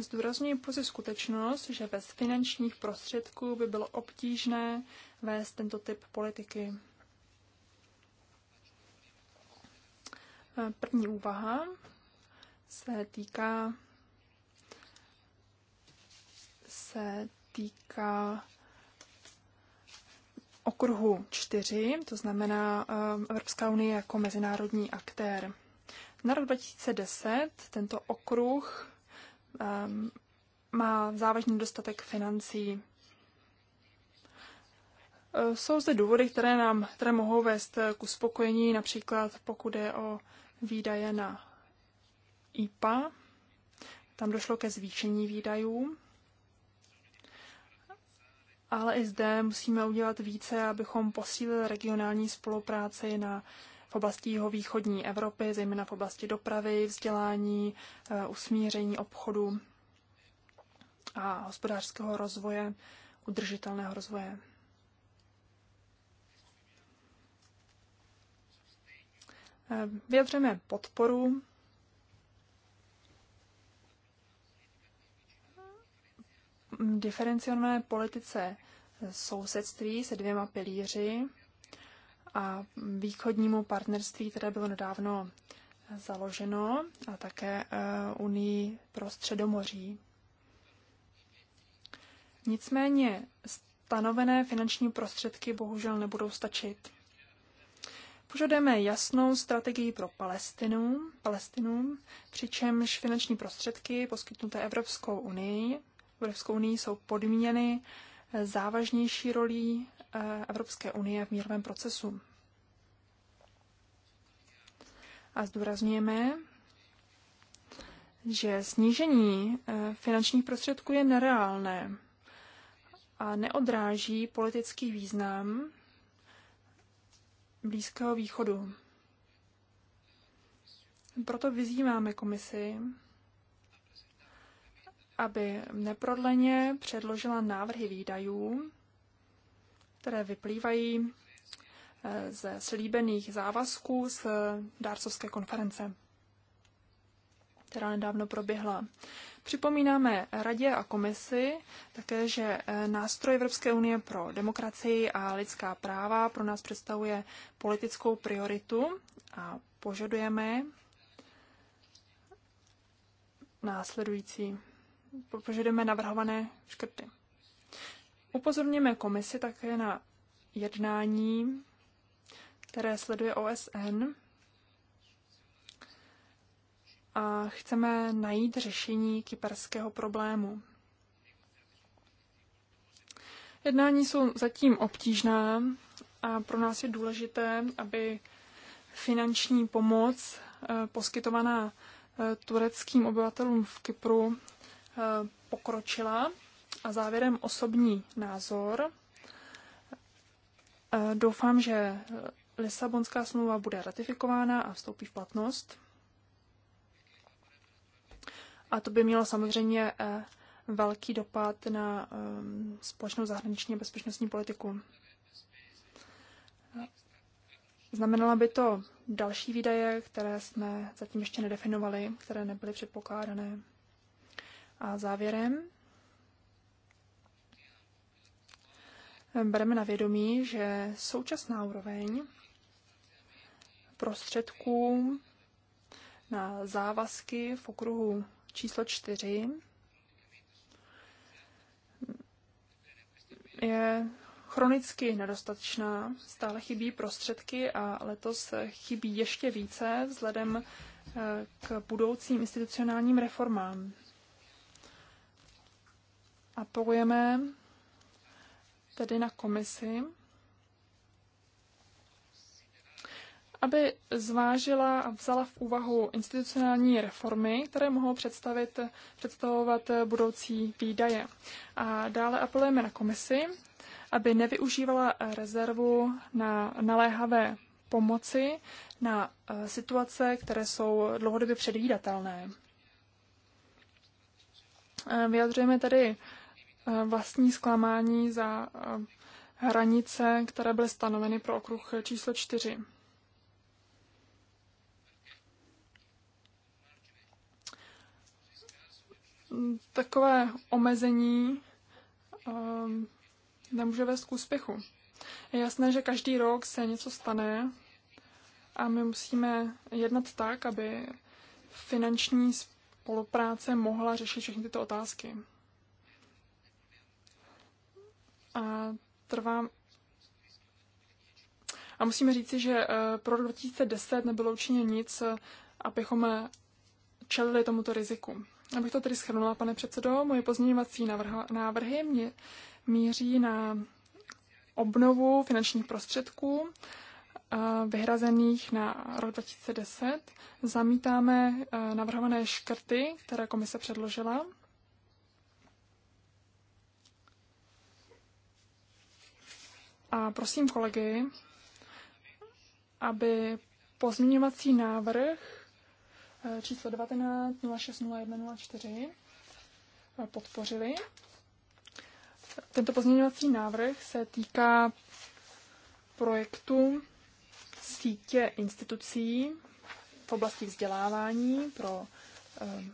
Zdůrazňuji pouze skutečnost, že bez finančních prostředků by bylo obtížné vést tento typ politiky. E, první úvaha se týká se týká okruhu 4, to znamená eh, Evropská unie jako mezinárodní aktér. Na rok 2010 tento okruh eh, má závažný dostatek financí. Eh, jsou zde důvody, které nám které mohou vést k uspokojení, například pokud je o výdaje na IPA. Tam došlo ke zvýšení výdajů ale i zde musíme udělat více, abychom posílili regionální spolupráci na v oblasti jeho východní Evropy, zejména v oblasti dopravy, vzdělání, eh, usmíření obchodu a hospodářského rozvoje, udržitelného rozvoje. Eh, Vyjadřeme podporu diferenciované politice sousedství se dvěma pilíři a východnímu partnerství, které bylo nedávno založeno, a také eh, Unii pro Středomoří. Nicméně stanovené finanční prostředky bohužel nebudou stačit. Požadujeme jasnou strategii pro Palestinu, Palestinu, přičemž finanční prostředky poskytnuté Evropskou unii, Evropskou unii jsou podmíněny závažnější rolí eh, Evropské unie v mírovém procesu. A zdůrazňujeme, že snížení eh, finančních prostředků je nereálné a neodráží politický význam Blízkého východu. Proto vyzýváme komisi, aby neprodleně předložila návrhy výdajů, které vyplývají eh, ze slíbených závazků z eh, dárcovské konference, která nedávno proběhla. Připomínáme radě a komisi také, že eh, nástroj Evropské unie pro demokracii a lidská práva pro nás představuje politickou prioritu a požadujeme následující požadujeme navrhované škrty. Upozorněme komisi také na jednání, které sleduje OSN a chceme najít řešení kyperského problému. Jednání jsou zatím obtížná a pro nás je důležité, aby finanční pomoc eh, poskytovaná eh, tureckým obyvatelům v Kypru Eh, pokročila. A závěrem osobní názor. Eh, doufám, že Lisabonská smlouva bude ratifikována a vstoupí v platnost. A to by mělo samozřejmě eh, velký dopad na společnou zahraniční bezpečnostní politiku. Znamenala by to další výdaje, které jsme zatím ještě nedefinovali, které nebyly předpokládané. A závěrem bereme na vědomí, že současná úroveň prostředků na závazky v okruhu číslo 4 je chronicky nedostatečná, stále chybí prostředky a letos chybí ještě více vzhledem eh, k budoucím institucionálním reformám apelujeme tedy na komisi, aby zvážila a vzala v úvahu institucionální reformy, které mohou představit, představovat budoucí výdaje. A dále apelujeme na komisi, aby nevyužívala rezervu na naléhavé pomoci na eh, situace, které jsou dlouhodobě předvídatelné. Eh, vyjadřujeme tady Eh, vlastní zklamání za eh, hranice, které byly stanoveny pro okruh číslo 4. Takové omezení eh, nemůže vést k úspěchu. Je jasné, že každý rok se něco stane a my musíme jednat tak, aby finanční spolupráce mohla řešit všechny tyto otázky. A trvá. A musíme říci, že eh, pro rok 2010 nebylo učiněno nic, eh, abychom eh, čelili tomuto riziku. Abych to tedy schrnula, pane předsedo, moje pozměňovací návrhy mě míří na obnovu finančních prostředků vyhrazených na rok 2010. Zamítáme navrhované škrty, které komise předložila A prosím kolegy, aby pozměňovací návrh eh, číslo 19060104 eh, podpořili. Tento pozměňovací návrh se týká projektu sítě institucí v oblasti vzdělávání pro eh,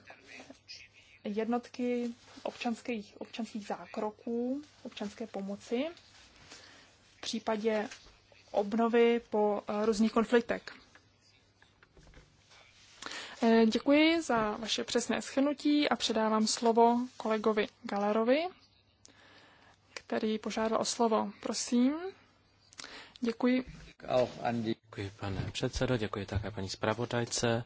jednotky občanských, občanských zákroků, občanské pomoci případě obnovy po eh, různých konfliktech. Eh, děkuji za vaše přesné schrnutí a předávám slovo kolegovi Galerovi, který požádal o slovo. Prosím. Děkuji. Děkuji, pane předsedo, děkuji také paní zpravodajce.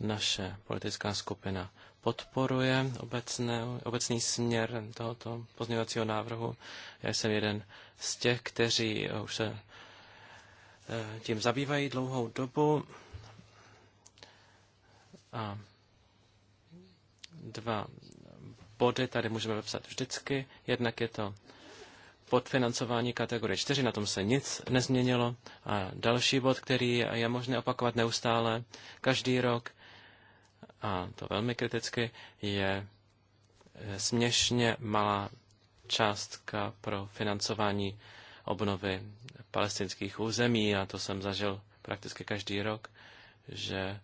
Naše politická skupina podporuje obecné, obecný směr tohoto pozměňovacího návrhu. Já jsem jeden z těch, kteří už se eh, tím zabývají dlouhou dobu. A dva body tady můžeme vepsat vždycky. Jednak je to podfinancování kategorie 4, na tom se nic nezměnilo. A další bod, který je možné opakovat neustále, každý rok, a to velmi kriticky, je eh, směšně malá částka pro financování obnovy palestinských území a to jsem zažil prakticky každý rok, že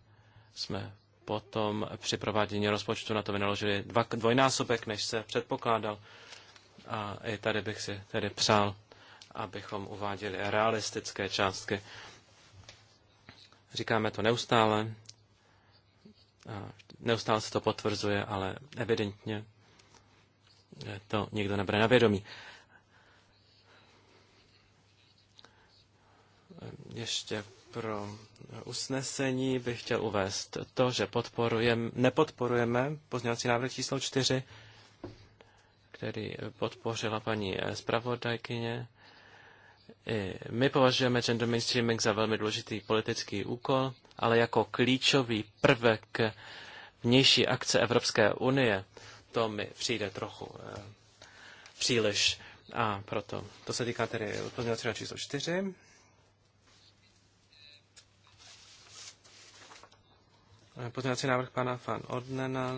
jsme potom při provádění rozpočtu na to vynaložili dva, dvojnásobek, než se předpokládal. A i tady bych si tedy přál, abychom uváděli realistické částky. Říkáme to neustále, neustále se to potvrzuje, ale evidentně to někdo nebere na vědomí. Ještě pro usnesení bych chtěl uvést to, že podporujem, nepodporujeme pozměňovací návrh číslo 4, který podpořila paní zpravodajkyně. I my považujeme gender mainstreaming za velmi důležitý politický úkol ale jako klíčový prvek vnější akce Evropské unie, to mi přijde trochu eh, příliš. A proto, to se týká tedy pozměňovacího číslo 4. Eh, pozměňovací návrh pana Fan Odnena.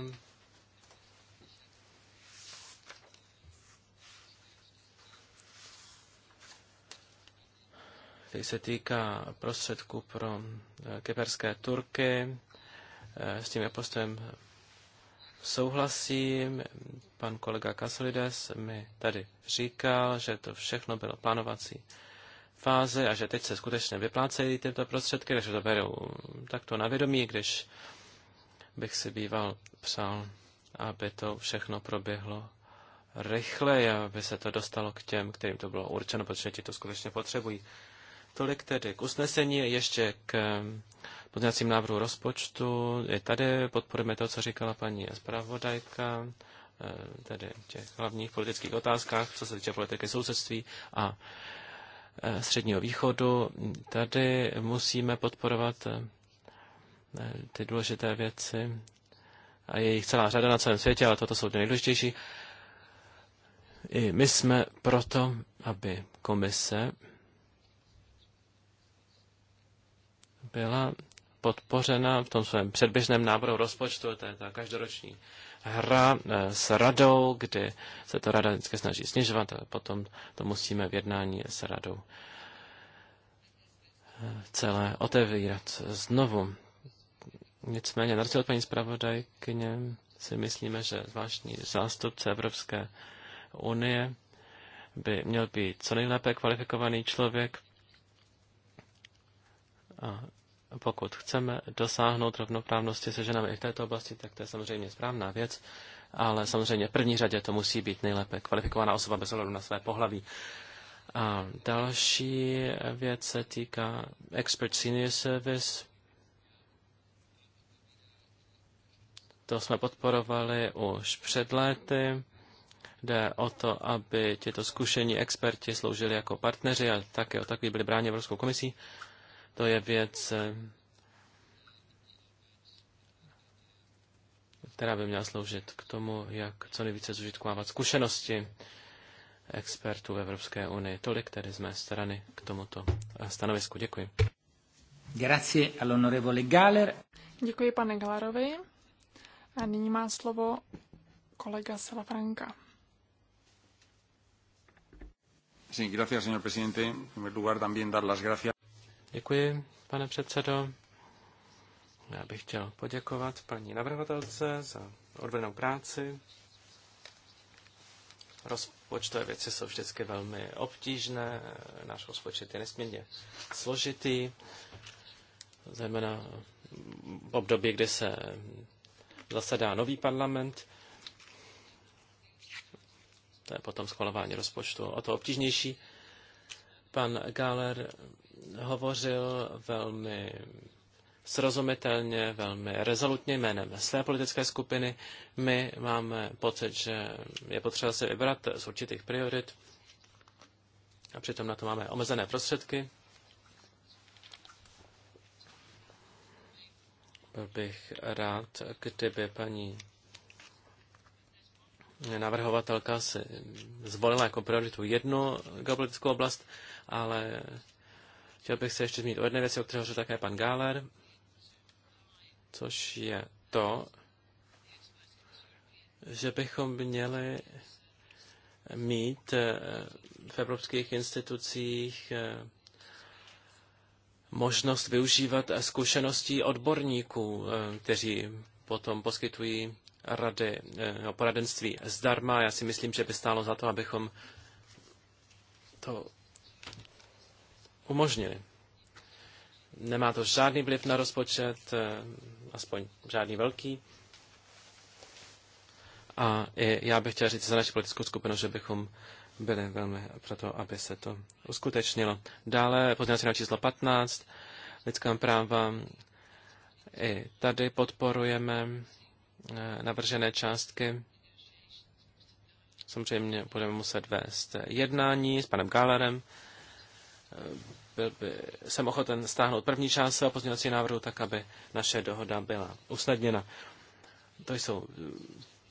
který se týká prostředků pro eh, kyperské Turky. Eh, s tím apostolem souhlasím. Pan kolega Kasolides mi tady říkal, že to všechno bylo plánovací fáze a že teď se skutečně vyplácejí tyto prostředky, takže to berou takto na vědomí, když bych si býval přál, aby to všechno proběhlo rychle, aby se to dostalo k těm, kterým to bylo určeno, protože ti to skutečně potřebují. Tolik tedy k usnesení, ještě k eh, pozměňovacím návrhu rozpočtu. I tady podporujeme to, co říkala paní zpravodajka, eh, tedy v těch hlavních politických otázkách, co se týče politiky sousedství a eh, Středního východu. Tady musíme podporovat ty důležité věci a je jich celá řada na celém světě, ale toto jsou ty nejdůležitější. I my jsme proto, aby komise byla podpořena v tom svém předběžném návrhu rozpočtu, to je ta každoroční hra eh, s radou, kdy se to rada vždycky snaží snižovat, ale potom to musíme v jednání s radou eh, celé otevírat znovu. Nicméně, na rozdíl od paní zpravodajkyně, si myslíme, že zvláštní zástupce Evropské unie by měl být co nejlépe kvalifikovaný člověk a pokud chceme dosáhnout rovnoprávnosti se ženami i v této oblasti, tak to je samozřejmě správná věc, ale samozřejmě v první řadě to musí být nejlépe kvalifikovaná osoba bez ohledu na své pohlaví. A další věc se týká Expert Senior Service. To jsme podporovali už před léty. Jde o to, aby těto zkušení experti sloužili jako partneři a také o takový byli bráni Evropskou komisí. To je věc, eh, která by měla sloužit k tomu, jak co nejvíce zužitkovávat zkušenosti expertů v Evropské unii. Tolik tedy z mé strany k tomuto eh, stanovisku. Děkuji. Grazie all'onorevole Galler. Děkuji pane Galerovi. A nyní má slovo kolega Salafranca. Sí, gracias, señor presidente. En primer lugar, también dar las gracias. Děkuji, pane předsedo. Já bych chtěl poděkovat paní navrhovatelce za odvedenou práci. Rozpočtové věci jsou vždycky velmi obtížné. Náš rozpočet je nesmírně složitý, zejména v období, kdy se zasedá nový parlament. To je potom schvalování rozpočtu o to obtížnější. Pan Gáler hovořil velmi srozumitelně, velmi rezolutně jménem své politické skupiny. My máme pocit, že je potřeba se vybrat z určitých priorit a přitom na to máme omezené prostředky. Byl bych rád, kdyby paní navrhovatelka si zvolila jako prioritu jednu geopolitickou oblast, ale Chtěl bych se ještě zmínit o jedné věci, o které hovořil také pan Gáler, což je to, že bychom měli mít eh, v evropských institucích eh, možnost využívat zkušeností odborníků, eh, kteří potom poskytují rady o poradenství zdarma. Já si myslím, že by stálo za to, abychom to umožnili. Nemá to žádný vliv na rozpočet, eh, aspoň žádný velký. A i já bych chtěl říct za naši politickou skupinu, že bychom byli velmi pro to, aby se to uskutečnilo. Dále pozměňovací na číslo 15, lidská práva. I tady podporujeme eh, navržené částky. Samozřejmě budeme muset vést jednání s panem Gálerem. Eh, byl by, jsem ochoten stáhnout první část svého pozměňovací návrhu tak, aby naše dohoda byla usnadněna. To jsou eh,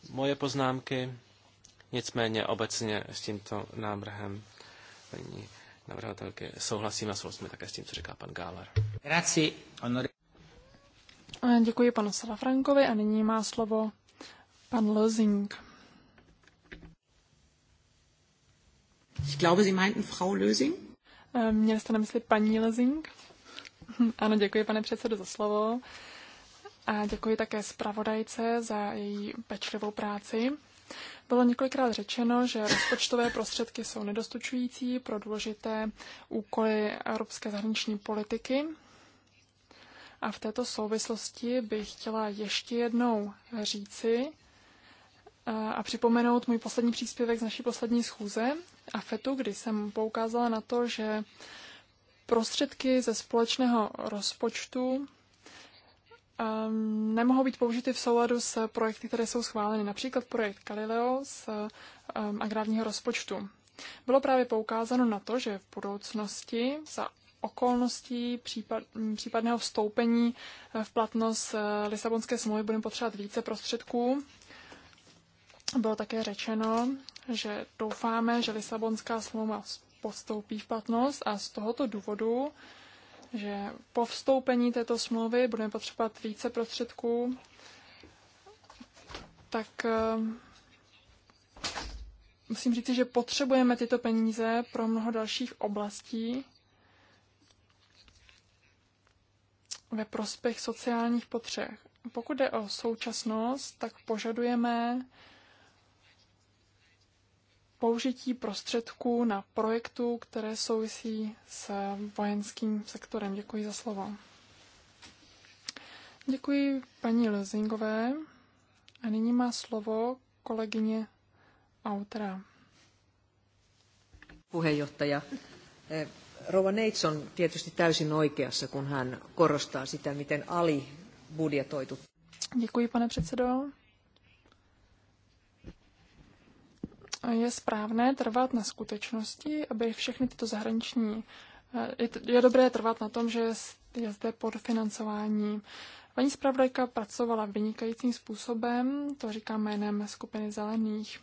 moje poznámky, nicméně obecně s tímto návrhem paní navrhatelky souhlasím a souhlasíme také s tím, co říká pan Gálar. Eh, děkuji panu Salafrankovi a nyní má slovo pan Lozing. Ich glaube, Sie meinten Frau Lösing? Eh, měli jste na mysli paní Lezing? [LAUGHS] Ano, děkuji, pane předsedo, za slovo. A děkuji také zpravodajce za její pečlivou práci. Bylo několikrát řečeno, že rozpočtové prostředky jsou nedostučující pro důležité úkoly evropské zahraniční politiky. A v této souvislosti bych chtěla ještě jednou říci eh, a připomenout můj poslední příspěvek z naší poslední schůze, AFETu, kdy jsem poukázala na to, že prostředky ze společného rozpočtu ehm, nemohou být použity v souladu s projekty, které jsou schváleny, například projekt Galileo z ehm, agrárního rozpočtu. Bylo právě poukázáno na to, že v budoucnosti za okolností případ, případného vstoupení eh, v platnost eh, Lisabonské smlouvy budeme potřebovat více prostředků bylo také řečeno, že doufáme, že Lisabonská smlouva postoupí v platnost a z tohoto důvodu, že po vstoupení této smlouvy budeme potřebovat více prostředků, tak eh, musím říct, že potřebujeme tyto peníze pro mnoho dalších oblastí ve prospěch sociálních potřeb. Pokud jde o současnost, tak požadujeme použití prostředků na projektu, které souvisí s vojenským sektorem. Děkuji za slovo. Děkuji paní Lezingové. A nyní má slovo kolegyně autora. Puheenjohtaja. Eh, Rova Neits on tietysti täysin oikeassa, kun hän korostaa sitä, miten budjetoitu. Děkuji, pane předsedo. je správné trvat na skutečnosti, aby všechny tyto zahraniční. Eh, je, dobré trvat na tom, že je, je zde podfinancování. Paní zpravodajka pracovala vynikajícím způsobem, to říkám jménem skupiny zelených.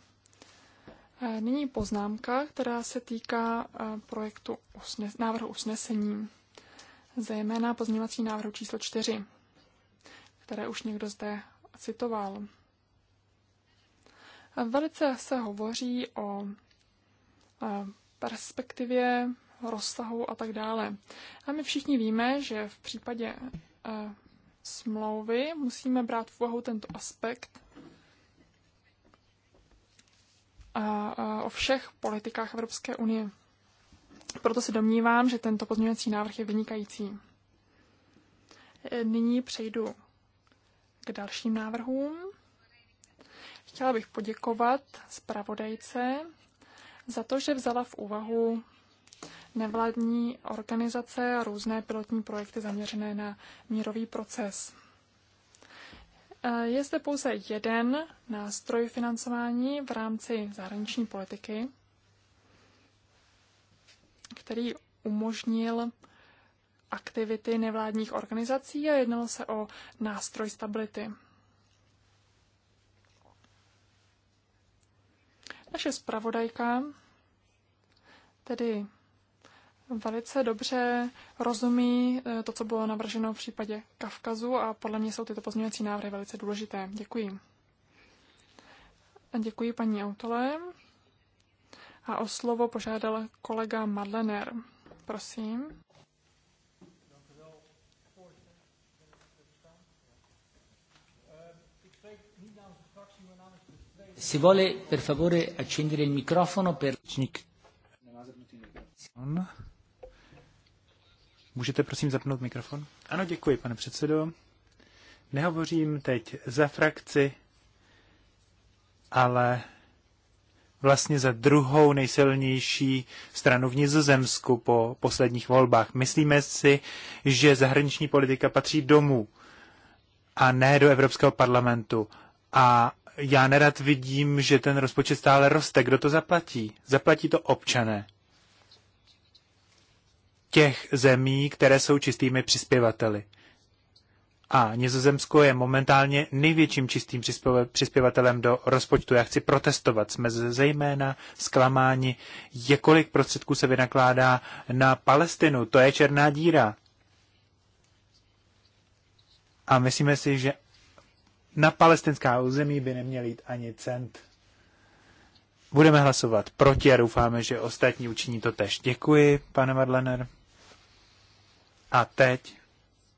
Eh, nyní poznámka, která se týká eh, projektu usnes, návrhu usnesení, zejména pozměňovací návrhu číslo 4, které už někdo zde citoval. Velice se hovoří o perspektivě, rozsahu a tak dále. A my všichni víme, že v případě smlouvy musíme brát v úvahu tento aspekt a o všech politikách Evropské unie. Proto se domnívám, že tento pozměňovací návrh je vynikající. E, nyní přejdu k dalším návrhům. Chtěla bych poděkovat zpravodajce za to, že vzala v úvahu nevládní organizace a různé pilotní projekty zaměřené na mírový proces. E, je zde pouze jeden nástroj financování v rámci zahraniční politiky, který umožnil aktivity nevládních organizací a jednalo se o nástroj stability. Naše zpravodajka tedy velice dobře rozumí eh, to, co bylo navrženo v případě Kavkazu a podle mě jsou tyto pozměňovací návrhy velice důležité. Děkuji. A děkuji paní autole. A o slovo požádal kolega Madlener. Prosím. Se vuole per favore accendere il microfono per... Můžete prosím zapnout mikrofon? Ano, děkuji, pane předsedo. Nehovořím teď za frakci, ale vlastně za druhou nejsilnější stranu v Nizozemsku po posledních volbách. Myslíme si, že zahraniční politika patří domů a ne do Evropského parlamentu. A já nerad vidím, že ten rozpočet stále roste. Kdo to zaplatí? Zaplatí to občané těch zemí, které jsou čistými přispěvateli. A Nizozemsko je momentálně největším čistým přispěvatelem do rozpočtu. Já chci protestovat. Jsme zejména zklamáni, jakolik prostředků se vynakládá na Palestinu. To je černá díra. A myslíme si, že na palestinská území by neměl jít ani cent. Budeme hlasovat proti a doufáme, že ostatní učiní to tež. Děkuji, pane Madlener. A teď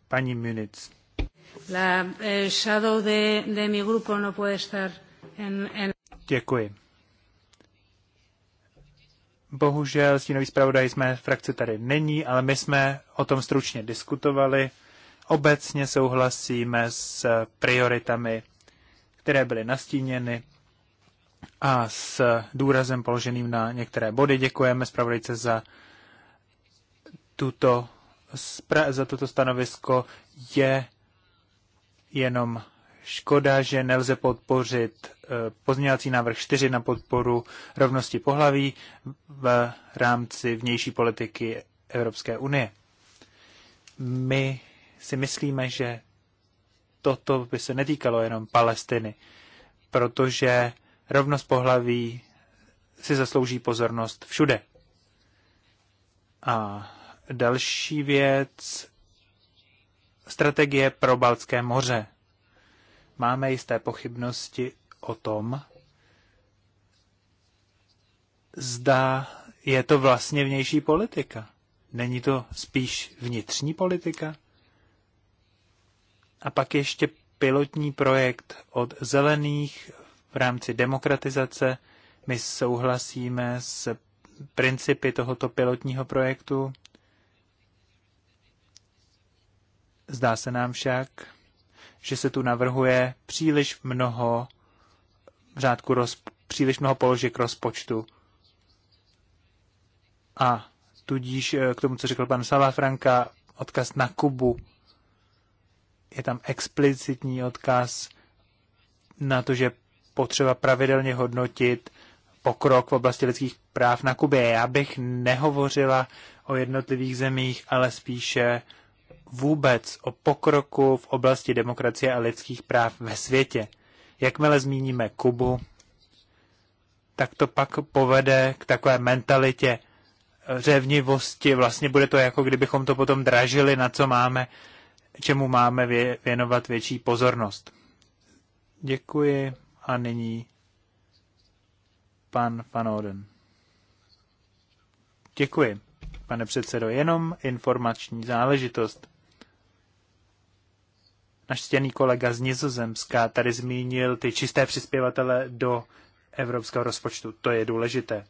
paní Munic. La eh, shadow de, de mi grupo no puede estar en, en... Děkuji. Bohužel stínový zpravodaj z mé frakce tady není, ale my jsme o tom stručně diskutovali obecně souhlasíme s prioritami, které byly nastíněny a s důrazem položeným na některé body. Děkujeme zpravodajce za tuto, za toto stanovisko. Je jenom škoda, že nelze podpořit eh, pozměňovací návrh 4 na podporu rovnosti pohlaví v rámci vnější politiky Evropské unie. My si myslíme, že toto by se netýkalo jenom Palestiny, protože rovnost pohlaví si zaslouží pozornost všude. A další věc, strategie pro Balcké moře. Máme jisté pochybnosti o tom, zda je to vlastně vnější politika. Není to spíš vnitřní politika? A pak ještě pilotní projekt od zelených v rámci demokratizace. My souhlasíme s principy tohoto pilotního projektu. Zdá se nám však, že se tu navrhuje příliš mnoho v řádku roz, příliš mnoho položek rozpočtu. A tudíž eh, k tomu, co řekl pan Salafranka, odkaz na Kubu je tam explicitní odkaz na to, že potřeba pravidelně hodnotit pokrok v oblasti lidských práv na Kubě. Já bych nehovořila o jednotlivých zemích, ale spíše vůbec o pokroku v oblasti demokracie a lidských práv ve světě. Jakmile zmíníme Kubu, tak to pak povede k takové mentalitě eh, řevnivosti. Vlastně bude to jako kdybychom to potom dražili, na co máme čemu máme věnovat větší pozornost. Děkuji a nyní pan Van Oden. Děkuji, pane předsedo. Jenom informační záležitost. Naš stěný kolega z Nizozemska tady zmínil ty čisté přispěvatele do evropského rozpočtu. To je důležité.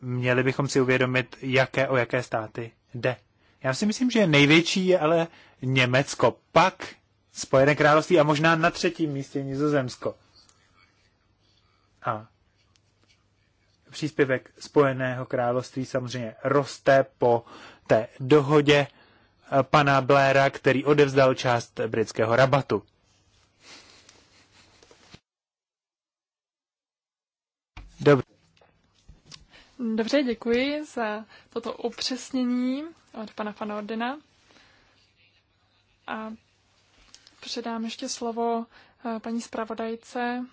Měli bychom si uvědomit, jaké o jaké státy jde. Já si myslím, že největší je ale Německo, pak Spojené království a možná na třetím místě Nizozemsko. A příspěvek Spojeného království samozřejmě roste po té dohodě eh, pana Blaira, který odevzdal část britského rabatu. Dobře. Dobře, děkuji za toto upřesnění od pana Fanordina. A předám ještě slovo eh, paní zpravodajce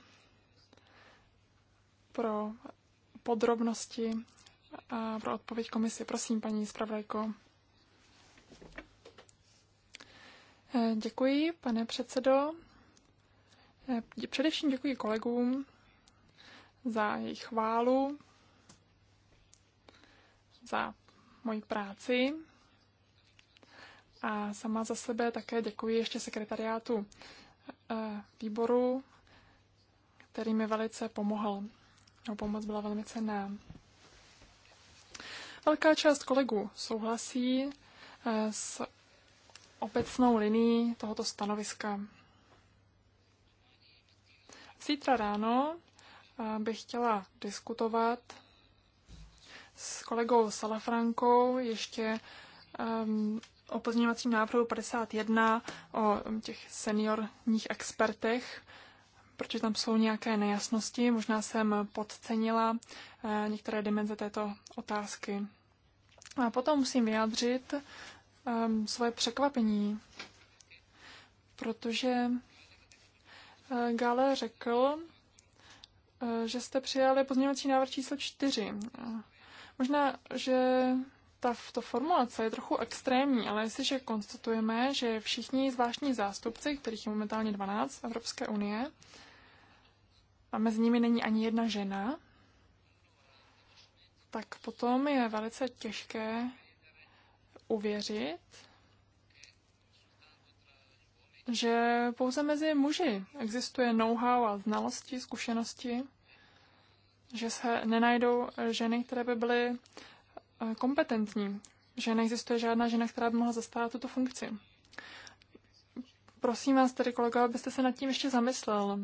pro podrobnosti a pro odpověď komisi. Prosím, paní zpravodajko. Eh, děkuji, pane předsedo. Eh, především děkuji kolegům za jejich chválu, za moji práci. A sama za sebe také děkuji ještě sekretariátu eh, výboru, který mi velice pomohl. Jeho pomoc byla velmi cenná. Velká část kolegů souhlasí eh, s obecnou linií tohoto stanoviska. Zítra ráno eh, bych chtěla diskutovat s kolegou Salafrankou ještě ehm, o pozměňovacím návrhu 51 o těch seniorních expertech, protože tam jsou nějaké nejasnosti. Možná jsem podcenila eh, některé dimenze této otázky. A potom musím vyjádřit um, svoje překvapení, protože uh, Gale řekl, uh, že jste přijali pozměňovací návrh číslo 4. Možná, že ta, ta formulace je trochu extrémní, ale jestliže konstatujeme, že všichni zvláštní zástupci, kterých je momentálně 12 Evropské unie, a mezi nimi není ani jedna žena, tak potom je velice těžké uvěřit, že pouze mezi muži existuje know-how a znalosti, zkušenosti, že se nenajdou ženy, které by byly Eh, kompetentní, že neexistuje žádná žena, která by mohla zastávat tuto funkci. Prosím vás tedy, kolego, abyste se nad tím ještě zamyslel.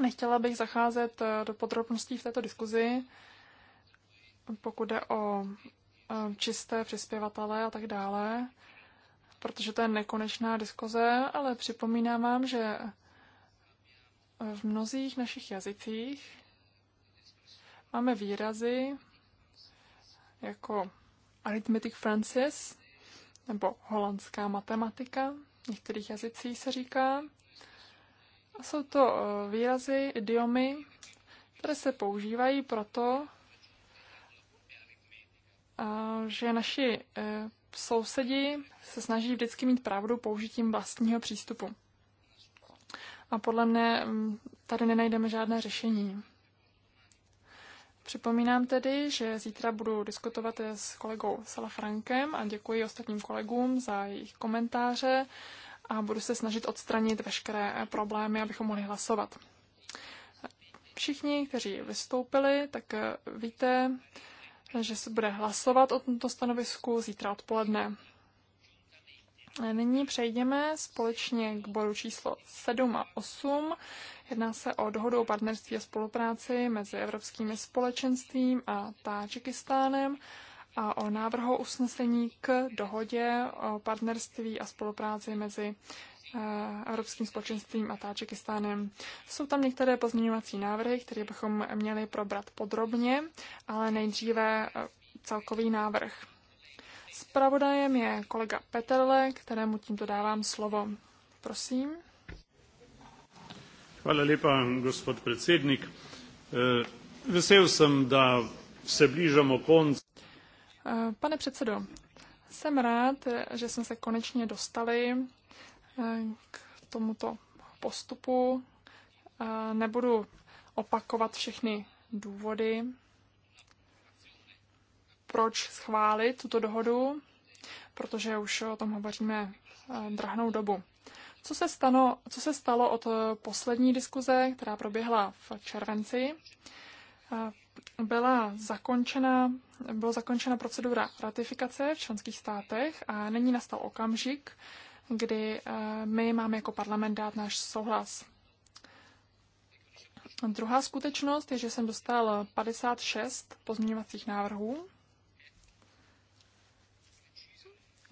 Nechtěla bych zacházet eh, do podrobností v této diskuzi, pokud jde o eh, čisté přispěvatele a tak dále, protože to je nekonečná diskuze, ale připomínám vám, že v mnozích našich jazycích máme výrazy, jako Arithmetic Francis nebo holandská matematika, v některých jazycích se říká. A jsou to eh, výrazy, idiomy, které se používají proto, eh, že naši eh, sousedi se snaží vždycky mít pravdu použitím vlastního přístupu. A podle mne mm, tady nenajdeme žádné řešení. Připomínám tedy, že zítra budu diskutovat s kolegou Salafrankem a děkuji ostatním kolegům za jejich komentáře a budu se snažit odstranit veškeré problémy, abychom mohli hlasovat. Všichni, kteří vystoupili, tak víte, že se bude hlasovat o tomto stanovisku zítra odpoledne. Nyní přejdeme společně k bodu číslo 7 a 8, Jedná se o dohodu o partnerství a spolupráci mezi Evropskými společenstvím a Tádžikistánem a o návrhu usnesení k dohodě o partnerství a spolupráci mezi eh, Evropským společenstvím a Tádžikistánem. Jsou tam některé pozměňovací návrhy, které bychom měli probrat podrobně, ale nejdříve eh, celkový návrh. Spravodajem je kolega Peterle, kterému tímto dávám slovo. Prosím. Hvala lepa, gospod predsednik. E, vesel jsem, da se blížamo konci. E, pane předsedo, jsem rád, že jsme se konečně dostali e, k tomuto postupu. Nebudu opakovat všechny důvody, proč schválit tuto dohodu, protože už o tom hovoříme drahnou dobu. Co se, stano, co se stalo od eh, poslední diskuze, která proběhla v červenci? Eh, byla zakončena, byla zakončena procedura ratifikace v členských státech a není nastal okamžik, kdy eh, my máme jako parlament dát náš souhlas. Druhá skutečnost je, že jsem dostal 56 pozměňovacích návrhů,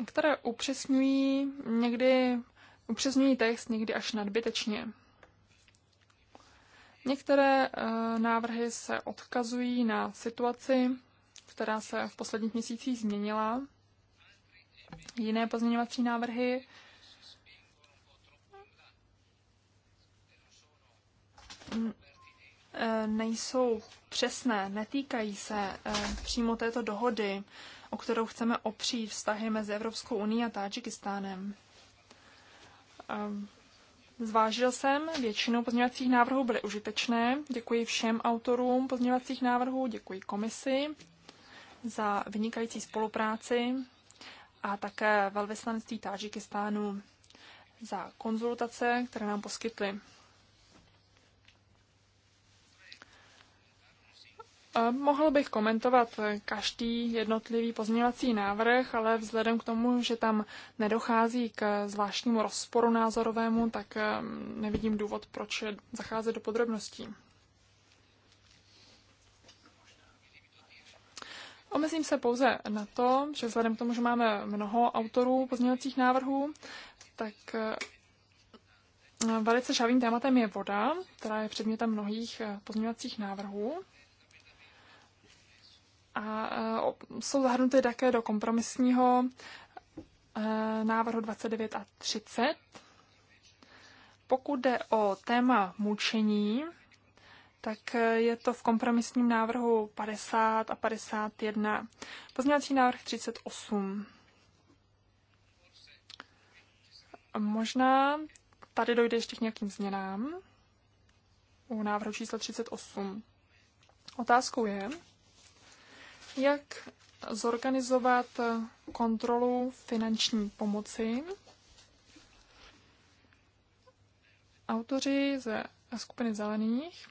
které upřesňují někdy upřesňují text někdy až nadbytečně. Některé eh, návrhy se odkazují na situaci, která se v posledních měsících změnila. Jiné pozměňovací návrhy eh, nejsou přesné, netýkají se eh, přímo této dohody, o kterou chceme opřít vztahy mezi Evropskou unii a Tádžikistánem. Zvážil jsem, většinou pozměňovacích návrhů byly užitečné. Děkuji všem autorům pozměňovacích návrhů, děkuji komisi za vynikající spolupráci a také velvyslanectví Tážikistánu za konzultace, které nám poskytly. Mohl bych komentovat každý jednotlivý pozměňovací návrh, ale vzhledem k tomu, že tam nedochází k zvláštnímu rozporu názorovému, tak ehm, nevidím důvod, proč zacházet do podrobností. Omezím se pouze na to, že vzhledem k tomu, že máme mnoho autorů pozměňovacích návrhů, tak ehm, velice žavým tématem je voda, která je předmětem mnohých ehm, pozměňovacích návrhů a e, jsou zahrnuty také do kompromisního e, návrhu 29 a 30. Pokud jde o téma mučení, tak e, je to v kompromisním návrhu 50 a 51. Pozměňovací návrh 38. Možná tady dojde ještě k nějakým změnám u návrhu číslo 38. Otázkou je, jak zorganizovat kontrolu finanční pomoci. Autoři ze skupiny zelených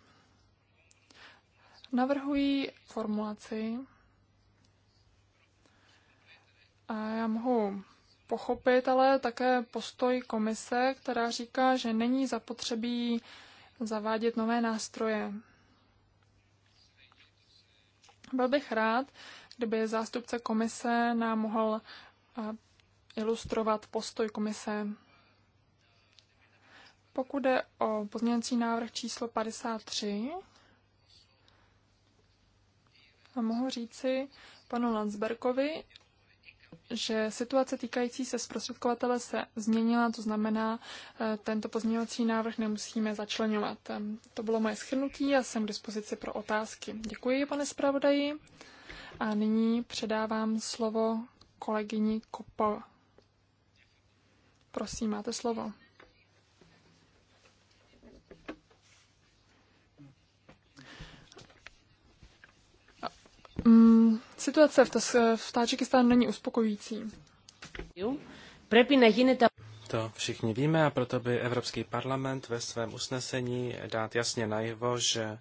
navrhují formulaci a já mohu pochopit ale také postoj komise, která říká, že není zapotřebí zavádět nové nástroje. Byl bych rád, kdyby zástupce komise nám mohl eh, ilustrovat postoj komise. Pokud jde o pozměňovací návrh číslo 53, mohu říci panu Landsberkovi, že situace týkající se zprostředkovatele se změnila, to znamená, eh, tento pozměňovací návrh nemusíme začlenovat. To bylo moje schrnutí a jsem k dispozici pro otázky. Děkuji, pane zpravodaji. A nyní předávám slovo kolegyni Kopal. Prosím, máte slovo. Mm, Situace v, v Tadžikistánu není uspokojící. To všichni víme a proto by Evropský parlament ve svém usnesení dát jasně najevo, že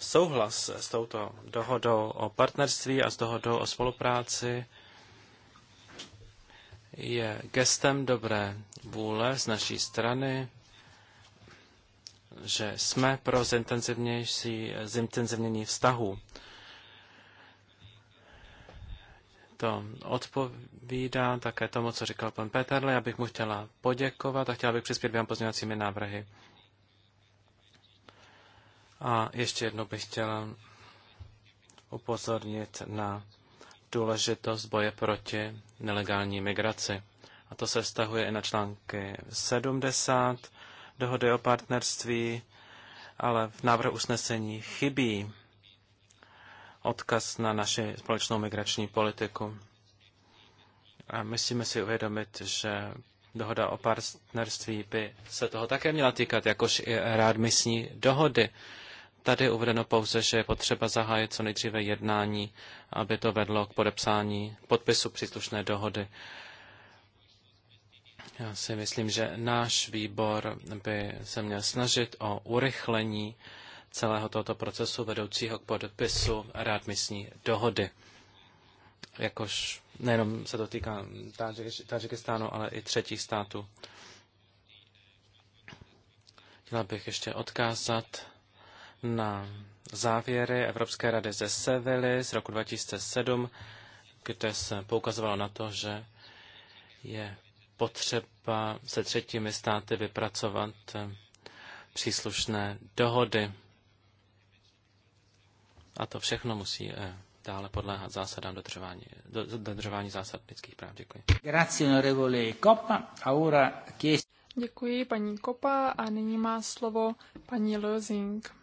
souhlas s touto dohodou o partnerství a s dohodou o spolupráci je gestem dobré vůle z naší strany, že jsme pro zintenzivnější, zintenzivnění vztahu to odpovídá také tomu, co říkal pan Peterle. Já bych mu chtěla poděkovat a chtěla bych přispět dvěma pozměňovacími návrhy. A ještě jednou bych chtěla upozornit na důležitost boje proti nelegální migraci. A to se vztahuje i na články 70 dohody o partnerství, ale v návrhu usnesení chybí odkaz na naši společnou migrační politiku. A musíme si uvědomit, že dohoda o partnerství by se toho také měla týkat, jakož i readmisní dohody. Tady je uvedeno pouze, že je potřeba zahájit co nejdříve jednání, aby to vedlo k podepsání podpisu příslušné dohody. Já si myslím, že náš výbor by se měl snažit o urychlení celého tohoto procesu vedoucího k podpisu rád dohody. Jakož nejenom se to týká Tadžikistánu, ale i třetích států. Chtěla bych ještě odkázat na závěry Evropské rady ze Sevily z roku 2007, kde se poukazovalo na to, že je potřeba se třetími státy vypracovat eh, příslušné dohody. A to všechno musí eh, dále podléhat zásadám dodržování, do, dodržování zásad lidských práv. Děkuji. Děkuji paní Kopa a nyní má slovo paní Lozing.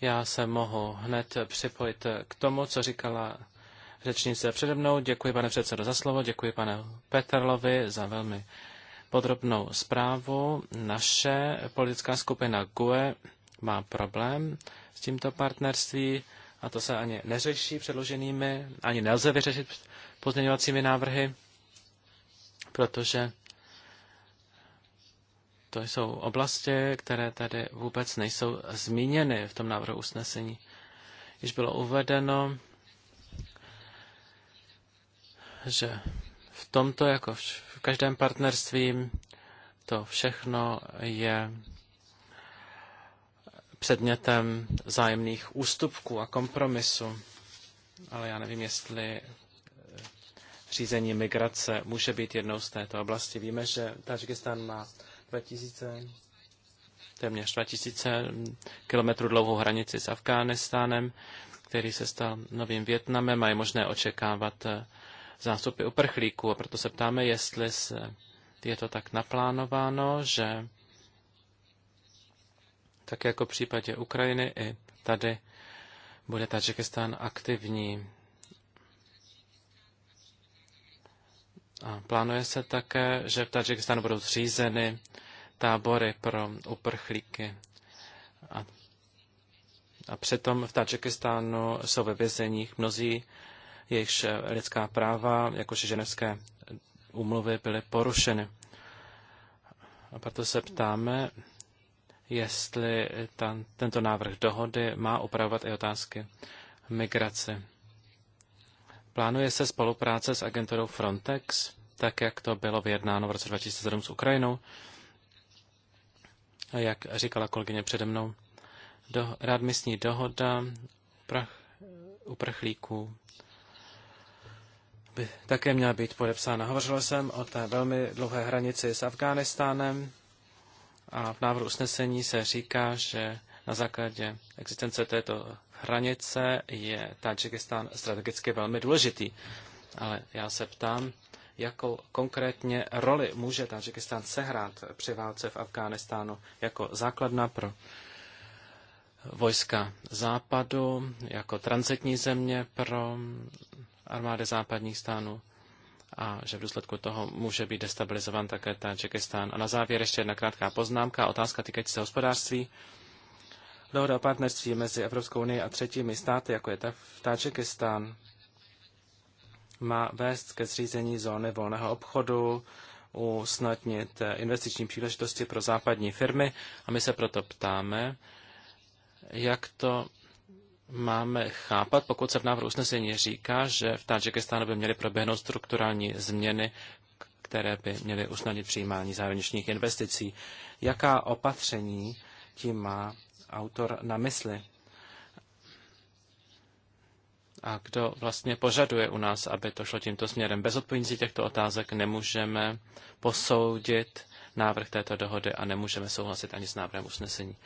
Já se mohu hned připojit k tomu, co říkala řečnice přede mnou. Děkuji, pane předsedo, za slovo. Děkuji, pane Petrlovi, za velmi podrobnou zprávu. Naše politická skupina GUE má problém s tímto partnerství a to se ani neřeší předloženými, ani nelze vyřešit pozměňovacími návrhy, protože to jsou oblasti, které tady vůbec nejsou zmíněny v tom návrhu usnesení. Již bylo uvedeno, že tomto, jako v každém partnerství, to všechno je předmětem zájemných ústupků a kompromisu. Ale já nevím, jestli eh, řízení migrace může být jednou z této oblasti. Víme, že Tadžikistán má 2000, téměř 2000 kilometrů dlouhou hranici s Afghánistánem, který se stal novým Větnamem a je možné očekávat eh, zástupy uprchlíků. A proto se ptáme, jestli se, je to tak naplánováno, že tak jako v případě Ukrajiny i tady bude Tadžikistán aktivní. A plánuje se také, že v Tadžikistánu budou zřízeny tábory pro uprchlíky. A, a přitom v Tadžikistánu jsou ve vězeních mnozí jejichž lidská práva, jakož i ženevské úmluvy, byly porušeny. A proto se ptáme, jestli ta, tento návrh dohody má upravovat i otázky migrace. Plánuje se spolupráce s agenturou Frontex, tak jak to bylo vyjednáno v roce 2007 s Ukrajinou. A jak říkala kolegyně přede mnou, do, readmisní dohoda uprch, uprchlíků by také měla být podepsána. Hovořil jsem o té velmi dlouhé hranici s Afghánistánem a v návrhu usnesení se říká, že na základě existence této hranice je Tadžikistán strategicky velmi důležitý. Ale já se ptám, jakou konkrétně roli může Tadžikistán sehrát při válce v Afghánistánu jako základna pro vojska západu, jako transitní země pro armády západních stánů a že v důsledku toho může být destabilizován také Tadžikistán. A na závěr ještě jedna krátká poznámka, otázka týkající se hospodářství. Dohoda o partnerství mezi Evropskou unii a třetími státy, jako je Tadžikistán, má vést ke zřízení zóny volného obchodu, usnadnit investiční příležitosti pro západní firmy a my se proto ptáme, jak to máme chápat, pokud se v návrhu usnesení říká, že v Tadžikistánu by měly proběhnout strukturální změny, které by měly usnadnit přijímání zahraničních investicí. Jaká opatření tím má autor na mysli? A kdo vlastně požaduje u nás, aby to šlo tímto směrem? Bez odpovědí těchto otázek nemůžeme posoudit návrh této dohody a nemůžeme souhlasit ani s návrhem usnesení.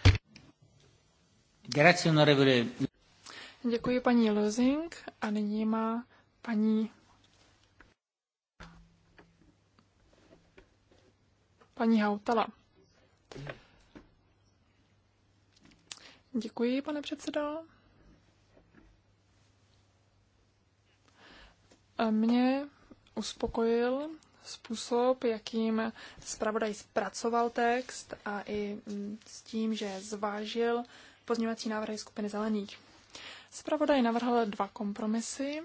Děkuji paní Lozing a nyní má paní paní Hautala. Děkuji, pane předsedo. Mě uspokojil způsob, jakým zpravodaj zpracoval text a i s tím, že zvážil pozměňovací návrhy skupiny zelených. Spravodaj navrhl dva kompromisy. E,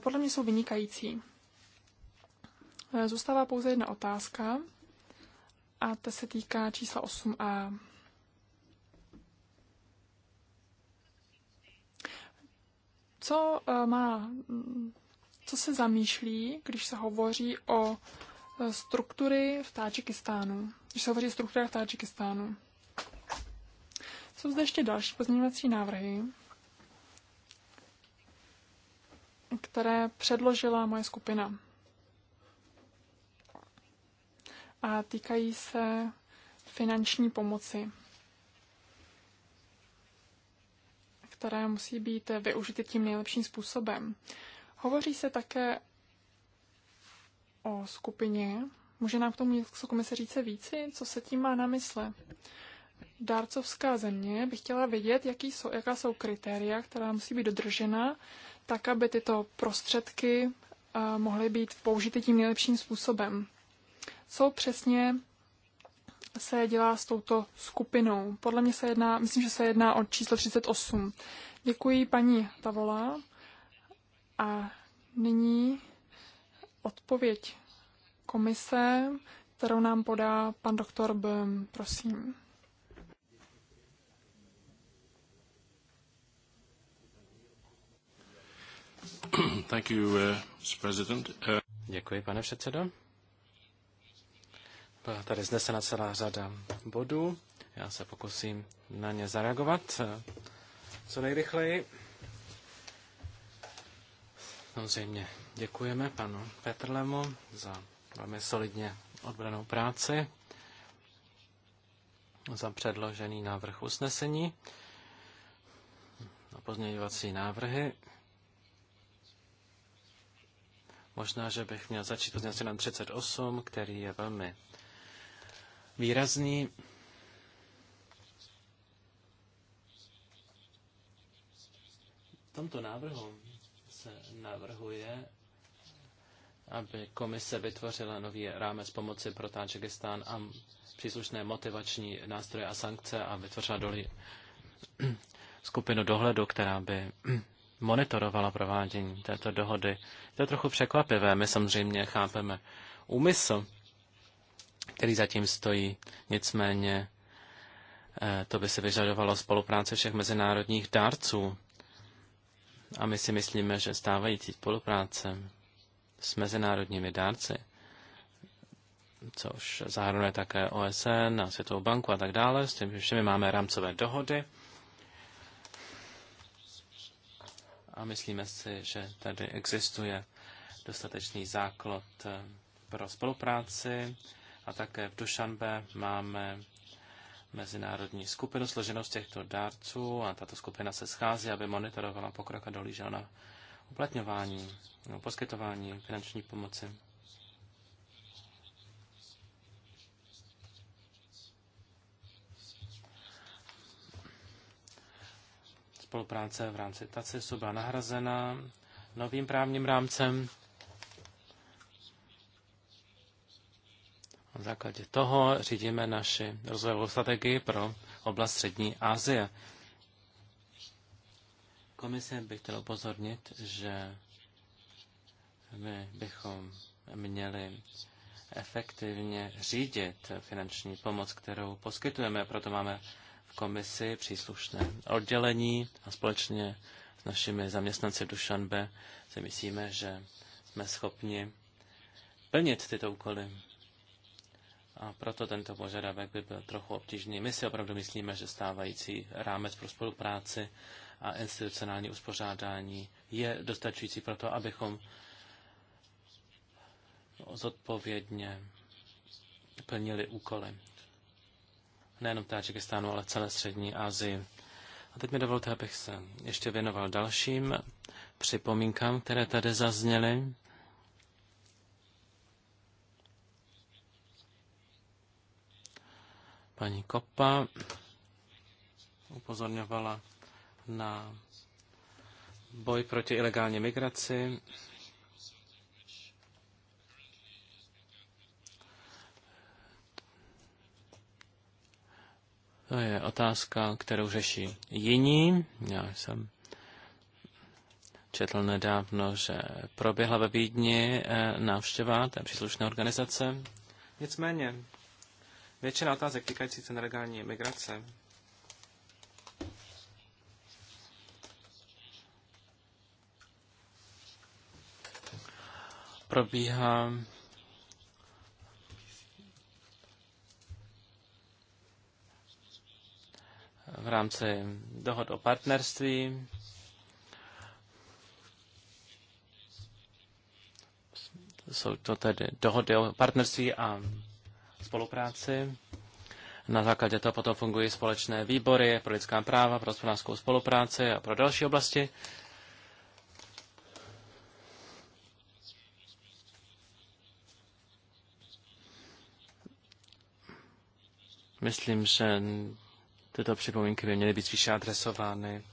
podle mě jsou vynikající. E, zůstává pouze jedna otázka a ta se týká čísla 8a. Co e, má, co se zamýšlí, když se hovoří o struktury v Tádžikistánu? Když se hovoří o strukturách v Tádžikistánu? Jsou zde ještě další pozměňovací návrhy, které předložila moje skupina. A týkají se finanční pomoci, které musí být využity tím nejlepším způsobem. Hovoří se také o skupině. Může nám k tomu něco komise říct více, Co se tím má na mysli? dárcovská země by chtěla vědět, jaký jsou, jaká jsou kritéria, která musí být dodržena, tak, aby tyto prostředky eh, mohly být použity tím nejlepším způsobem. Co přesně se dělá s touto skupinou? Podle mě se jedná, myslím, že se jedná o číslo 38. Děkuji paní Tavola a nyní odpověď komise, kterou nám podá pan doktor Böhm. Prosím. [CLEARS THROAT] Uh, uh, Děkuji, pane předsedo. Byla tady znesena celá řada bodů. Já se pokusím na ně zareagovat uh, co nejrychleji. Samozřejmě děkujeme panu Petrlemu za velmi solidně odbranou práci, za předložený návrh usnesení a pozměňovací návrhy. Možná, že bych měl začít od na 38, který je velmi výrazný. V tomto návrhu se navrhuje, aby komise vytvořila nový rámec pomoci pro Tadžikistán a příslušné motivační nástroje a sankce a vytvořila doli [CLEARS THROAT] skupinu dohledu, která by monitorovala provádění této dohody. To je trochu překvapivé. My samozřejmě chápeme úmysl, který zatím stojí. Nicméně eh, to by se vyžadovalo spolupráce všech mezinárodních dárců. A my si myslíme, že stávající spolupráce s mezinárodními dárci, což zahrnuje také OSN a Světovou banku a tak dále, s tím, že my máme rámcové dohody, a myslíme si, že tady existuje dostatečný základ eh, pro spolupráci a také v Dušanbe máme mezinárodní skupinu složenou z těchto dárců a tato skupina se schází, aby monitorovala pokrok a dolížela na uplatňování, no, poskytování finanční pomoci. spolupráce v rámci TACISu byla nahrazena novým právním rámcem. Na základě toho řídíme naši rozvojovou strategii pro oblast Střední Asie. Komise bych chtěl upozornit, že my bychom měli efektivně řídit finanční pomoc, kterou poskytujeme. Proto máme komisi příslušné oddělení a společně s našimi zaměstnanci v Dušanbe si myslíme, že jsme schopni plnit tyto úkoly. A proto tento požadavek by byl trochu obtížný. My si opravdu myslíme, že stávající rámec pro spolupráci a institucionální uspořádání je dostačující pro to, abychom zodpovědně plnili úkoly nejenom Tadžikistánu, ale celé střední Asii. A teď mi dovolte, abych se ještě věnoval dalším připomínkám, které tady zazněly. Paní Kopa upozorňovala na boj proti ilegální migraci To je otázka, kterou řeší jiní. Já jsem četl nedávno, že proběhla ve Vídni eh, návštěva té příslušné organizace. Nicméně, většina otázek týkající se nelegální migrace. probíhá v rámci dohod o partnerství. Jsou to tedy dohody o partnerství a spolupráci. Na základě toho potom fungují společné výbory pro lidská práva, pro hospodářskou spolupráci a pro další oblasti. Myslím, že Tyto připomínky by měly být spíše adresovány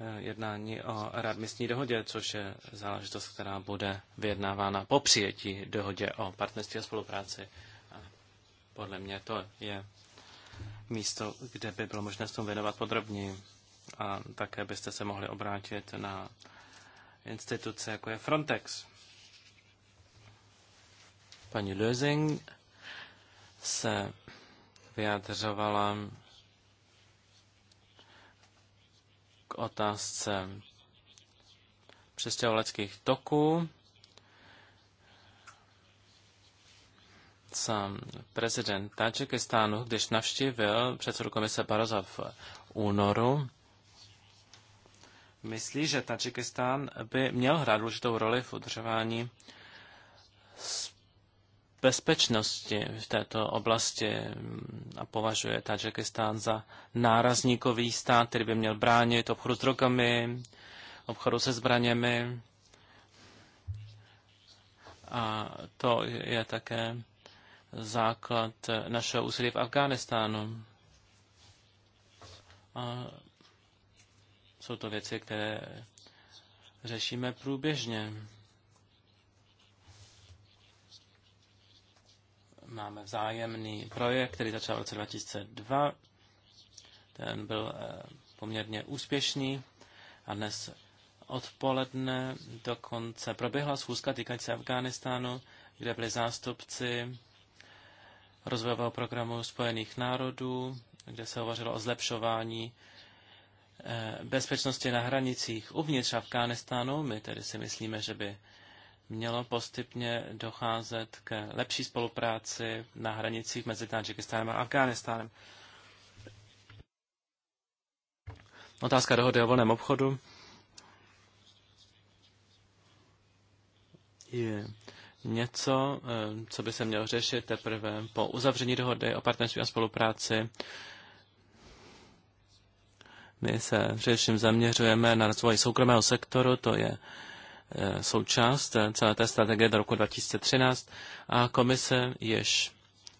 eh, jednání o radmistní dohodě, což je záležitost, která bude vyjednávána po přijetí dohodě o partnerství a spolupráci. A podle mě to je místo, kde by bylo možné s tom věnovat podrobněji. A také byste se mohli obrátit na instituce, jako je Frontex. Paní Lösing se vyjadřovala otázce přestěhovaleckých toků. Sám prezident Tadžikistánu, když navštívil předsedu komise Baroza v únoru, myslí, že Tadžikistán by měl hrát důležitou roli v udržování bezpečnosti v této oblasti mm, a považuje Tadžikistán za nárazníkový stát, který by měl bránit obchodu s drogami, obchodu se zbraněmi. A to je také základ našeho úsilí v Afghánistánu. A jsou to věci, které řešíme průběžně. Máme vzájemný projekt, který začal v roce 2002. Ten byl eh, poměrně úspěšný a dnes odpoledne dokonce proběhla schůzka týkající se Afghánistánu, kde byli zástupci rozvojového programu Spojených národů, kde se hovořilo o zlepšování eh, bezpečnosti na hranicích uvnitř Afghánistánu. My tedy si myslíme, že by mělo postupně docházet k lepší spolupráci na hranicích mezi Tadžikistánem a Afghánistánem. Otázka dohody o volném obchodu je něco, eh, co by se mělo řešit teprve po uzavření dohody o partnerství a spolupráci. My se především zaměřujeme na rozvoj soukromého sektoru, to je Eh, součást eh, celé té strategie do roku 2013 a komise jež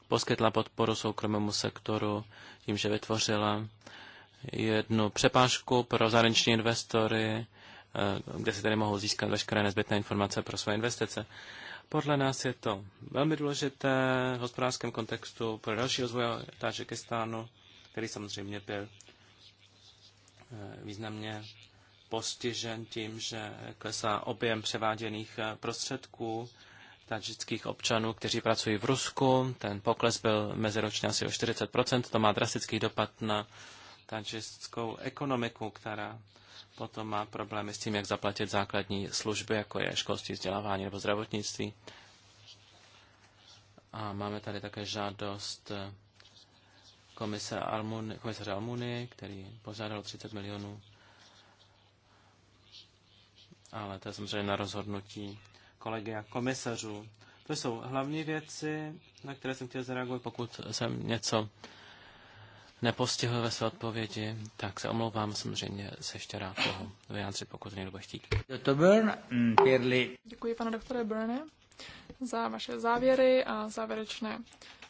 poskytla podporu soukromému sektoru tím, že vytvořila jednu přepážku pro zahraniční investory, eh, kde si tedy mohou získat veškeré nezbytné informace pro své investice. Podle nás je to velmi důležité v hospodářském kontextu pro další rozvoj Tadžikistánu, který samozřejmě byl významně postižen tím, že klesá objem převáděných eh, prostředků tadžických občanů, kteří pracují v Rusku. Ten pokles byl meziročně asi o 40%. To má drastický dopad na tadžickou ekonomiku, která potom má problémy s tím, jak zaplatit základní služby, jako je školství, vzdělávání nebo zdravotnictví. A máme tady také žádost eh, komise Almuny, komisaře Almuny, který požádal 30 milionů ale to je samozřejmě na rozhodnutí kolegy a komisařů. To jsou hlavní věci, na které jsem chtěl zareagovat. Pokud jsem něco nepostihl ve své odpovědi, tak se omlouvám, samozřejmě se ještě rád toho vyjádřit, pokud někdo bude chtít. Mm, Děkuji, pane doktore Byrne, za vaše závěry a závěrečné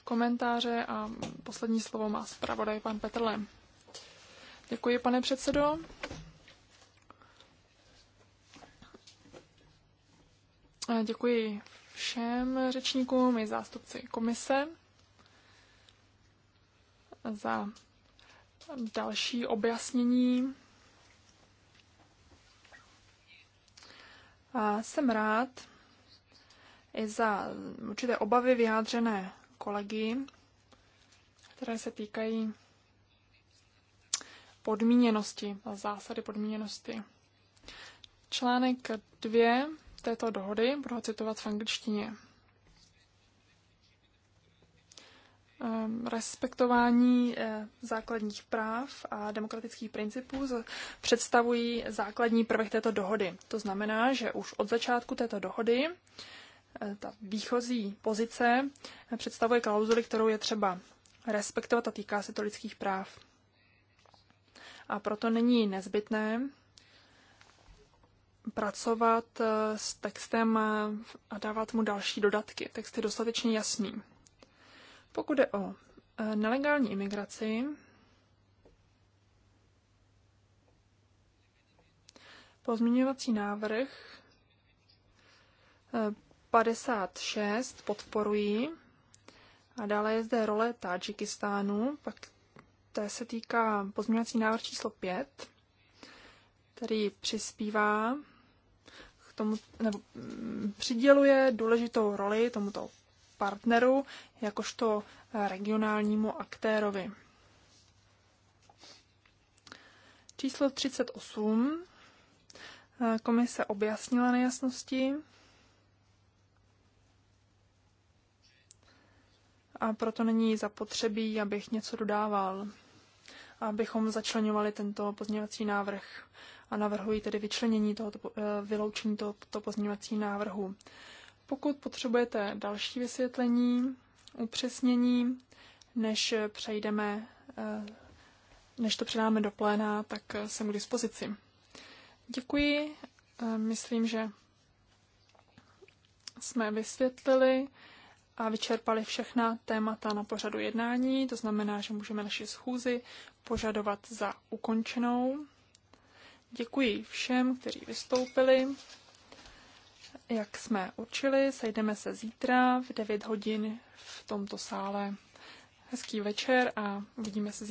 komentáře a poslední slovo má zpravodaj pan Petrle. Děkuji, pane předsedo. Děkuji všem řečníkům i zástupci komise za další objasnění. A jsem rád i za určité obavy vyjádřené kolegy, které se týkají podmíněnosti a zásady podmíněnosti. Článek 2 této dohody, budu ho citovat v angličtině. Ehm, respektování eh, základních práv a demokratických principů představují základní prvek této dohody. To znamená, že už od začátku této dohody eh, ta výchozí pozice eh, představuje klauzuli, kterou je třeba respektovat a týká se to lidských práv. A proto není nezbytné pracovat eh, s textem eh, a dávat mu další dodatky. Text je dostatečně jasný. Pokud je o eh, nelegální imigraci, pozměňovací návrh 56 podporuji. A dále je zde role Tadžikistánu, pak té se týká pozměňovací návrh číslo 5, který přispívá tomu, nebo mm, přiděluje důležitou roli tomuto partneru jakožto eh, regionálnímu aktérovi. Číslo 38. Eh, komise objasnila nejasnosti a proto není zapotřebí, abych něco dodával, abychom začlenovali tento pozměňovací návrh a navrhuji tedy vyčlenění tohoto, eh, vyloučení tohoto pozměňovacího návrhu. Pokud potřebujete další vysvětlení, upřesnění, než přejdeme, eh, než to předáme do pléna, tak eh, jsem k dispozici. Děkuji. Myslím, že jsme vysvětlili a vyčerpali všechna témata na pořadu jednání, to znamená, že můžeme naši schůzi požadovat za ukončenou. Děkuji všem, kteří vystoupili. Jak jsme učili, sejdeme se zítra v 9 hodin v tomto sále. Hezký večer a uvidíme se zítra.